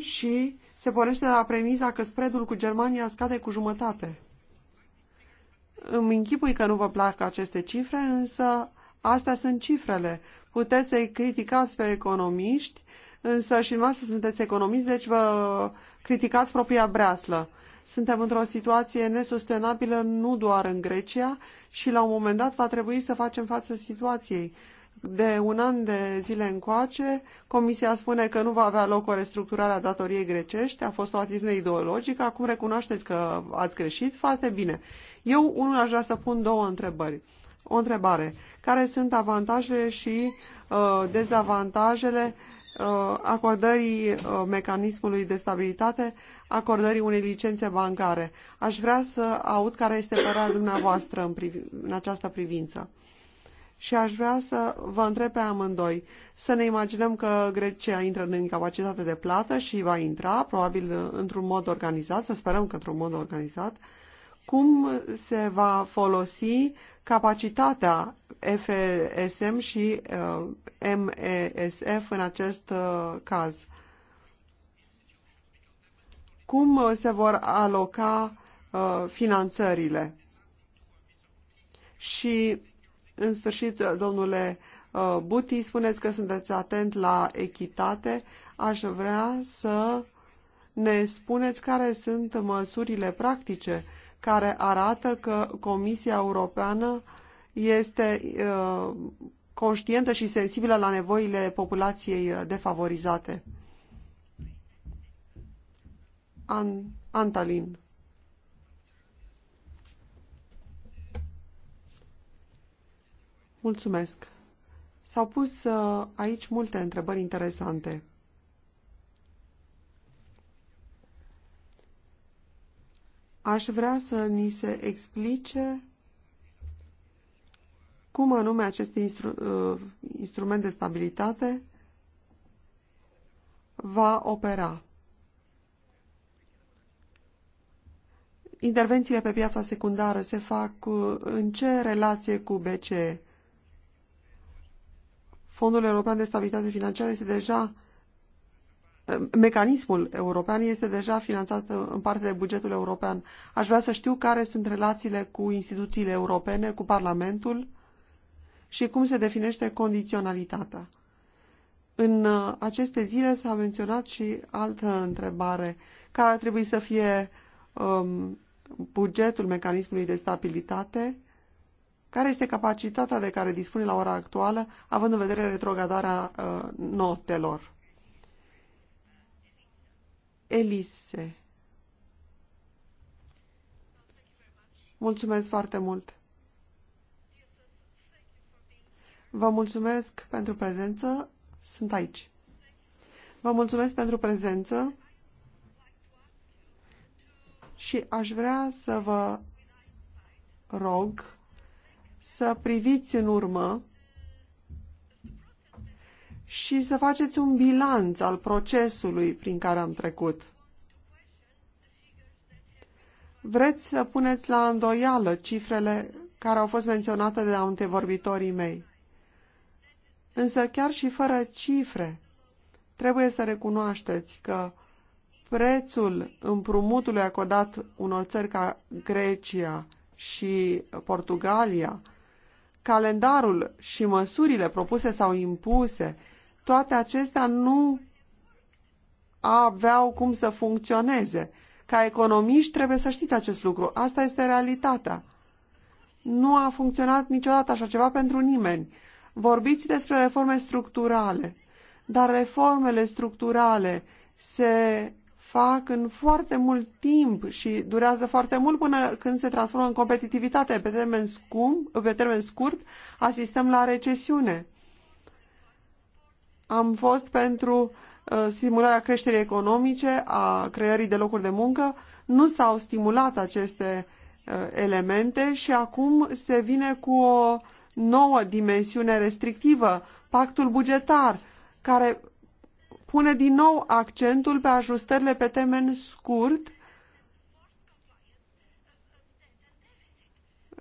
Și se pornește la premiza că spreadul cu Germania scade cu jumătate. Îmi închipui că nu vă plac aceste cifre, însă astea sunt cifrele. Puteți să-i criticați pe economiști, însă și dumneavoastră sunteți economiști, deci vă criticați propria breaslă. Suntem într-o situație nesustenabilă nu doar în Grecia și la un moment dat va trebui să facem față situației. De un an de zile încoace, Comisia spune că nu va avea loc o restructurare a datoriei grecești, a fost o atitudine ideologică, acum recunoașteți că ați greșit, foarte bine. Eu unul aș vrea să pun două întrebări. O întrebare. Care sunt avantajele și uh, dezavantajele Uh, acordării uh, mecanismului de stabilitate, acordării unei licențe bancare. Aș vrea să aud care este părerea dumneavoastră în, priv- în această privință. Și aș vrea să vă întreb pe amândoi. Să ne imaginăm că Grecia intră în incapacitate de plată și va intra, probabil într-un mod organizat, să sperăm că într-un mod organizat, cum se va folosi capacitatea FSM și uh, MESF în acest uh, caz. Cum uh, se vor aloca finanțările? Și, în sfârșit, domnule Buti, spuneți că sunteți atent la echitate. Aș vrea să ne spuneți care sunt măsurile practice care arată că Comisia Europeană este uh, conștientă și sensibilă la nevoile populației defavorizate. An Antalin. Mulțumesc. S-au pus uh, aici multe întrebări interesante. aș vrea să ni se explice cum anume acest instru uh, instrument de stabilitate va opera. Intervențiile pe piața secundară se fac uh, în ce relație cu BCE? Fondul European de Stabilitate Financiară este deja mecanismul european este deja finanțat în parte de bugetul european. Aș vrea să știu care sunt relațiile cu instituțiile europene, cu Parlamentul și cum se definește condiționalitatea. În uh, aceste zile s-a menționat și altă întrebare, care ar trebui să fie um, bugetul mecanismului de stabilitate, care este capacitatea de care dispune la ora actuală, având în vedere retrogradarea uh, notelor. Elise. Mulțumesc foarte mult! Vă mulțumesc pentru prezență. Sunt aici. Vă mulțumesc pentru prezență și aș vrea să vă rog să priviți în urmă și să faceți un bilanț al procesului prin care am trecut. Vreți să puneți la îndoială cifrele care au fost menționate de antevorbitorii mei. Însă chiar și fără cifre, trebuie să recunoașteți că prețul împrumutului acordat unor țări ca Grecia și Portugalia, calendarul și măsurile propuse sau impuse toate acestea nu aveau cum să funcționeze. Ca economiști trebuie să știți acest lucru. Asta este realitatea. Nu a funcționat niciodată așa ceva pentru nimeni. Vorbiți despre reforme structurale, dar reformele structurale se fac în foarte mult timp și durează foarte mult până când se transformă în competitivitate. Pe termen, scurt, pe termen scurt asistăm la recesiune. Am fost pentru uh, stimularea creșterii economice, a creării de locuri de muncă. Nu s-au stimulat aceste uh, elemente și acum se vine cu o nouă dimensiune restrictivă, pactul bugetar, care pune din nou accentul pe ajustările pe termen scurt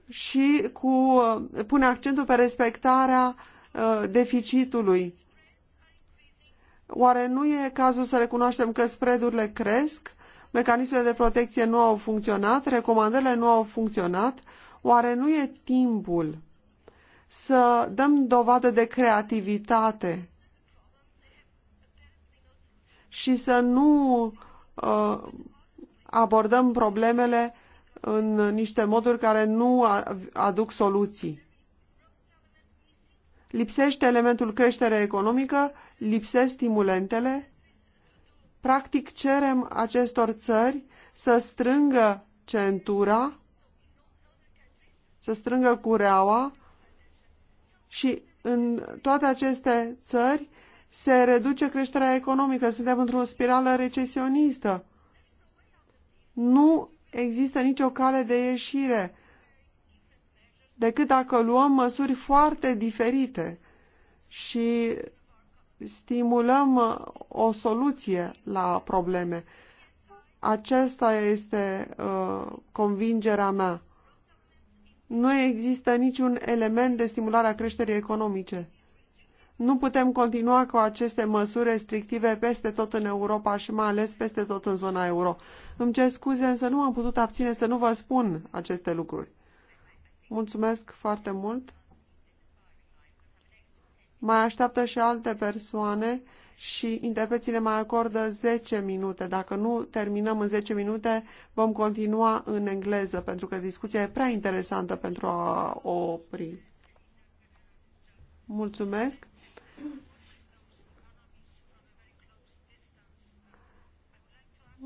și cu, uh, pune accentul pe respectarea deficitului. Oare nu e cazul să recunoaștem că spreadurile cresc? Mecanismele de protecție nu au funcționat, recomandările nu au funcționat. Oare nu e timpul să dăm dovadă de creativitate și să nu uh, abordăm problemele în niște moduri care nu aduc soluții lipsește elementul creștere economică, lipsesc stimulentele. Practic cerem acestor țări să strângă centura, să strângă cureaua și în toate aceste țări se reduce creșterea economică. Suntem într-o spirală recesionistă. Nu există nicio cale de ieșire decât dacă luăm măsuri foarte diferite și stimulăm o soluție la probleme. Aceasta este uh, convingerea mea. Nu există niciun element de stimulare a creșterii economice. Nu putem continua cu aceste măsuri restrictive peste tot în Europa și mai ales peste tot în zona euro. Îmi cer scuze, însă nu am putut abține să nu vă spun aceste lucruri. Mulțumesc foarte mult. Mai așteaptă și alte persoane și interpreții mai acordă 10 minute. Dacă nu terminăm în 10 minute, vom continua în engleză, pentru că discuția e prea interesantă pentru a o opri. Mulțumesc.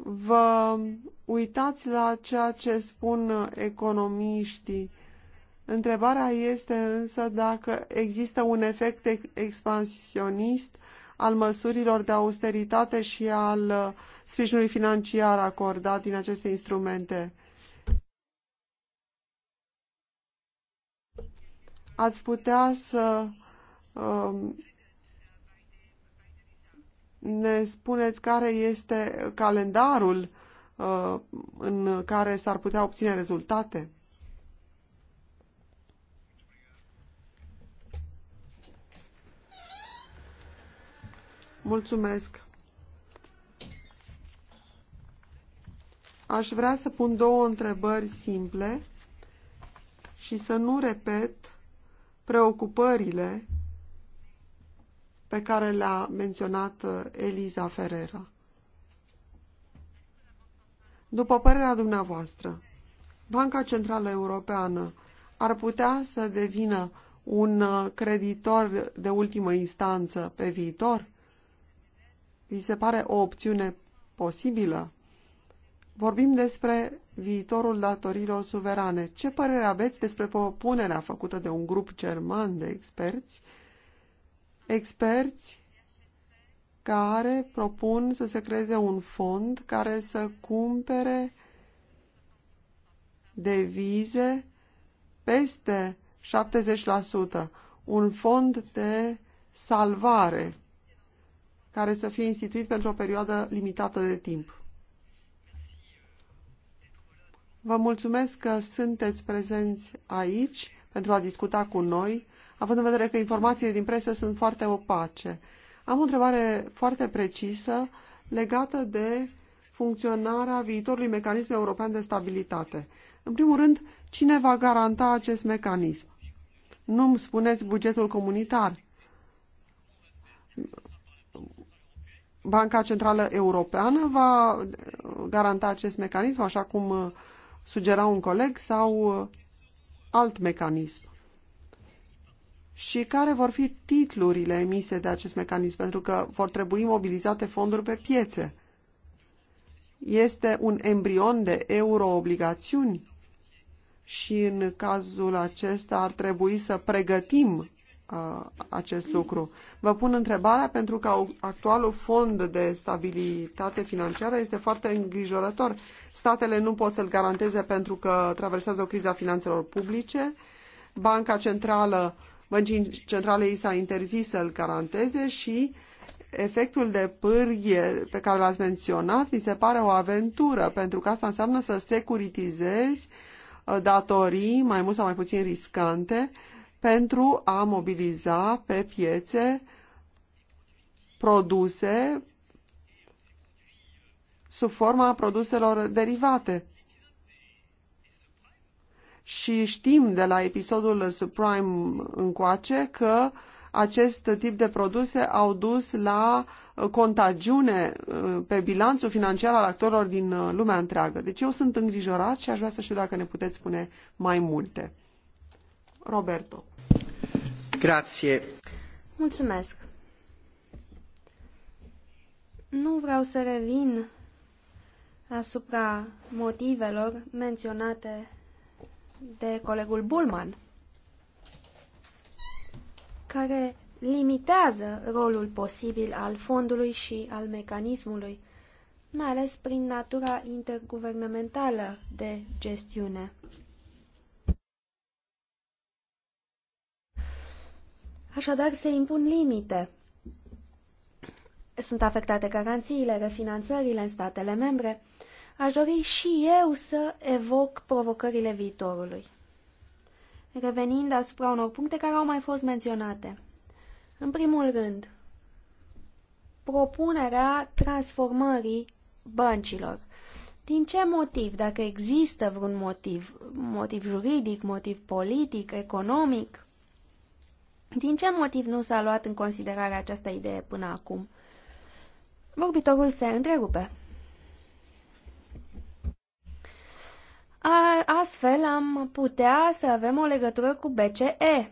Vă uitați la ceea ce spun economiștii. Întrebarea este însă dacă există un efect expansionist al măsurilor de austeritate și al uh, sprijinului financiar acordat din aceste instrumente. Ați putea să um, ne spuneți care este calendarul uh, în care s-ar putea obține rezultate? Mulțumesc. Aș vrea să pun două întrebări simple și să nu repet preocupările pe care le-a menționat uh, Eliza Ferera. După părerea dumneavoastră, Banca Centrală Europeană ar putea să devină un uh, creditor de ultimă instanță pe viitor? Vi se pare o opțiune posibilă? Vorbim despre viitorul datorilor suverane. Ce părere aveți despre propunerea făcută de un grup german de experți? Experți care propun să se creeze un fond care să cumpere devize peste 70%, un fond de salvare care să fie instituit pentru o perioadă limitată de timp. Vă mulțumesc că sunteți prezenți aici pentru a discuta cu noi, având în vedere că informațiile din presă sunt foarte opace. Am o întrebare foarte precisă legată de funcționarea viitorului mecanism european de stabilitate. În primul rând, cine va garanta acest mecanism? Nu îmi spuneți bugetul comunitar. Banca Centrală Europeană va garanta acest mecanism, așa cum uh, sugera un coleg, sau uh, alt mecanism? Și care vor fi titlurile emise de acest mecanism? Pentru că vor trebui mobilizate fonduri pe piețe. Este un embrion de euroobligațiuni și în cazul acesta ar trebui să pregătim Uh, acest lucru. Vă pun întrebarea pentru că actualul fond de stabilitate financiară este foarte îngrijorător. Statele nu pot să-l garanteze pentru că traversează o criză a finanțelor publice. Banca centrală, băncii centrale i s-a interzis să-l garanteze și efectul de pârghie pe care l-ați menționat mi se pare o aventură, pentru că asta înseamnă să securitizezi uh, datorii mai mult sau mai puțin riscante pentru a mobiliza pe piețe produse sub forma produselor derivate. Și știm de la episodul subprime încoace că acest tip de produse au dus la uh, contagiune uh, pe bilanțul financiar al actorilor din uh, lumea întreagă. Deci eu sunt îngrijorat și aș vrea să știu dacă ne puteți spune mai multe. Roberto.
Mulțumesc. Nu vreau să revin asupra motivelor menționate de colegul Bulman, care limitează rolul posibil al fondului și al mecanismului, mai ales prin natura interguvernamentală de gestiune. Așadar, se impun limite. Sunt afectate garanțiile, refinanțările în statele membre. Aș dori și eu să evoc provocările viitorului. Revenind asupra unor puncte care au mai fost menționate. În primul rând, propunerea transformării băncilor. Din ce motiv, dacă există vreun motiv, motiv juridic, motiv politic, economic, din ce motiv nu s-a luat în considerare această idee până acum? Vorbitorul se întrerupe. A, astfel am putea să avem o legătură cu BCE.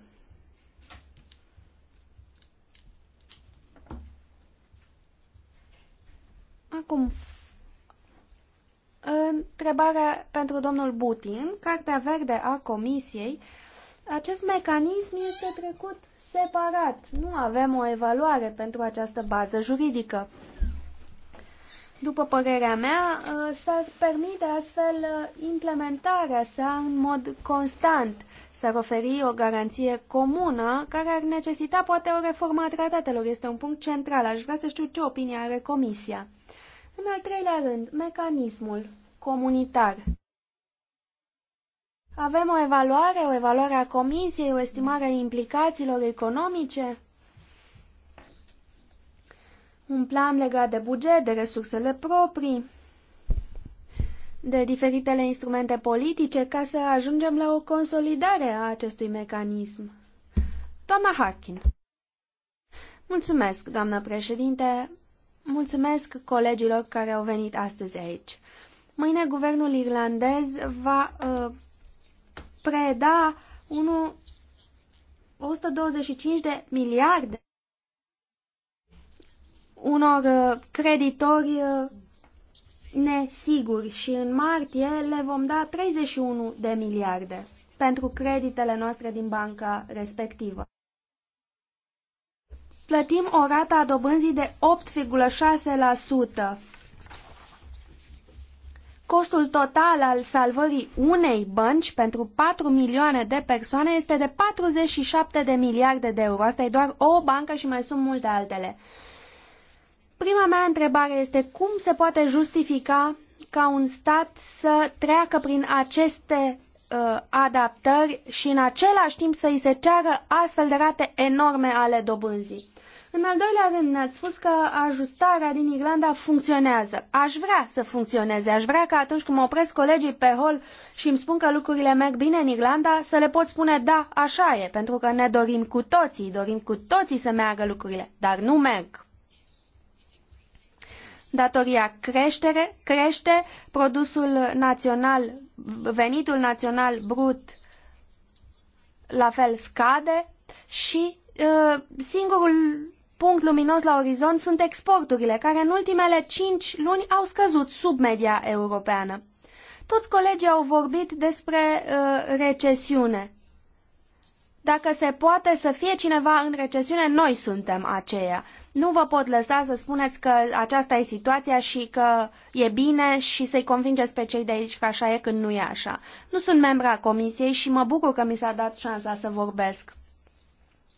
Acum, întrebarea pentru domnul Butin, Cartea Verde a Comisiei acest mecanism este trecut separat. Nu avem o evaluare pentru această bază juridică. După părerea mea, ă, s-ar permite astfel ă, implementarea sa în mod constant. S-ar oferi o garanție comună care ar necesita poate o reformă a tratatelor. Este un punct central. Aș vrea să știu ce opinie are Comisia. În al treilea rând, mecanismul comunitar. Avem o evaluare, o evaluare a comisiei, o estimare a implicațiilor economice, un plan legat de buget, de resursele proprii, de diferitele instrumente politice ca să ajungem la o consolidare a acestui mecanism. Doamna Harkin. Mulțumesc, doamnă președinte. Mulțumesc colegilor care au venit astăzi aici. Mâine guvernul irlandez va uh, preda 1, 125 de miliarde unor uh, creditori uh, nesiguri și în martie le vom da 31 de miliarde pentru creditele noastre din banca respectivă. Plătim o rată a dobânzii de 8,6% Costul total al salvării unei bănci pentru 4 milioane de persoane este de 47 de miliarde de euro. Asta e doar o bancă și mai sunt multe altele. Prima mea întrebare este cum se poate justifica ca un stat să treacă prin aceste uh, adaptări și în același timp să îi se ceară astfel de rate enorme ale dobânzii? În al doilea rând, ne-ați spus că ajustarea din Irlanda funcționează. Aș vrea să funcționeze. Aș vrea că atunci când mă opresc colegii pe hol și îmi spun că lucrurile merg bine în Irlanda, să le pot spune da, așa e, pentru că ne dorim cu toții, dorim cu toții să meargă lucrurile, dar nu merg. Datoria creștere, crește, produsul național, venitul național brut la fel scade și uh, singurul punct luminos la orizont sunt exporturile, care în ultimele cinci luni au scăzut sub media europeană. Toți colegii au vorbit despre uh, recesiune. Dacă se poate să fie cineva în recesiune, noi suntem aceia. Nu vă pot lăsa să spuneți că aceasta e situația și că e bine și să-i convingeți pe cei de aici că așa e când nu e așa. Nu sunt membra comisiei și mă bucur că mi s-a dat șansa să vorbesc.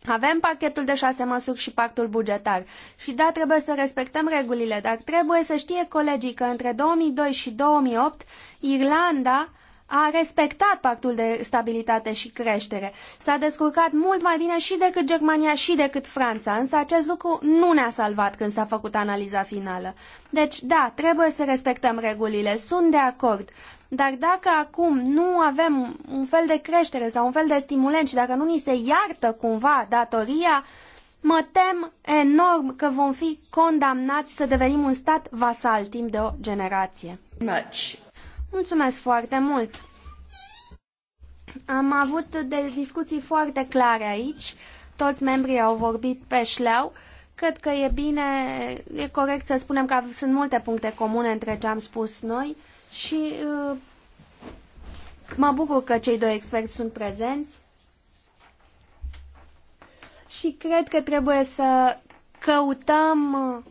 Avem pachetul de șase măsuri și pactul bugetar. Și da, trebuie să respectăm regulile, dar trebuie să știe colegii că între 2002 și 2008 Irlanda a respectat pactul de stabilitate și creștere. S-a descurcat mult mai bine și decât Germania și decât Franța, însă acest lucru nu ne-a salvat când s-a făcut analiza finală. Deci, da, trebuie să respectăm regulile, sunt de acord, dar dacă acum nu avem un fel de creștere sau un fel de stimulent și dacă nu ni se iartă cumva datoria, mă tem enorm că vom fi condamnați să devenim un stat vasal timp de o generație. Much. Mulțumesc foarte mult! Am avut de discuții foarte clare aici, toți membrii au vorbit pe șleau. Cred că e bine, e corect să spunem că sunt multe puncte comune între ce am spus noi și uh, mă bucur că cei doi experți sunt prezenți și cred că trebuie să căutăm uh,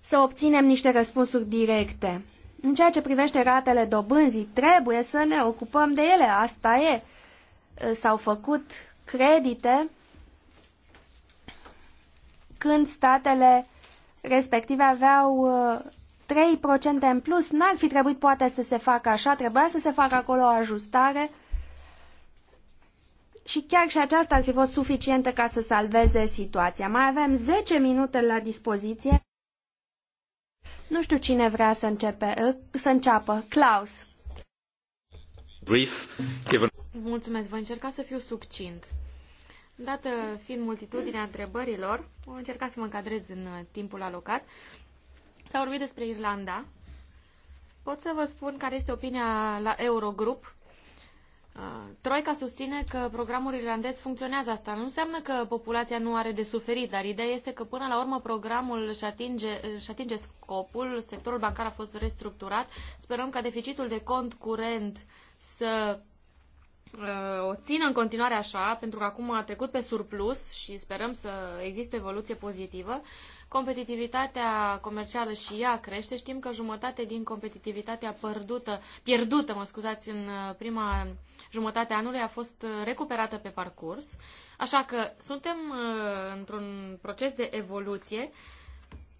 să obținem niște răspunsuri directe. În ceea ce privește ratele dobânzii, trebuie să ne ocupăm de ele, asta e. Uh, s-au făcut credite când statele respective aveau uh, 3% în plus, n-ar fi trebuit poate să se facă așa, trebuia să se facă acolo o ajustare și chiar și aceasta ar fi fost suficientă ca să salveze situația. Mai avem 10 minute la dispoziție. Nu știu cine vrea să, începe, să înceapă. Klaus.
Brief, given...
Mulțumesc, voi încerca să fiu succint. Dată fiind multitudinea întrebărilor, voi încerca să mă încadrez în timpul alocat. S-a vorbit despre Irlanda. Pot să vă spun care este opinia la Eurogrup. Uh, Troica susține că programul irlandez funcționează asta. Nu înseamnă că populația nu are de suferit, dar ideea este că până la urmă programul își atinge, își atinge scopul, sectorul bancar a fost restructurat. Sperăm ca deficitul de cont curent să uh, o țină în continuare așa, pentru că acum a trecut pe surplus și sperăm să existe o evoluție pozitivă. Competitivitatea comercială și ea crește. Știm că jumătate din competitivitatea pierdută, pierdută mă scuzați, în uh, prima jumătate a anului a fost uh, recuperată pe parcurs. Așa că suntem uh, într-un proces de evoluție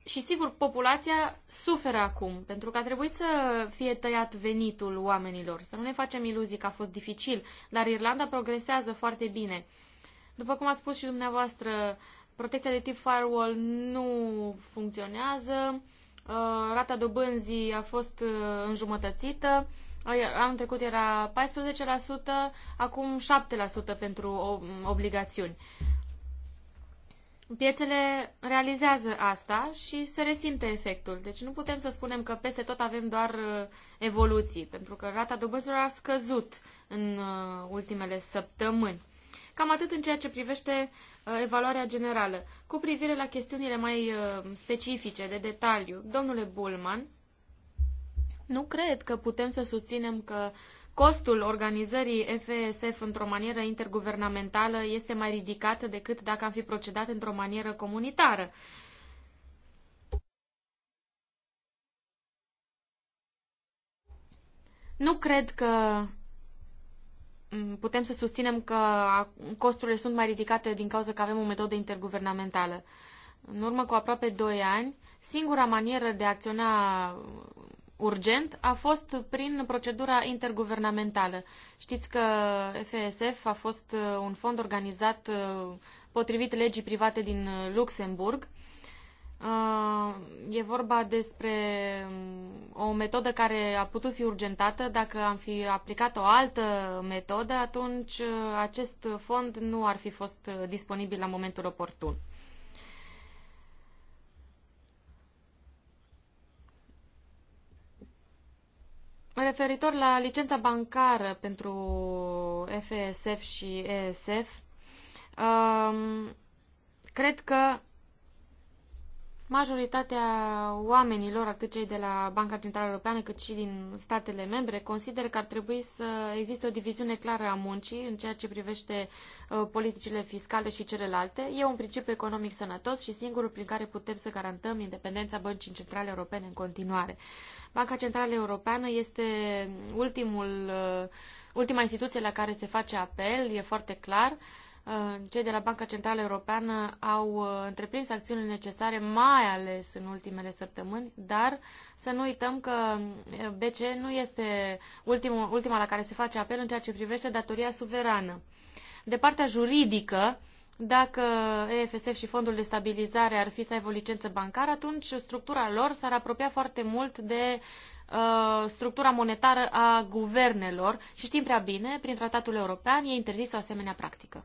și sigur, populația suferă acum, pentru că a trebuit să fie tăiat venitul oamenilor. Să nu ne facem iluzii că a fost dificil, dar Irlanda progresează foarte bine. După cum a spus și dumneavoastră, protecția de tip firewall nu funcționează, uh, rata dobânzii a fost uh, înjumătățită, anul trecut era 14%, acum 7% pentru obligațiuni. Piețele realizează asta și se resimte efectul. Deci nu putem să spunem că peste tot avem doar uh, evoluții, pentru că rata dobânzilor a scăzut în ultimele săptămâni. Cam atât în ceea ce privește uh, evaluarea generală. Cu privire la chestiunile mai uh, specifice, de detaliu, domnule Bulman, nu cred că putem să susținem că costul organizării FSF într-o manieră interguvernamentală este mai ridicat decât dacă am fi procedat într-o manieră comunitară. Nu cred că Mm, putem să susținem că costurile sunt mai ridicate din cauza că avem o metodă interguvernamentală. În urmă cu aproape 2 ani, singura manieră de a acționa urgent a fost prin procedura interguvernamentală. Știți că FSF a fost uh, un fond organizat uh, potrivit legii private din uh, Luxemburg, Uh, e vorba despre um, o metodă care a putut fi urgentată. Dacă am fi aplicat o altă metodă, atunci uh, acest fond nu ar fi fost uh, disponibil la momentul oportun. Referitor la licența bancară pentru FSF și ESF, um, cred că Majoritatea oamenilor, atât cei de la Banca Centrală Europeană, cât și din statele membre, consideră că ar trebui să existe o diviziune clară a muncii în ceea ce privește ă, politicile fiscale și celelalte. E un principiu economic sănătos și singurul prin care putem să garantăm independența Băncii Centrale Europene în continuare. Banca Centrală Europeană este ultimul, ă, ultima instituție la care se face apel, e foarte clar cei de la Banca Centrală Europeană au uh, întreprins acțiunile necesare, mai ales în ultimele săptămâni, dar să nu uităm că uh, BCE nu este ultimul, ultima la care se face apel în ceea ce privește datoria suverană. De partea juridică, dacă EFSF și Fondul de Stabilizare ar fi să aibă o licență bancară, atunci structura lor s-ar apropia foarte mult de uh, structura monetară a guvernelor și știm prea bine, prin tratatul european, e interzis o asemenea practică.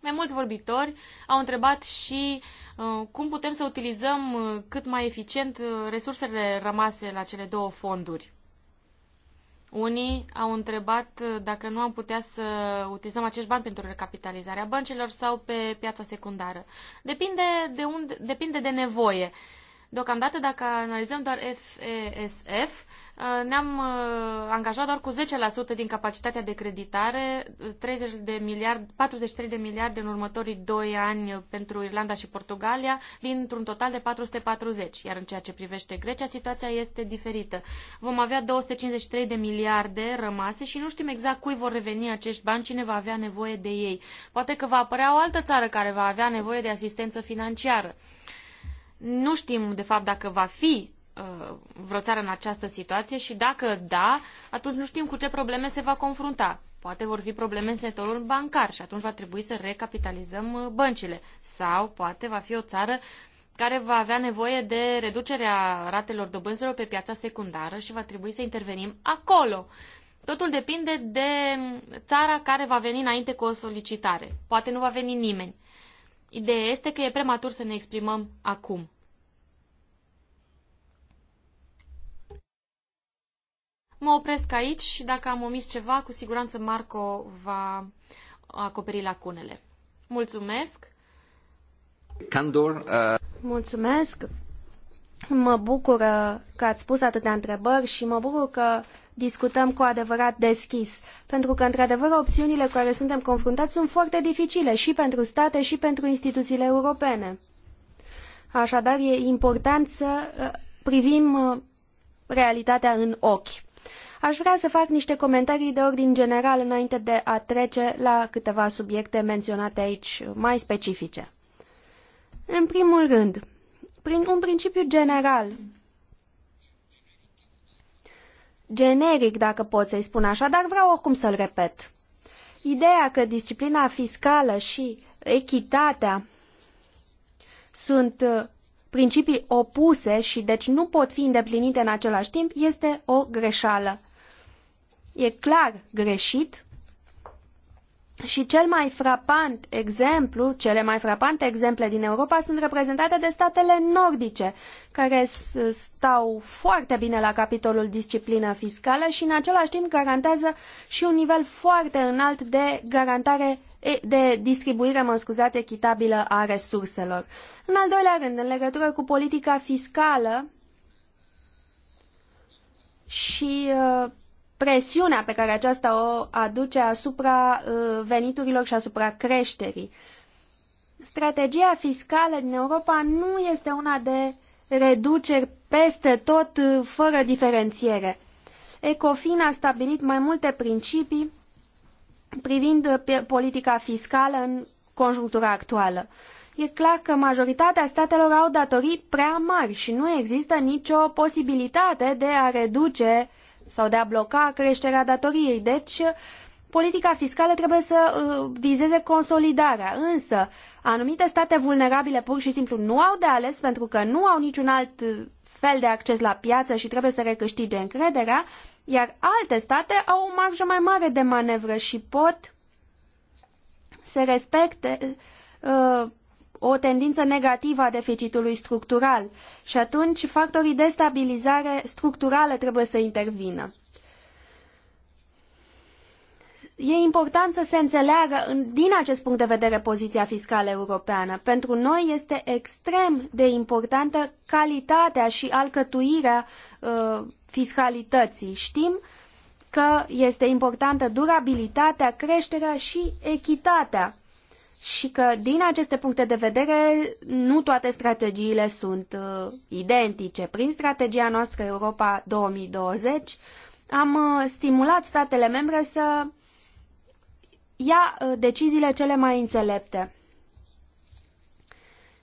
Mai mulți vorbitori au întrebat și uh, cum putem să utilizăm uh, cât mai eficient uh, resursele rămase la cele două fonduri. Unii au întrebat uh, dacă nu am putea să utilizăm acești bani pentru recapitalizarea băncilor sau pe piața secundară. Depinde de, unde, depinde de nevoie. Uh, Deocamdată, dacă analizăm doar FESF, uh, ne-am uh, angajat doar cu 10% din capacitatea de creditare, 30 de miliard, 43 de miliarde în următorii 2 ani pentru Irlanda și Portugalia, dintr-un total de 440. Iar în ceea ce privește Grecia, situația este diferită. Vom avea 253 de miliarde rămase și nu știm exact cui vor reveni acești bani, cine va avea nevoie de ei. Poate că va apărea o altă țară care va avea nevoie de asistență financiară. Nu știm, de fapt, dacă va fi uh, vreo țară în această situație și dacă da, atunci nu știm cu ce probleme se va confrunta. Poate vor fi probleme în sectorul bancar și atunci va trebui să recapitalizăm uh, băncile. Sau poate va fi o țară care va avea nevoie de reducerea ratelor dobânzilor pe piața secundară și va trebui să intervenim acolo. Totul depinde de mm, țara care va veni înainte cu o solicitare. Poate nu va veni nimeni. Ideea este că e prematur să ne exprimăm acum. Mă opresc aici și dacă am omis ceva, cu siguranță Marco va acoperi lacunele. Mulțumesc!
Candor, uh... Mulțumesc! Mă
bucur că ați pus atâtea întrebări și mă bucur că discutăm cu adevărat deschis, pentru că, într-adevăr, opțiunile cu care suntem confruntați sunt foarte dificile și pentru state și pentru instituțiile europene. Așadar, e important să uh, privim uh, realitatea în ochi. Aș vrea să fac niște comentarii de ordin general înainte de a trece la câteva subiecte menționate aici mai specifice. În primul rând, prin un principiu general, generic, dacă pot să-i spun așa, dar vreau oricum să-l repet. Ideea că disciplina fiscală și echitatea sunt uh, principii opuse și deci nu pot fi îndeplinite în același timp este o greșeală. E clar greșit și cel mai frapant exemplu, cele mai frapante exemple din Europa sunt reprezentate de statele nordice, care stau foarte bine la capitolul disciplină fiscală și în același timp garantează și un nivel foarte înalt de garantare de distribuire, mă scuzați, echitabilă a resurselor. În al doilea rând, în legătură cu politica fiscală și uh, presiunea pe care aceasta o aduce asupra uh, veniturilor și asupra creșterii. Strategia fiscală din Europa nu este una de reduceri peste tot, uh, fără diferențiere. Ecofin a stabilit mai multe principii privind uh, politica fiscală în conjunctura actuală. E clar că majoritatea statelor au datorii prea mari și nu există nicio posibilitate de a reduce uh, sau de a bloca creșterea datoriei. Deci, politica fiscală trebuie să uh, vizeze consolidarea, însă anumite state vulnerabile pur și simplu nu au de ales pentru că nu au niciun alt uh, fel de acces la piață și trebuie să recâștige încrederea, iar alte state au o marjă mai mare de manevră și pot să respecte uh, o tendință negativă a deficitului structural și atunci factorii de stabilizare structurală trebuie să intervină. E important să se înțeleagă din acest punct de vedere poziția fiscală europeană. Pentru noi este extrem de importantă calitatea și alcătuirea uh, fiscalității. Știm că este importantă durabilitatea, creșterea și echitatea și că din aceste puncte de vedere nu toate strategiile sunt uh, identice. Prin strategia noastră Europa 2020 am uh, stimulat statele membre să ia uh, deciziile cele mai înțelepte.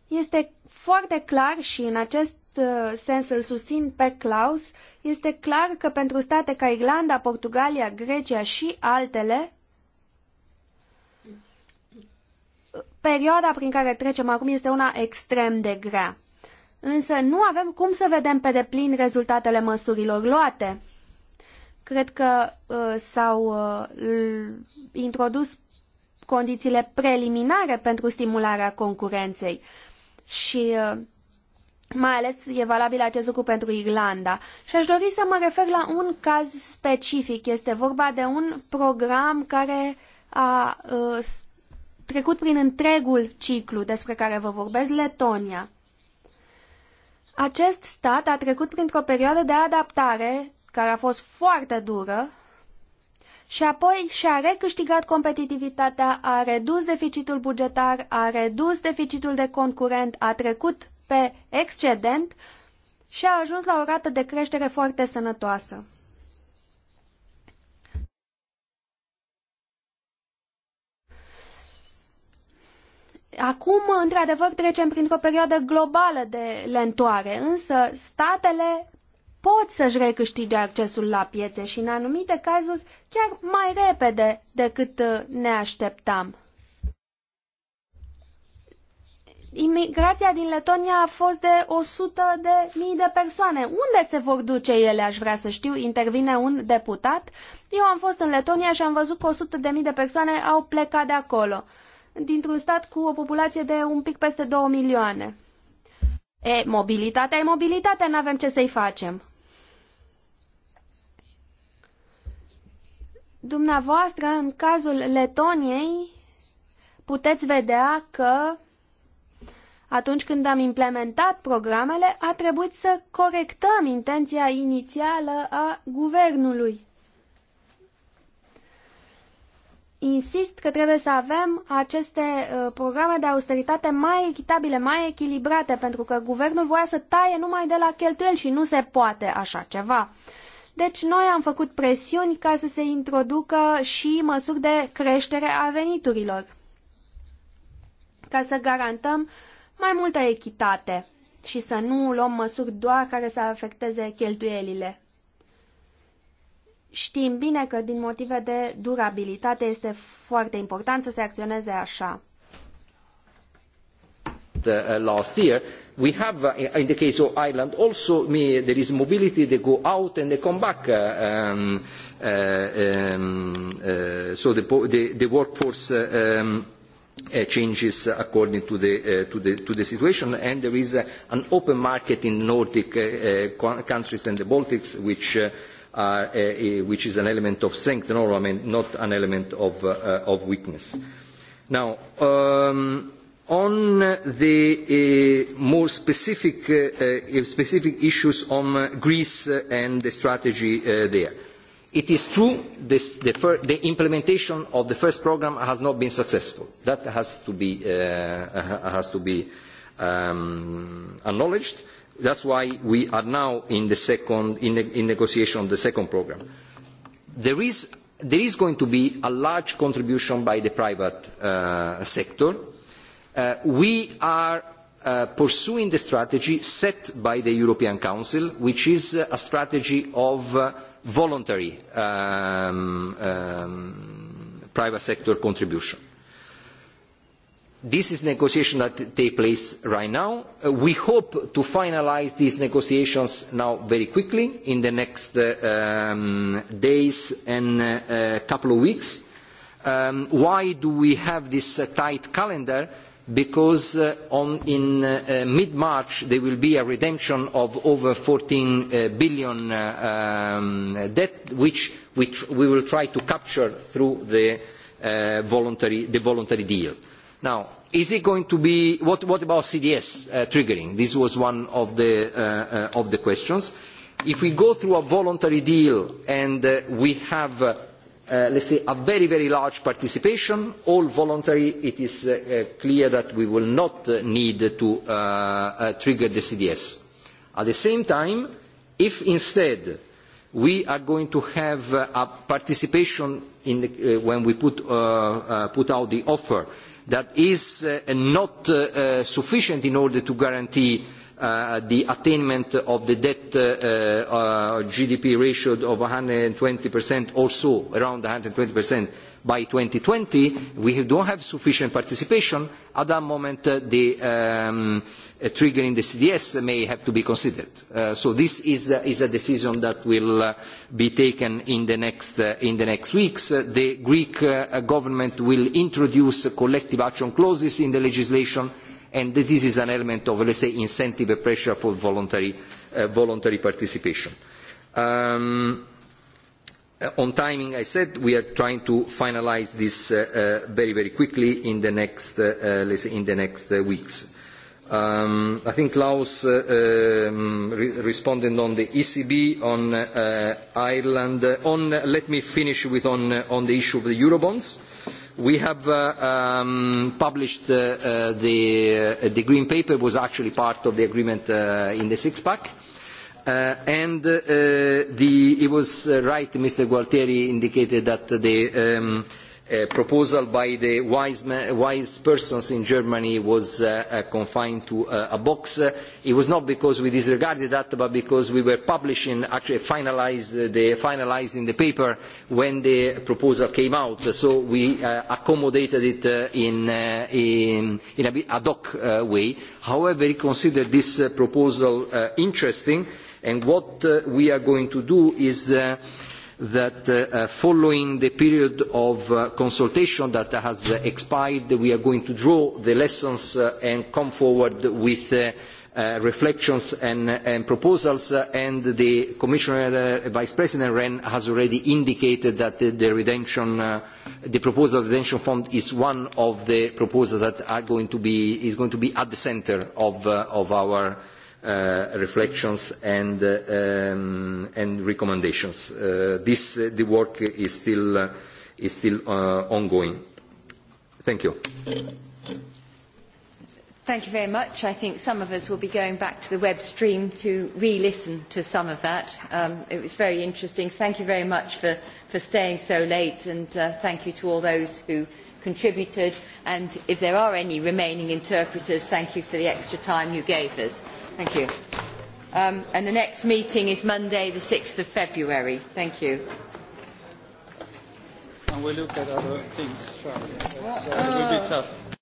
Este foarte clar și în acest uh, sens îl susțin pe Klaus, este clar că pentru state ca Irlanda, Portugalia, Grecia și altele, Perioada prin care trecem acum este una extrem de grea. Însă nu avem cum să vedem pe deplin rezultatele măsurilor luate. Cred că uh, s-au uh, introdus condițiile preliminare pentru stimularea concurenței și uh, mai ales e valabil acest lucru pentru Irlanda. Și aș dori să mă refer la un caz specific. Este vorba de un program care a uh, trecut prin întregul ciclu despre care vă vorbesc, Letonia. Acest stat a trecut printr-o perioadă de adaptare care a fost foarte dură și apoi și-a recâștigat competitivitatea, a redus deficitul bugetar, a redus deficitul de concurent, a trecut pe excedent și a ajuns la o rată de creștere foarte sănătoasă. Acum, într-adevăr, trecem printr-o perioadă globală de lentoare, însă statele pot să-și recâștige accesul la piețe și, în anumite cazuri, chiar mai repede decât uh, ne așteptam. Imigrația din Letonia a fost de 100 de mii de persoane. Unde se vor duce ele, aș vrea să știu, intervine un deputat. Eu am fost în Letonia și am văzut că 100 de mii de persoane au plecat de acolo dintr-un stat cu o populație de un pic peste 2 milioane. E, mobilitatea e mobilitatea, nu avem ce să-i facem. Dumneavoastră, în cazul Letoniei, puteți vedea că atunci când am implementat programele, a trebuit să corectăm intenția inițială a guvernului. insist că trebuie să avem aceste uh, programe de austeritate mai echitabile, mai echilibrate, pentru că guvernul voia să taie numai de la cheltuieli și nu se poate așa ceva. Deci noi am făcut presiuni ca să se introducă și măsuri de creștere a veniturilor, ca să garantăm mai multă echitate și să nu luăm măsuri doar care să afecteze cheltuielile. Știm bine că din motive de durabilitate este foarte important să se acționeze așa.
The, uh, last year, we have uh, in the case of Ireland also me, there is mobility. They go out and they come back. Uh, um, uh, um uh, so the, the, the workforce. Uh, um, Uh, changes according to the, uh, to, the, to the situation and there is uh, an open market in the Nordic countries and the Baltics which Uh, eh, eh, which is an element of strength, not an element of, uh, uh, of weakness. Now, um, on the eh, more specific, specific issues on Greece and the strategy there. It is true this, the, the, implementation of the first programme has not been successful. That has to be, has to be um, acknowledged That's why we are now in the second, in, the, in negotiation on the second program. There is, there is going to be a large contribution by the private uh, sector. Uh, we are uh, pursuing the strategy set by the European Council, which is uh, a strategy of uh, voluntary um, um, private sector contribution this is negotiation that take place right now. Uh, we hope to finalise these negotiations now very quickly in the next uh, um, days and a uh, uh, couple of weeks. Um, why do we have this uh, tight calendar? Because uh, on, in mid-March there will be a redemption of over 14 billion um, debt, which, we will try to capture through the, voluntary, the voluntary deal. Now, is it going to be, what, what about CDS uh, triggering? This was one of the, uh, uh, of the questions. If we go through a voluntary deal and uh, we have, uh, let's say, a very, very large participation, all voluntary, it is clear that we will not need to trigger the CDS. At the same time, if instead we are going to have a participation the, uh, when we put, uh, uh, put, out the offer that is uh, not uh, uh, sufficient in order to guarantee Uh, the attainment of the debt uh, uh, GDP ratio of 120% or so, around 120% by 2020, we don't have sufficient participation. At that moment, the um, triggering the CDS may have to be considered. Uh, so this is, uh, is, a decision that will uh, be taken in the next, in the next weeks. the Greek government will introduce collective action clauses in the legislation and this is an element of, let's say, incentive and pressure for voluntary, uh, voluntary participation. Um, on timing, I said we are trying to finalise this uh, uh, very, very quickly in the next, let's say, in the next weeks. Um, I think Klaus uh, um, re responded on the ECB, on uh, Ireland. Uh, on, uh, let me finish with on, uh, on the issue of the Eurobonds. We have uh, um, published the, the, green paper was actually part of the agreement in the six-pack. and the, it was right, Mr. Gualtieri indicated that the um, proposal by the wise, wise, persons in Germany was uh, uh confined to uh, a box. it was not because we disregarded that, but because we were publishing, actually finalized uh, the, the paper when the proposal came out. So we accommodated it in, in, in, a bit ad hoc way. However, we consider this proposal interesting, and what we are going to do is that uh, uh, following the period of uh, consultation that has expired, we are going to draw the lessons uh, and come forward with uh, reflections and, and proposals. and the Commissioner, Vice President Rehn, has already indicated that the, the redemption, the proposal of the redemption fund is one of the proposals that are going to be, is going to be at the centre of, of our Uh, reflections and, uh, um, and recommendations. Uh, this, the work is still, is still ongoing. Thank you.
Thank you very much. I think some of us will be going back to the web stream to re-listen to some of that. Um, it was very interesting. Thank you very much for, for staying so late and uh, thank you to all those who contributed. And if there are any remaining interpreters, thank you for the extra time you gave us. Thank you. Um, and the next meeting is Monday, the 6th of February. Thank you.
And we look at other things. Well, uh, it will be oh. tough.